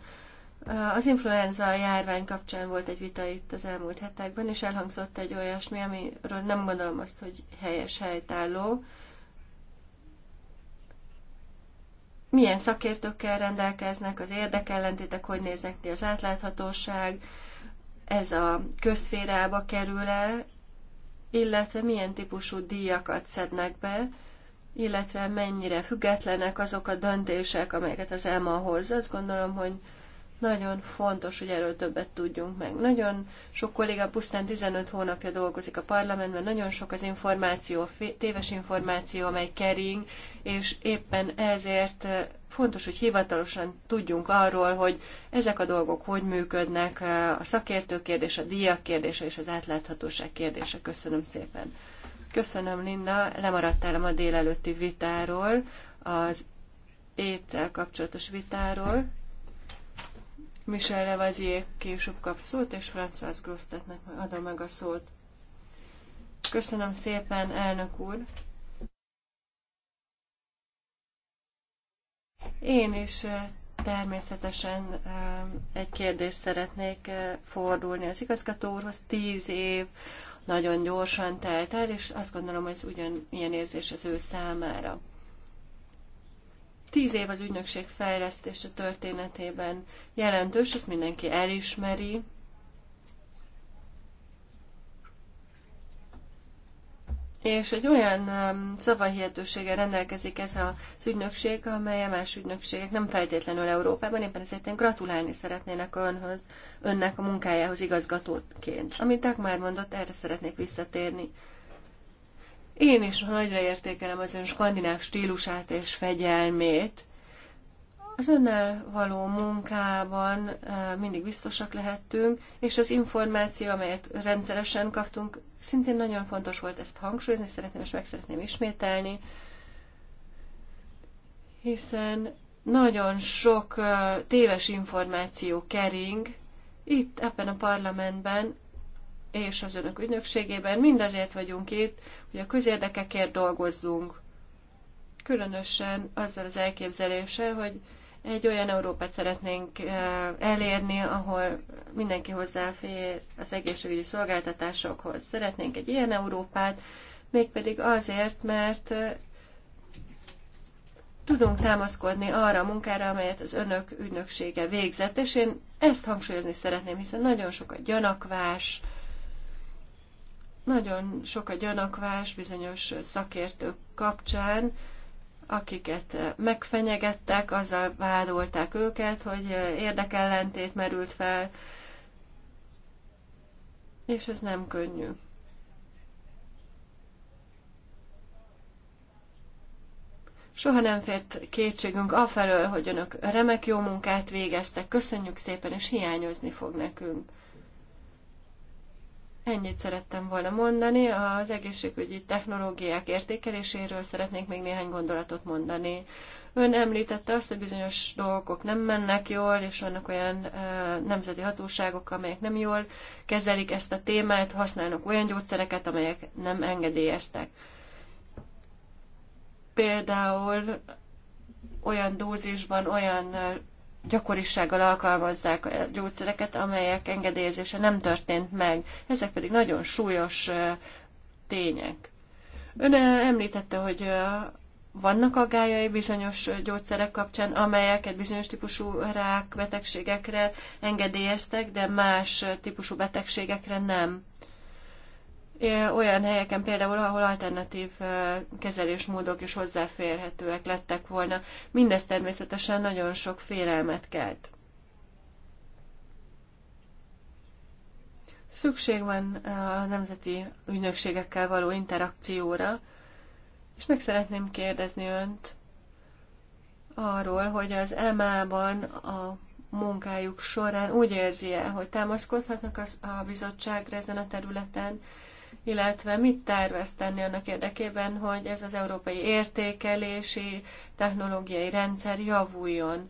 [SPEAKER 1] Az influenza járvány kapcsán volt egy vita itt az elmúlt hetekben, és elhangzott egy olyasmi, amiről nem gondolom azt, hogy helyes helytálló. Milyen szakértőkkel rendelkeznek, az érdekellentétek, hogy néznek ki az átláthatóság, ez a közférába kerül-e, illetve milyen típusú díjakat szednek be, illetve mennyire függetlenek azok a döntések, amelyeket az EMA hoz. Azt gondolom, hogy nagyon fontos, hogy erről többet tudjunk meg. Nagyon sok kolléga pusztán 15 hónapja dolgozik a parlamentben, nagyon sok az információ, téves információ, amely kering, és éppen ezért eh, fontos, hogy hivatalosan tudjunk arról, hogy ezek a dolgok hogy működnek, eh, a szakértő kérdés, a díjak kérdése és az átláthatóság kérdése. Köszönöm szépen. Köszönöm, Linda. Lemaradtál a délelőtti vitáról, az étel kapcsolatos vitáról. Michel Levazier később kap szót, és François Grosztetnek adom meg a szót. Köszönöm szépen, elnök úr! Én is eh, természetesen eh, egy kérdést szeretnék eh, fordulni az igazgató úrhoz. Tíz év nagyon gyorsan telt el, és azt gondolom, hogy ez ugyanilyen érzés az ő számára. Tíz év az ügynökség fejlesztése történetében jelentős, ezt mindenki elismeri. És egy olyan um, szavahihetőséggel rendelkezik ez az ügynökség, amely a más ügynökségek nem feltétlenül Európában, éppen ezért én gratulálni szeretnének önhöz, önnek a munkájához igazgatóként. Amit már mondott, erre szeretnék visszatérni. Én is nagyra értékelem az ön skandináv stílusát és fegyelmét. Az önnel való munkában eh, mindig biztosak lehettünk, és az információ, amelyet rendszeresen kaptunk, szintén nagyon fontos volt ezt hangsúlyozni, szeretném és meg szeretném ismételni, hiszen nagyon sok eh, téves információ kering itt ebben a parlamentben, és az önök ügynökségében mindazért vagyunk itt, hogy a közérdekekért dolgozzunk. Különösen azzal az elképzeléssel, hogy egy olyan Európát szeretnénk eh, elérni, ahol mindenki hozzáfér az egészségügyi szolgáltatásokhoz. Szeretnénk egy ilyen Európát, mégpedig azért, mert eh, tudunk támaszkodni arra a munkára, amelyet az önök ügynöksége végzett, és én ezt hangsúlyozni szeretném, hiszen nagyon sok a gyanakvás, nagyon sok a gyanakvás bizonyos szakértők kapcsán, akiket megfenyegettek, azzal vádolták őket, hogy érdekellentét merült fel, és ez nem könnyű. Soha nem fért kétségünk afelől, hogy önök remek jó munkát végeztek, köszönjük szépen, és hiányozni fog nekünk. Ennyit szerettem volna mondani. Az egészségügyi technológiák értékeléséről szeretnék még néhány gondolatot mondani. Ön említette azt, hogy bizonyos dolgok nem mennek jól, és vannak olyan nemzeti hatóságok, amelyek nem jól kezelik ezt a témát, használnak olyan gyógyszereket, amelyek nem engedélyeztek. Például olyan dózisban, olyan gyakorisággal alkalmazzák a gyógyszereket, amelyek engedélyezése nem történt meg. Ezek pedig nagyon súlyos tények. Ön említette, hogy vannak aggályai bizonyos gyógyszerek kapcsán, amelyeket bizonyos típusú rák betegségekre engedélyeztek, de más típusú betegségekre nem olyan helyeken például, ahol alternatív kezelésmódok is hozzáférhetőek lettek volna. Mindez természetesen nagyon sok félelmet kelt. Szükség van a nemzeti ügynökségekkel való interakcióra, és meg szeretném kérdezni önt arról, hogy az EMA-ban a munkájuk során úgy érzi-e, hogy támaszkodhatnak a bizottságra ezen a területen, illetve mit tervez tenni annak érdekében, hogy ez az európai értékelési technológiai rendszer javuljon.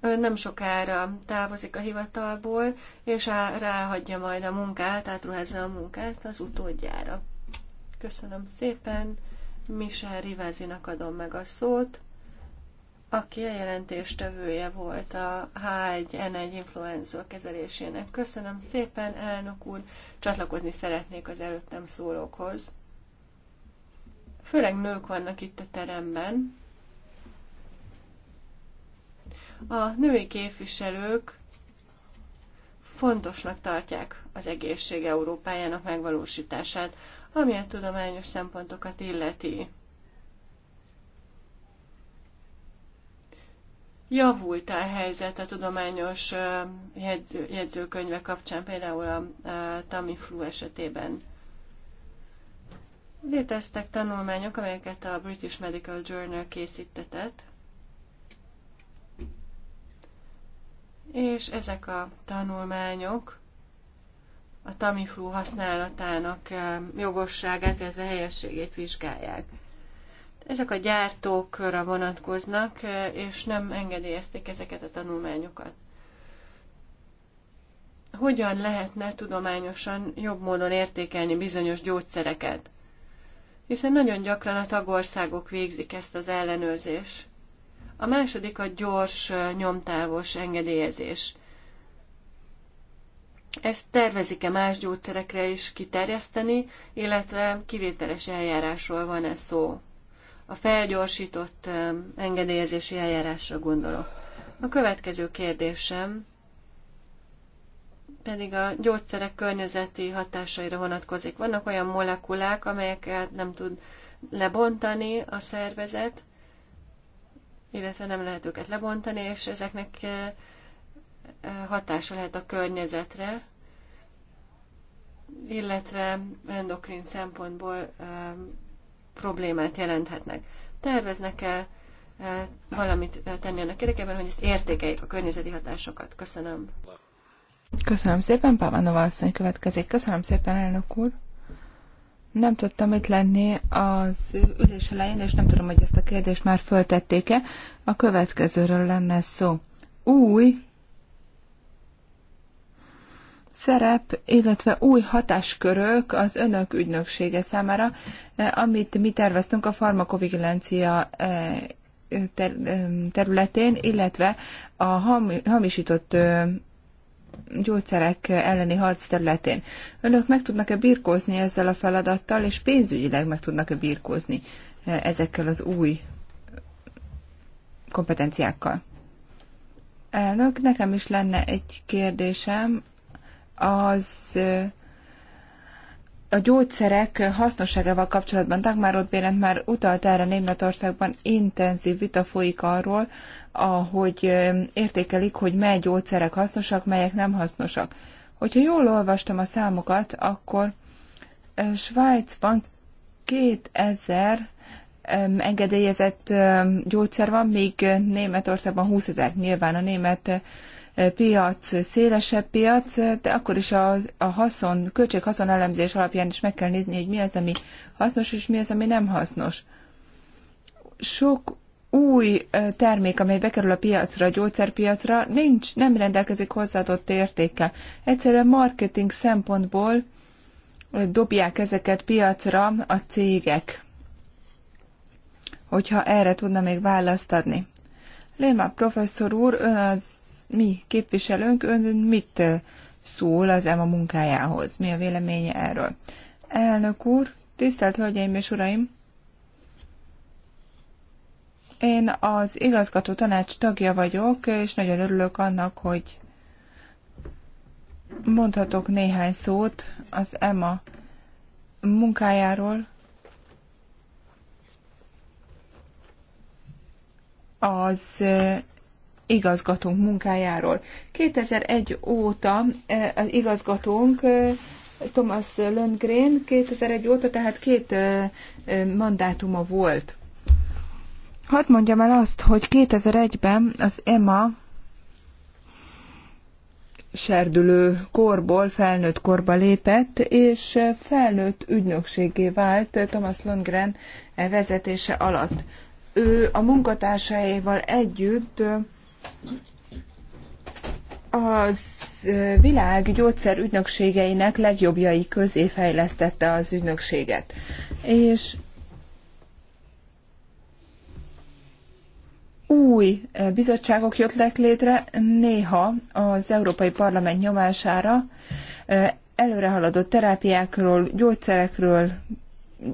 [SPEAKER 1] Ön nem sokára távozik a hivatalból, és ráhagyja majd a munkát, átruházza a munkát az utódjára. Köszönöm szépen, Michel Rivázinak adom meg a szót aki a jelentéstevője volt a H1N1 influenza kezelésének. Köszönöm szépen, elnök úr, csatlakozni szeretnék az előttem szólókhoz. Főleg nők vannak itt a teremben. A női képviselők fontosnak tartják az egészség Európájának megvalósítását, ami a tudományos szempontokat illeti. javult a helyzet a tudományos jegyzőkönyve kapcsán, például a, a Tamiflu esetében. Léteztek tanulmányok, amelyeket a British Medical Journal készítetett, és ezek a tanulmányok a Tamiflu használatának jogosságát, illetve helyességét vizsgálják. Ezek a gyártókra vonatkoznak, e, és nem engedélyezték ezeket a tanulmányokat. Hogyan lehetne tudományosan jobb módon értékelni bizonyos gyógyszereket? Hiszen nagyon gyakran a tagországok végzik ezt az ellenőrzés. A második a gyors, e, nyomtávos engedélyezés. Ezt tervezik-e más gyógyszerekre is kiterjeszteni, illetve kivételes eljárásról van-e szó? a felgyorsított engedélyezési eljárásra gondolok. A következő kérdésem pedig a gyógyszerek környezeti hatásaira vonatkozik. Vannak olyan molekulák, amelyeket nem tud lebontani a szervezet, illetve nem lehet őket lebontani, és ezeknek hatása lehet a környezetre, illetve endokrin szempontból problémát jelenthetnek. Terveznek-e e, valamit e, tenni annak érdekében, hogy ezt értékeljék a környezeti hatásokat? Köszönöm.
[SPEAKER 2] Köszönöm szépen, Pávánova asszony következik. Köszönöm szépen, elnök úr. Nem tudtam itt lenni az ülés elején, és nem tudom, hogy ezt a kérdést már föltették-e. A következőről lenne szó. Új szerep, illetve új hatáskörök az önök ügynöksége számára, eh, amit mi terveztünk a farmakovigilancia eh, területén, illetve a hamisított gyógyszerek elleni harc területén. Önök meg tudnak-e birkózni ezzel a feladattal, és pénzügyileg meg tudnak-e birkózni eh, ezekkel az új kompetenciákkal? Elnök, nekem is lenne egy kérdésem az a gyógyszerek hasznosságával kapcsolatban Dagmar ott Bérend már utalt erre Németországban, intenzív vita folyik arról, ahogy értékelik, hogy mely gyógyszerek hasznosak, melyek nem hasznosak. Hogyha jól olvastam a számokat, akkor Svájcban 2000 engedélyezett gyógyszer van, míg Németországban 20 ezer. Nyilván a német piac szélesebb piac, de akkor is a, a haszon, költség-haszon elemzés alapján is meg kell nézni, hogy mi az, ami hasznos, és mi az, ami nem hasznos. Sok új termék, amely bekerül a piacra, a gyógyszerpiacra, nincs, nem rendelkezik hozzáadott értékkel. Egyszerűen marketing szempontból dobják ezeket piacra a cégek, hogyha erre tudna még választ adni. Léma professzor úr, ön az mi képviselőnk, ön mit szól az EMA munkájához? Mi a véleménye erről? Elnök úr, tisztelt Hölgyeim és Uraim! Én az igazgató tanács tagja vagyok, és nagyon örülök annak, hogy mondhatok néhány szót az EMA munkájáról, az igazgatónk munkájáról. 2001 óta eh, az igazgatónk eh, Thomas Lundgren 2001 óta, tehát két eh, mandátuma volt. Hadd mondjam el azt, hogy 2001-ben az EMA serdülő korból felnőtt korba lépett, és felnőtt ügynökségé vált Thomas Lundgren vezetése alatt. Ő a munkatársaival együtt az világ ügynökségeinek legjobbjai közé fejlesztette az ügynökséget. És új bizottságok jöttek létre, néha az Európai Parlament nyomására előrehaladott terápiákról, gyógyszerekről,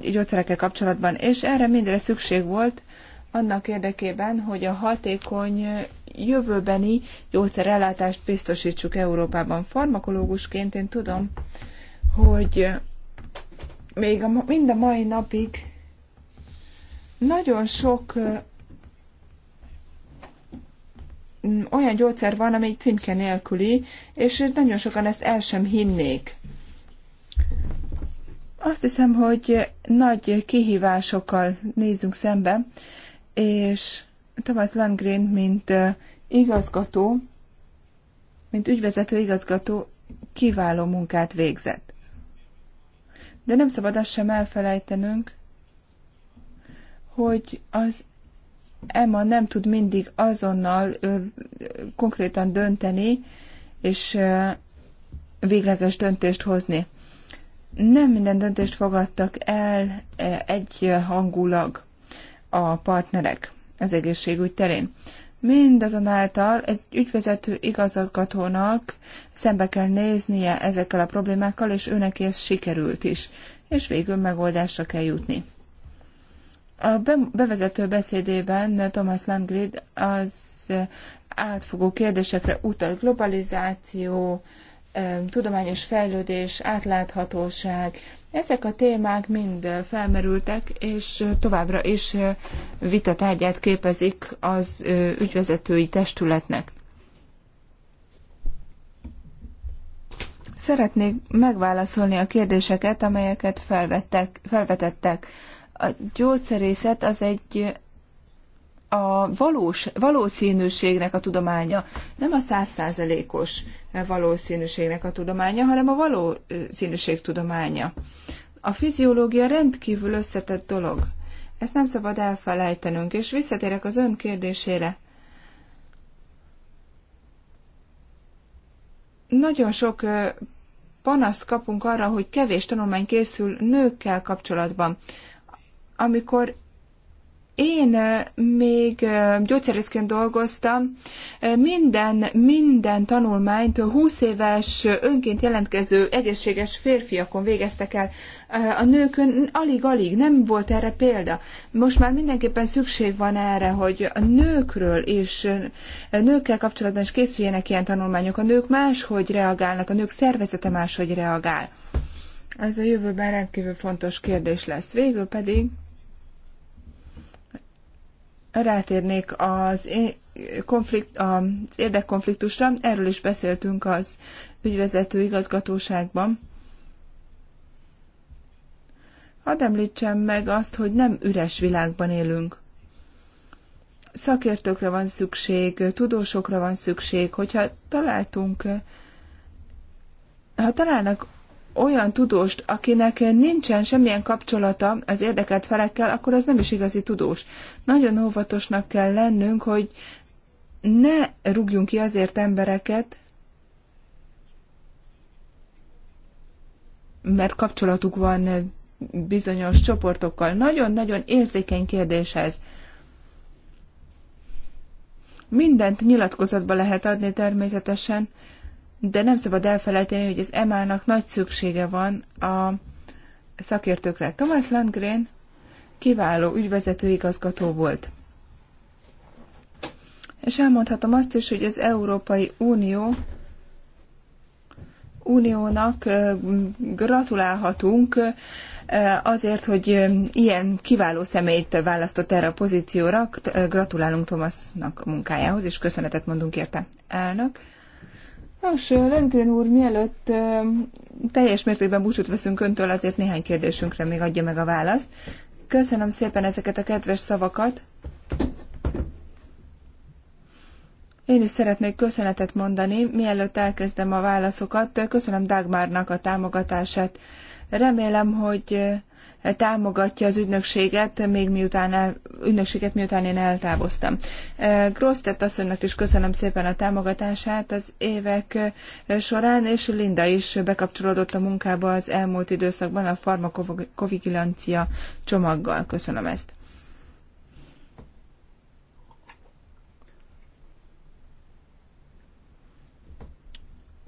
[SPEAKER 2] gyógyszerekkel kapcsolatban, és erre mindre szükség volt annak érdekében, hogy a hatékony jövőbeni gyógyszerellátást biztosítsuk Európában. Farmakológusként én tudom, hogy még a, mind a mai napig nagyon sok mm, olyan gyógyszer van, amely címke nélküli, és nagyon sokan ezt el sem hinnék. Azt hiszem, hogy nagy kihívásokkal nézünk szembe, és Thomas Langren, mint igazgató, mint ügyvezető igazgató kiváló munkát végzett. De nem szabad azt sem elfelejtenünk, hogy az Emma nem tud mindig azonnal ö, konkrétan dönteni, és ö, végleges döntést hozni. Nem minden döntést fogadtak el egyhangulag a partnerek az egészségügy terén. Mindazonáltal egy ügyvezető igazgatónak szembe kell néznie ezekkel a problémákkal, és őnek ez sikerült is, és végül megoldásra kell jutni. A bevezető beszédében Thomas Langrid az átfogó kérdésekre utal globalizáció, tudományos fejlődés, átláthatóság, ezek a témák mind felmerültek, és továbbra is vitatárgyát képezik az ügyvezetői testületnek. Szeretnék megválaszolni a kérdéseket, amelyeket felvettek, felvetettek. A gyógyszerészet az egy a valós, valószínűségnek a tudománya, nem a százszázalékos valószínűségnek a tudománya, hanem a valószínűség tudománya. A fiziológia rendkívül összetett dolog. Ezt nem szabad elfelejtenünk, és visszatérek az ön kérdésére. Nagyon sok panaszt kapunk arra, hogy kevés tanulmány készül nőkkel kapcsolatban. Amikor én még gyógyszerészként dolgoztam, minden, minden tanulmányt 20 éves önként jelentkező egészséges férfiakon végeztek el. A nőkön alig-alig nem volt erre példa. Most már mindenképpen szükség van erre, hogy a nőkről és a nőkkel kapcsolatban is készüljenek ilyen tanulmányok. A nők máshogy reagálnak, a nők szervezete máshogy reagál. Ez a jövőben rendkívül fontos kérdés lesz. Végül pedig Rátérnék az, konflikt, az érdekkonfliktusra, erről is beszéltünk az ügyvezető igazgatóságban. Hadd említsem meg azt, hogy nem üres világban élünk. Szakértőkre van szükség, tudósokra van szükség, hogyha találtunk, ha találnak olyan tudóst, akinek nincsen semmilyen kapcsolata az érdekelt felekkel, akkor az nem is igazi tudós. Nagyon óvatosnak kell lennünk, hogy ne rúgjunk ki azért embereket, mert kapcsolatuk van bizonyos csoportokkal. Nagyon-nagyon érzékeny kérdés ez. Mindent nyilatkozatba lehet adni természetesen, de nem szabad elfelejteni, hogy az EMA-nak nagy szüksége van a szakértőkre. Thomas Landgren kiváló ügyvezető igazgató volt. És elmondhatom azt is, hogy az Európai Unió Uniónak gratulálhatunk azért, hogy ilyen kiváló személyt választott erre a pozícióra. Gratulálunk Thomasnak munkájához, és köszönetet mondunk érte. Elnök. Nos, Lönkrön úr, mielőtt teljes mértékben búcsút veszünk öntől, azért néhány kérdésünkre még adja meg a választ. Köszönöm szépen ezeket a kedves szavakat. Én is szeretnék köszönetet mondani, mielőtt elkezdem a válaszokat. Köszönöm Dagmárnak a támogatását. Remélem, hogy támogatja az ügynökséget, még miután el, ügynökséget miután én eltávoztam. tett asszonynak is köszönöm szépen a támogatását az évek során, és Linda is bekapcsolódott a munkába az elmúlt időszakban a farmakovigilancia csomaggal. Köszönöm ezt.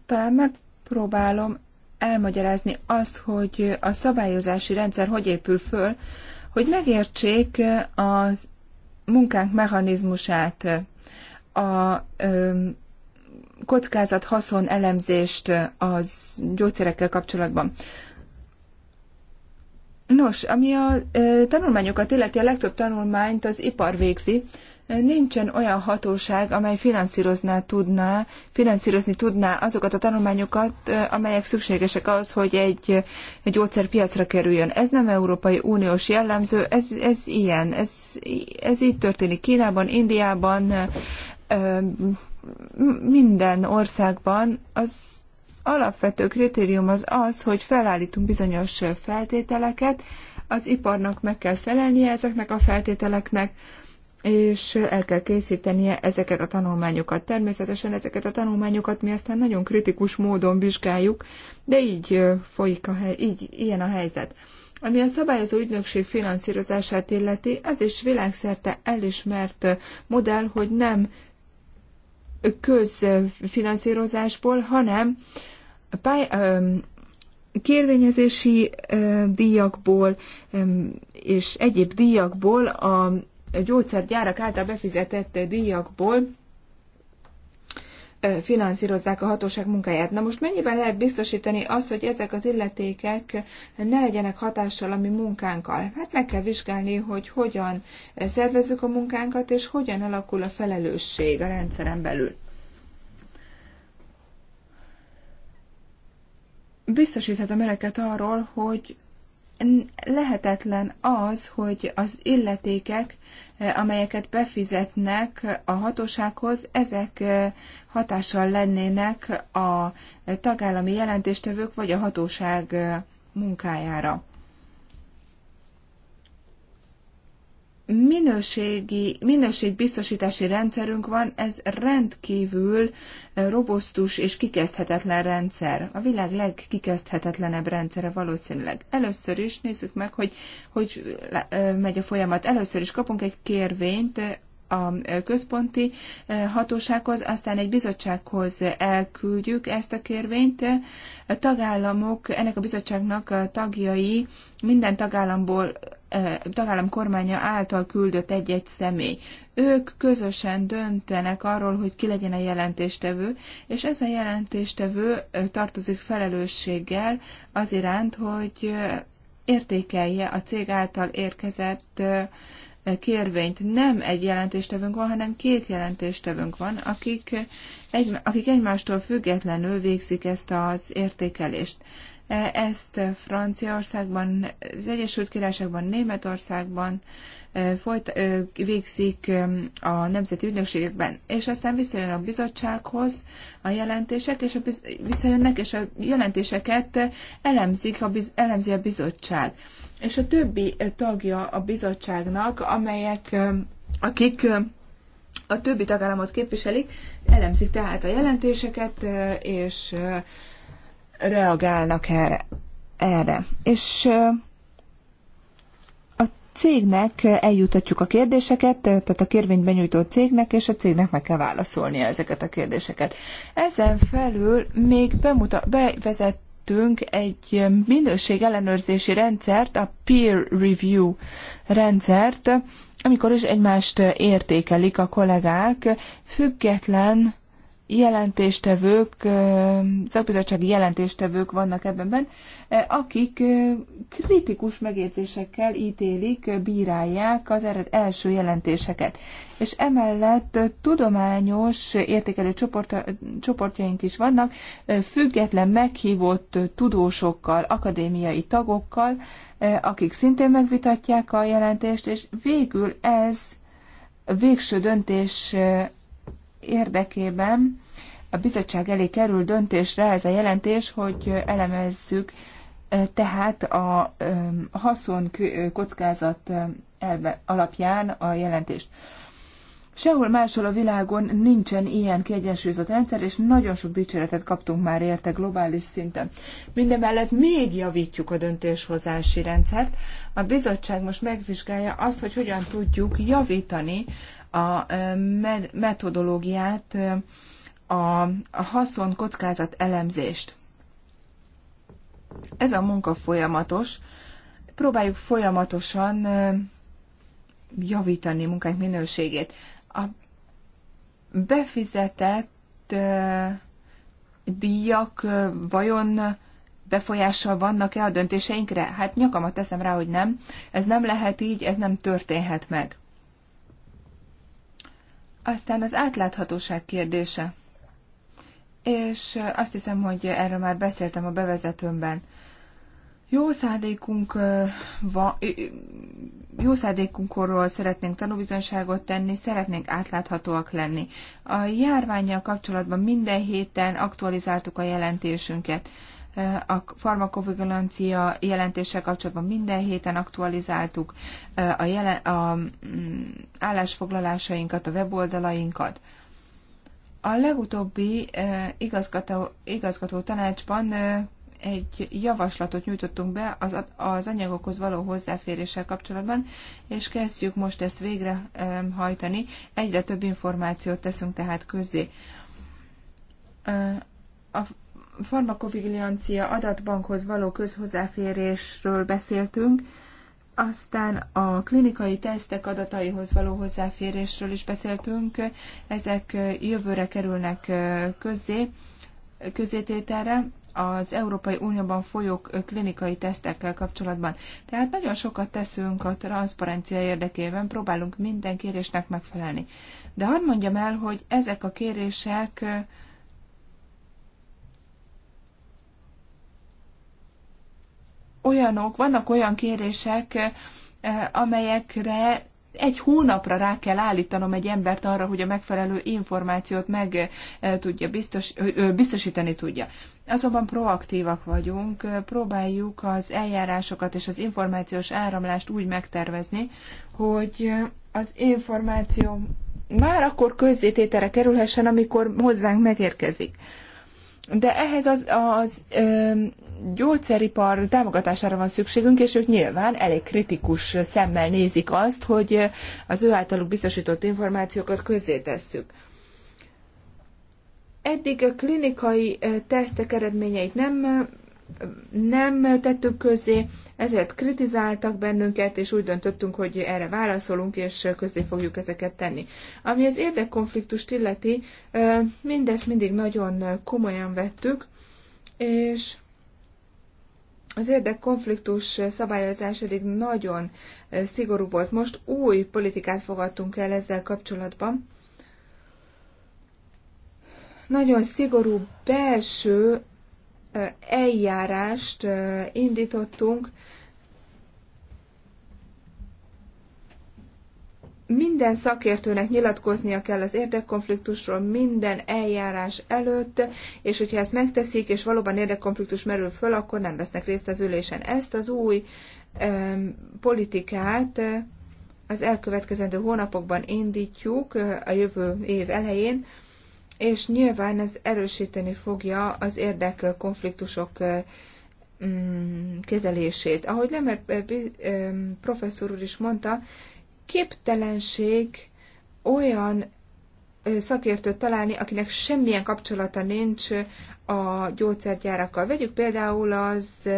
[SPEAKER 2] Talán megpróbálom elmagyarázni azt, hogy a szabályozási rendszer hogy épül föl, hogy megértsék a munkánk mechanizmusát, a kockázat-haszon elemzést az gyógyszerekkel kapcsolatban. Nos, ami a tanulmányokat illeti, a legtöbb tanulmányt az ipar végzi, nincsen olyan hatóság, amely finanszírozná tudná, finanszírozni tudná azokat a tanulmányokat, amelyek szükségesek ahhoz, hogy egy, egy gyógyszer piacra kerüljön. Ez nem Európai Uniós jellemző, ez, ez ilyen, ez, ez így történik Kínában, Indiában, minden országban az alapvető kritérium az az, hogy felállítunk bizonyos feltételeket, az iparnak meg kell felelnie ezeknek a feltételeknek, és el kell készítenie ezeket a tanulmányokat. Természetesen ezeket a tanulmányokat mi aztán nagyon kritikus módon vizsgáljuk, de így folyik a hely, így, ilyen a helyzet. Ami a szabályozó ügynökség finanszírozását illeti, ez is világszerte elismert modell, hogy nem közfinanszírozásból, hanem pály, kérvényezési díjakból és egyéb díjakból a gyógyszergyárak által befizetett díjakból finanszírozzák a hatóság munkáját. Na most mennyiben lehet biztosítani azt, hogy ezek az illetékek ne legyenek hatással a mi munkánkkal? Hát meg kell vizsgálni, hogy hogyan szervezzük a munkánkat, és hogyan alakul a felelősség a rendszeren belül. Biztosíthatom önöket arról, hogy lehetetlen az, hogy az illetékek, eh, amelyeket befizetnek a hatósághoz, ezek eh, hatással lennének a eh, tagállami jelentéstevők vagy a hatóság munkájára. minőségi, minőségbiztosítási rendszerünk van, ez rendkívül robosztus és kikezdhetetlen rendszer. A világ legkikezdhetetlenebb rendszere valószínűleg. Először is nézzük meg, hogy hogy megy a folyamat. Először is kapunk egy kérvényt a központi hatósághoz, aztán egy bizottsághoz elküldjük ezt a kérvényt. A tagállamok, ennek a bizottságnak a tagjai minden tagállamból tagállam kormánya által küldött egy-egy személy. Ők közösen döntenek arról, hogy ki legyen a jelentéstevő, és ez a jelentéstevő tartozik felelősséggel az iránt, hogy értékelje a cég által érkezett kérvényt. Nem egy jelentéstevőnk van, hanem két jelentéstevőnk van, akik, egy, akik egymástól függetlenül végzik ezt az értékelést. E, ezt Franciaországban, az Egyesült Királyságban, Németországban e, folyt, e, végzik a nemzeti ügynökségekben, és aztán visszajön a bizottsághoz a jelentések, és a biz, visszajönnek, és a jelentéseket elemzik a biz, elemzi a bizottság. És a többi tagja a bizottságnak, amelyek, akik a többi tagállamot képviselik, elemzik tehát a jelentéseket, és reagálnak erre. erre. És a cégnek eljutatjuk a kérdéseket, tehát a kérvényt benyújtó cégnek, és a cégnek meg kell válaszolnia ezeket a kérdéseket. Ezen felül még bemuta, bevezettünk egy minőségellenőrzési rendszert, a peer review rendszert, amikor is egymást értékelik a kollégák, független jelentéstevők, szakbizottsági jelentéstevők vannak ebbenben, akik kritikus megjegyzésekkel ítélik, bírálják az első jelentéseket. És emellett tudományos értékelő csoport, csoportjaink is vannak, független meghívott tudósokkal, akadémiai tagokkal, akik szintén megvitatják a jelentést, és végül ez végső döntés érdekében a bizottság elé kerül döntésre ez a jelentés, hogy elemezzük tehát a haszon kockázat elve alapján a jelentést. Sehol máshol a világon nincsen ilyen kiegyensúlyozott rendszer, és nagyon sok dicséretet kaptunk már érte globális szinten. Mindemellett még javítjuk a döntéshozási rendszert. A bizottság most megvizsgálja azt, hogy hogyan tudjuk javítani a metodológiát, a haszon kockázat elemzést. Ez a munka folyamatos. Próbáljuk folyamatosan javítani munkánk minőségét. A befizetett díjak vajon befolyással vannak-e a döntéseinkre? Hát nyakamat teszem rá, hogy nem. Ez nem lehet így, ez nem történhet meg. Aztán az átláthatóság kérdése. És azt hiszem, hogy erről már beszéltem a bevezetőmben. Jó szándékunk van, jó szándékunkról szeretnénk tanúbizonságot tenni, szeretnénk átláthatóak lenni. A járványjal kapcsolatban minden héten aktualizáltuk a jelentésünket a farmakovigilancia jelentéssel kapcsolatban minden héten aktualizáltuk a, jelen, a mm, állásfoglalásainkat, a weboldalainkat. A legutóbbi igazgató, igazgató tanácsban egy javaslatot nyújtottunk be az, az anyagokhoz való hozzáféréssel kapcsolatban, és kezdjük most ezt végrehajtani. Egyre több információt teszünk tehát közzé. A farmakovigiliancia adatbankhoz való közhozzáférésről beszéltünk, aztán a klinikai tesztek adataihoz való hozzáférésről is beszéltünk, ezek jövőre kerülnek közzé, közzétételre az Európai Unióban folyó klinikai tesztekkel kapcsolatban. Tehát nagyon sokat teszünk a transzparencia érdekében, próbálunk minden kérésnek megfelelni. De hadd mondjam el, hogy ezek a kérések olyanok, vannak olyan kérések, eh, amelyekre egy hónapra rá kell állítanom egy embert arra, hogy a megfelelő információt meg eh, tudja biztos, biztosítani tudja. Azonban proaktívak vagyunk, eh, próbáljuk az eljárásokat és az információs áramlást úgy megtervezni, hogy az információ már akkor közzététere kerülhessen, amikor hozzánk megérkezik. De ehhez az, az az gyógyszeripar támogatására van szükségünk, és ők nyilván elég kritikus szemmel nézik azt, hogy az ő általuk biztosított információkat közzétesszük. Eddig a klinikai eh, tesztek eredményeit nem eh, nem tettük közzé, ezért kritizáltak bennünket, és úgy döntöttünk, hogy erre válaszolunk, és közzé fogjuk ezeket tenni. Ami az érdekkonfliktust illeti, eh, mindezt mindig nagyon komolyan vettük, és az érdekkonfliktus szabályozás eddig nagyon eh, szigorú volt. Most új politikát fogadtunk el ezzel kapcsolatban. Nagyon szigorú belső eh, eljárást eh, indítottunk, minden szakértőnek nyilatkoznia kell az érdekkonfliktusról minden eljárás előtt, és hogyha ezt megteszik, és valóban érdekkonfliktus merül föl, akkor nem vesznek részt az ülésen. Ezt az új um, politikát eh, az elkövetkezendő hónapokban indítjuk eh, a jövő év elején, és nyilván ez erősíteni fogja az érdekkonfliktusok eh, mm, kezelését. Ahogy Lemert professzor úr is mondta, képtelenség olyan szakértőt találni, akinek semmilyen kapcsolata nincs a gyógyszergyárakkal. Vegyük például az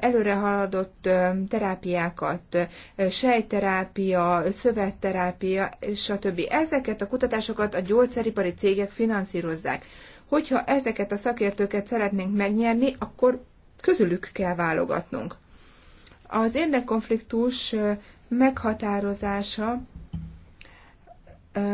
[SPEAKER 2] előre haladott terápiákat, sejterápia, szövetterápia, stb. Ezeket a kutatásokat a gyógyszeripari cégek finanszírozzák. Hogyha ezeket a szakértőket szeretnénk megnyerni, akkor közülük kell válogatnunk. Az érdekkonfliktus meghatározása,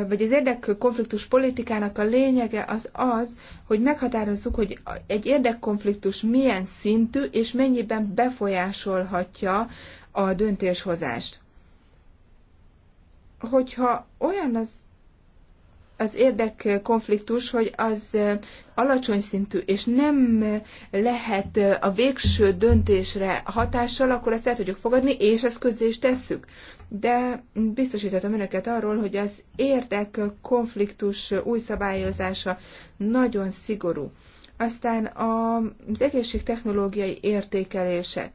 [SPEAKER 2] vagy az érdekkonfliktus politikának a lényege az az, hogy meghatározzuk, hogy egy érdekkonfliktus milyen szintű és mennyiben befolyásolhatja a döntéshozást. Hogyha olyan az az érdekkonfliktus, hogy az alacsony szintű, és nem lehet a végső döntésre hatással, akkor ezt el tudjuk fogadni, és ezt közzé is tesszük. De biztosítottam önöket arról, hogy az érdekkonfliktus új szabályozása nagyon szigorú. Aztán az egészségtechnológiai értékelések.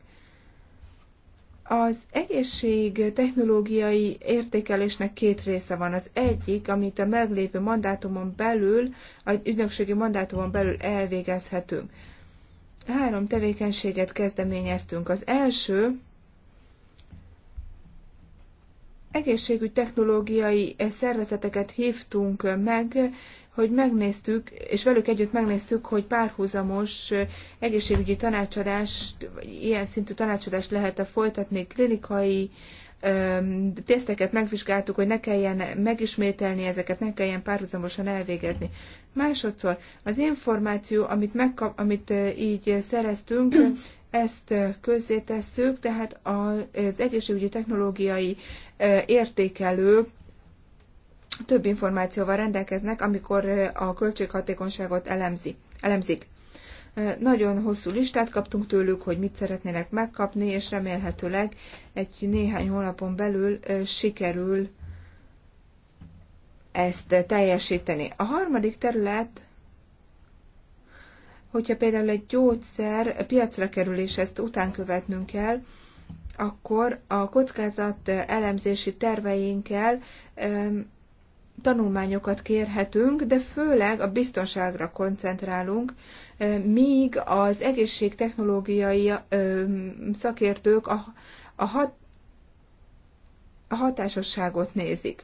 [SPEAKER 2] Az egészség technológiai értékelésnek két része van. Az egyik, amit a meglévő mandátumon belül, a ügynökségi mandátumon belül elvégezhetünk. Három tevékenységet kezdeményeztünk. Az első egészségügy technológiai szervezeteket hívtunk meg, hogy megnéztük, és velük együtt megnéztük, hogy párhuzamos egészségügyi tanácsadást, ilyen szintű tanácsadást lehet-e folytatni klinikai teszteket megvizsgáltuk, hogy ne kelljen megismételni ezeket, ne kelljen párhuzamosan elvégezni. Másodszor az információ, amit, megkap, amit így szereztünk, ezt közzétesszük, tehát az egészségügyi technológiai értékelő több információval rendelkeznek, amikor a költséghatékonyságot elemzi, elemzik. Nagyon hosszú listát kaptunk tőlük, hogy mit szeretnének megkapni, és remélhetőleg egy néhány hónapon belül sikerül ezt teljesíteni. A harmadik terület, hogyha például egy gyógyszer piacra kerül, és ezt után követnünk kell, akkor a kockázat elemzési terveinkkel tanulmányokat kérhetünk, de főleg a biztonságra koncentrálunk, míg az egészségtechnológiai szakértők a, a, hat, a hatásosságot nézik.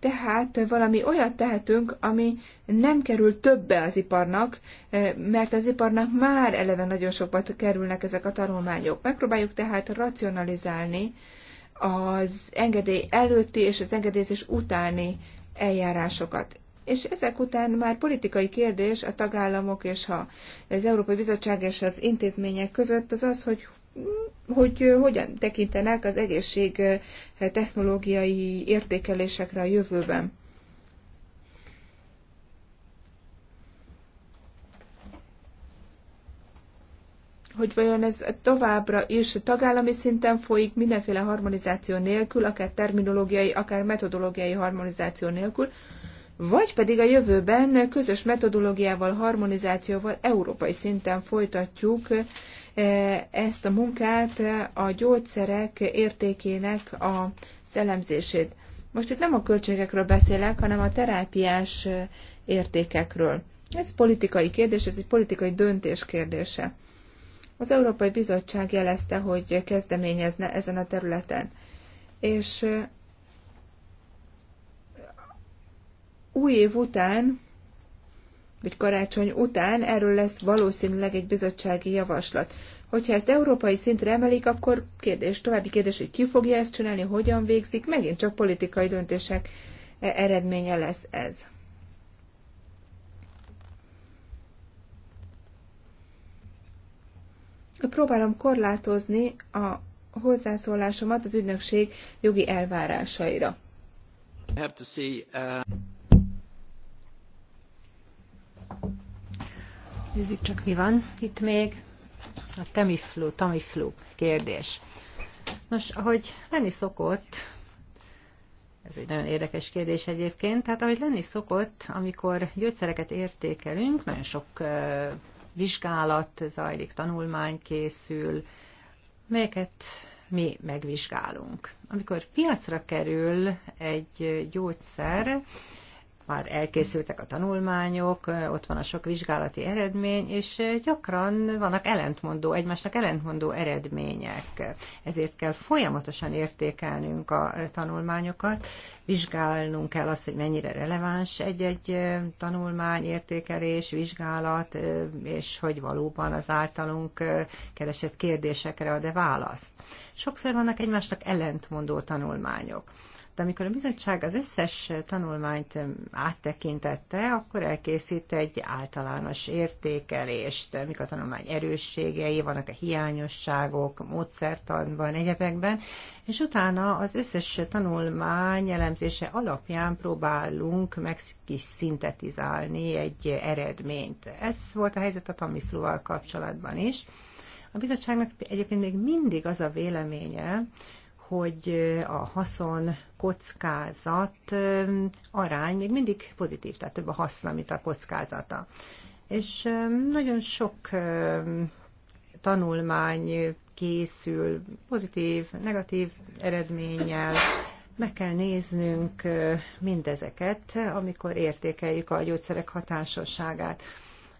[SPEAKER 2] Tehát valami olyat tehetünk, ami nem kerül többe az iparnak, mert az iparnak már eleve nagyon sokba kerülnek ezek a tanulmányok. Megpróbáljuk tehát racionalizálni az engedély előtti és az engedélyezés utáni eljárásokat. És ezek után már politikai kérdés a tagállamok és a, az Európai Bizottság és az intézmények között az az, hogy hogy hogyan tekintenek az egészség eh, technológiai értékelésekre a jövőben. hogy vajon ez továbbra is tagállami szinten folyik, mindenféle harmonizáció nélkül, akár terminológiai, akár metodológiai harmonizáció nélkül, vagy pedig a jövőben közös metodológiával, harmonizációval európai szinten folytatjuk eh, ezt a munkát, eh, a gyógyszerek értékének a elemzését. Most itt nem a költségekről beszélek, hanem a terápiás eh, értékekről. Ez politikai kérdés, ez egy politikai döntés kérdése. Az Európai Bizottság jelezte, hogy kezdeményezne ezen a területen. És új év után, vagy karácsony után erről lesz valószínűleg egy bizottsági javaslat. Hogyha ezt európai szintre emelik, akkor kérdés, további kérdés, hogy ki fogja ezt csinálni, hogyan végzik, megint csak politikai döntések e, eredménye lesz ez. Próbálom korlátozni a hozzászólásomat az ügynökség jogi elvárásaira.
[SPEAKER 3] Uh,
[SPEAKER 2] Nézzük csak, mi van
[SPEAKER 3] itt még. A Tamiflu, Tamiflu kérdés. Nos, ahogy lenni szokott, ez egy nagyon érdekes kérdés egyébként, tehát ahogy lenni szokott, amikor gyógyszereket értékelünk, nagyon sok uh, vizsgálat zajlik, tanulmány készül, melyeket mi megvizsgálunk. Amikor piacra kerül egy gyógyszer, már elkészültek a tanulmányok, ott van a sok vizsgálati eredmény, és gyakran vannak ellentmondó, egymásnak ellentmondó eredmények. Ezért kell folyamatosan értékelnünk a tanulmányokat, vizsgálnunk kell azt, hogy mennyire releváns egy-egy tanulmány, értékelés, vizsgálat, és hogy valóban az általunk keresett kérdésekre ad-e választ. Sokszor vannak egymásnak ellentmondó tanulmányok. De amikor a bizottság az összes tanulmányt áttekintette, akkor elkészít egy általános értékelést, mik a tanulmány erősségei, vannak-e hiányosságok, módszertanban, egyebekben, és utána az összes tanulmány elemzése alapján próbálunk megszintetizálni egy eredményt. Ez volt a helyzet a Tamifluval kapcsolatban is. A bizottságnak egyébként még mindig az a véleménye, hogy a haszon kockázat arány még mindig pozitív, tehát több a haszna, mint a kockázata. És nagyon sok tanulmány készül pozitív, negatív eredménnyel, meg kell néznünk mindezeket, amikor értékeljük a gyógyszerek hatásosságát.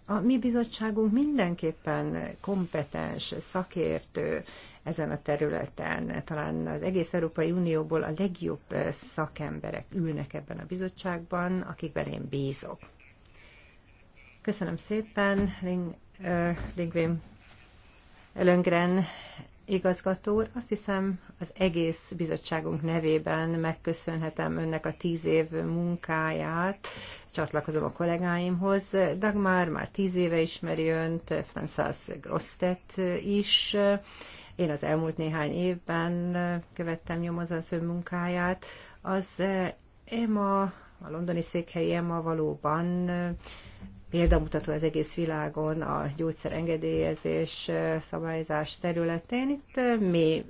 [SPEAKER 3] A mi bizottságunk mindenképpen kompetens, szakértő, ezen a területen. Talán az egész Európai Unióból a legjobb eh, szakemberek ülnek ebben a bizottságban, akikben én bízok. Köszönöm szépen, Ling, uh, eh, Lingvém Elöngren igazgató úr. Azt hiszem, az egész bizottságunk nevében megköszönhetem önnek a tíz év munkáját, csatlakozom a kollégáimhoz. Dagmar már tíz éve ismeri önt, François Grostet is, én az elmúlt néhány évben eh, követtem nyomoz az ő munkáját. Az EMA, eh, a londoni székhelyi EMA valóban eh, példamutató az egész világon a gyógyszerengedélyezés szabályzás területén. Itt mi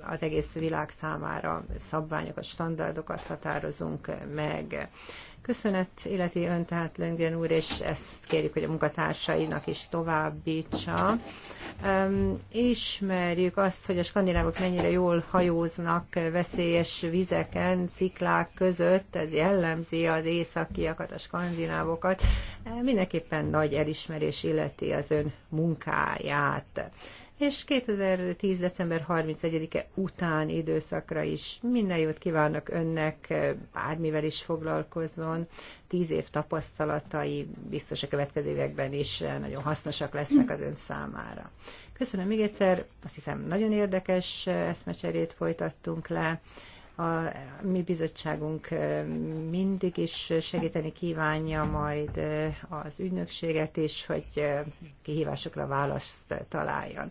[SPEAKER 3] az egész világ számára szabványokat, standardokat határozunk meg. Köszönet illeti ön tehát Löngren úr, és ezt kérjük, hogy a munkatársainak is továbbítsa. Um, ismerjük azt, hogy a skandinávok mennyire jól hajóznak veszélyes vizeken, sziklák között, ez jellemzi az északiakat, a skandinávokat. Mindenképpen nagy elismerés illeti az ön munkáját és 2010. december 31-e után időszakra is. Minden jót kívánok önnek, bármivel is foglalkozzon. Tíz év tapasztalatai biztos a következő években is nagyon hasznosak lesznek az ön számára. Köszönöm még egyszer, azt hiszem nagyon érdekes eszmecserét folytattunk le a mi bizottságunk mindig is segíteni kívánja majd az ügynökséget is, hogy kihívásokra választ találjon.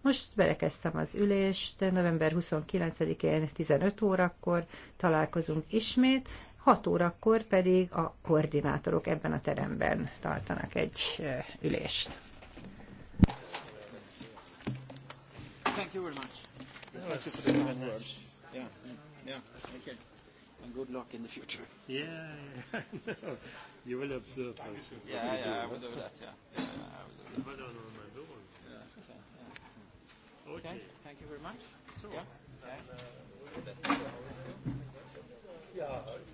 [SPEAKER 3] Most belekezdtem az ülést, november 29-én 15 órakor találkozunk ismét, 6 órakor pedig a koordinátorok ebben a teremben tartanak egy ülést. Thank you very much. Thank you for the Yeah, okay. And good luck in the future.
[SPEAKER 2] Yeah, yeah. you will observe Yeah, Yeah, yeah, I will do that, yeah. yeah, yeah I will do that. But on my Yeah, okay, yeah. okay. okay, thank you very much. So, yeah.
[SPEAKER 3] Okay. Uh, yeah.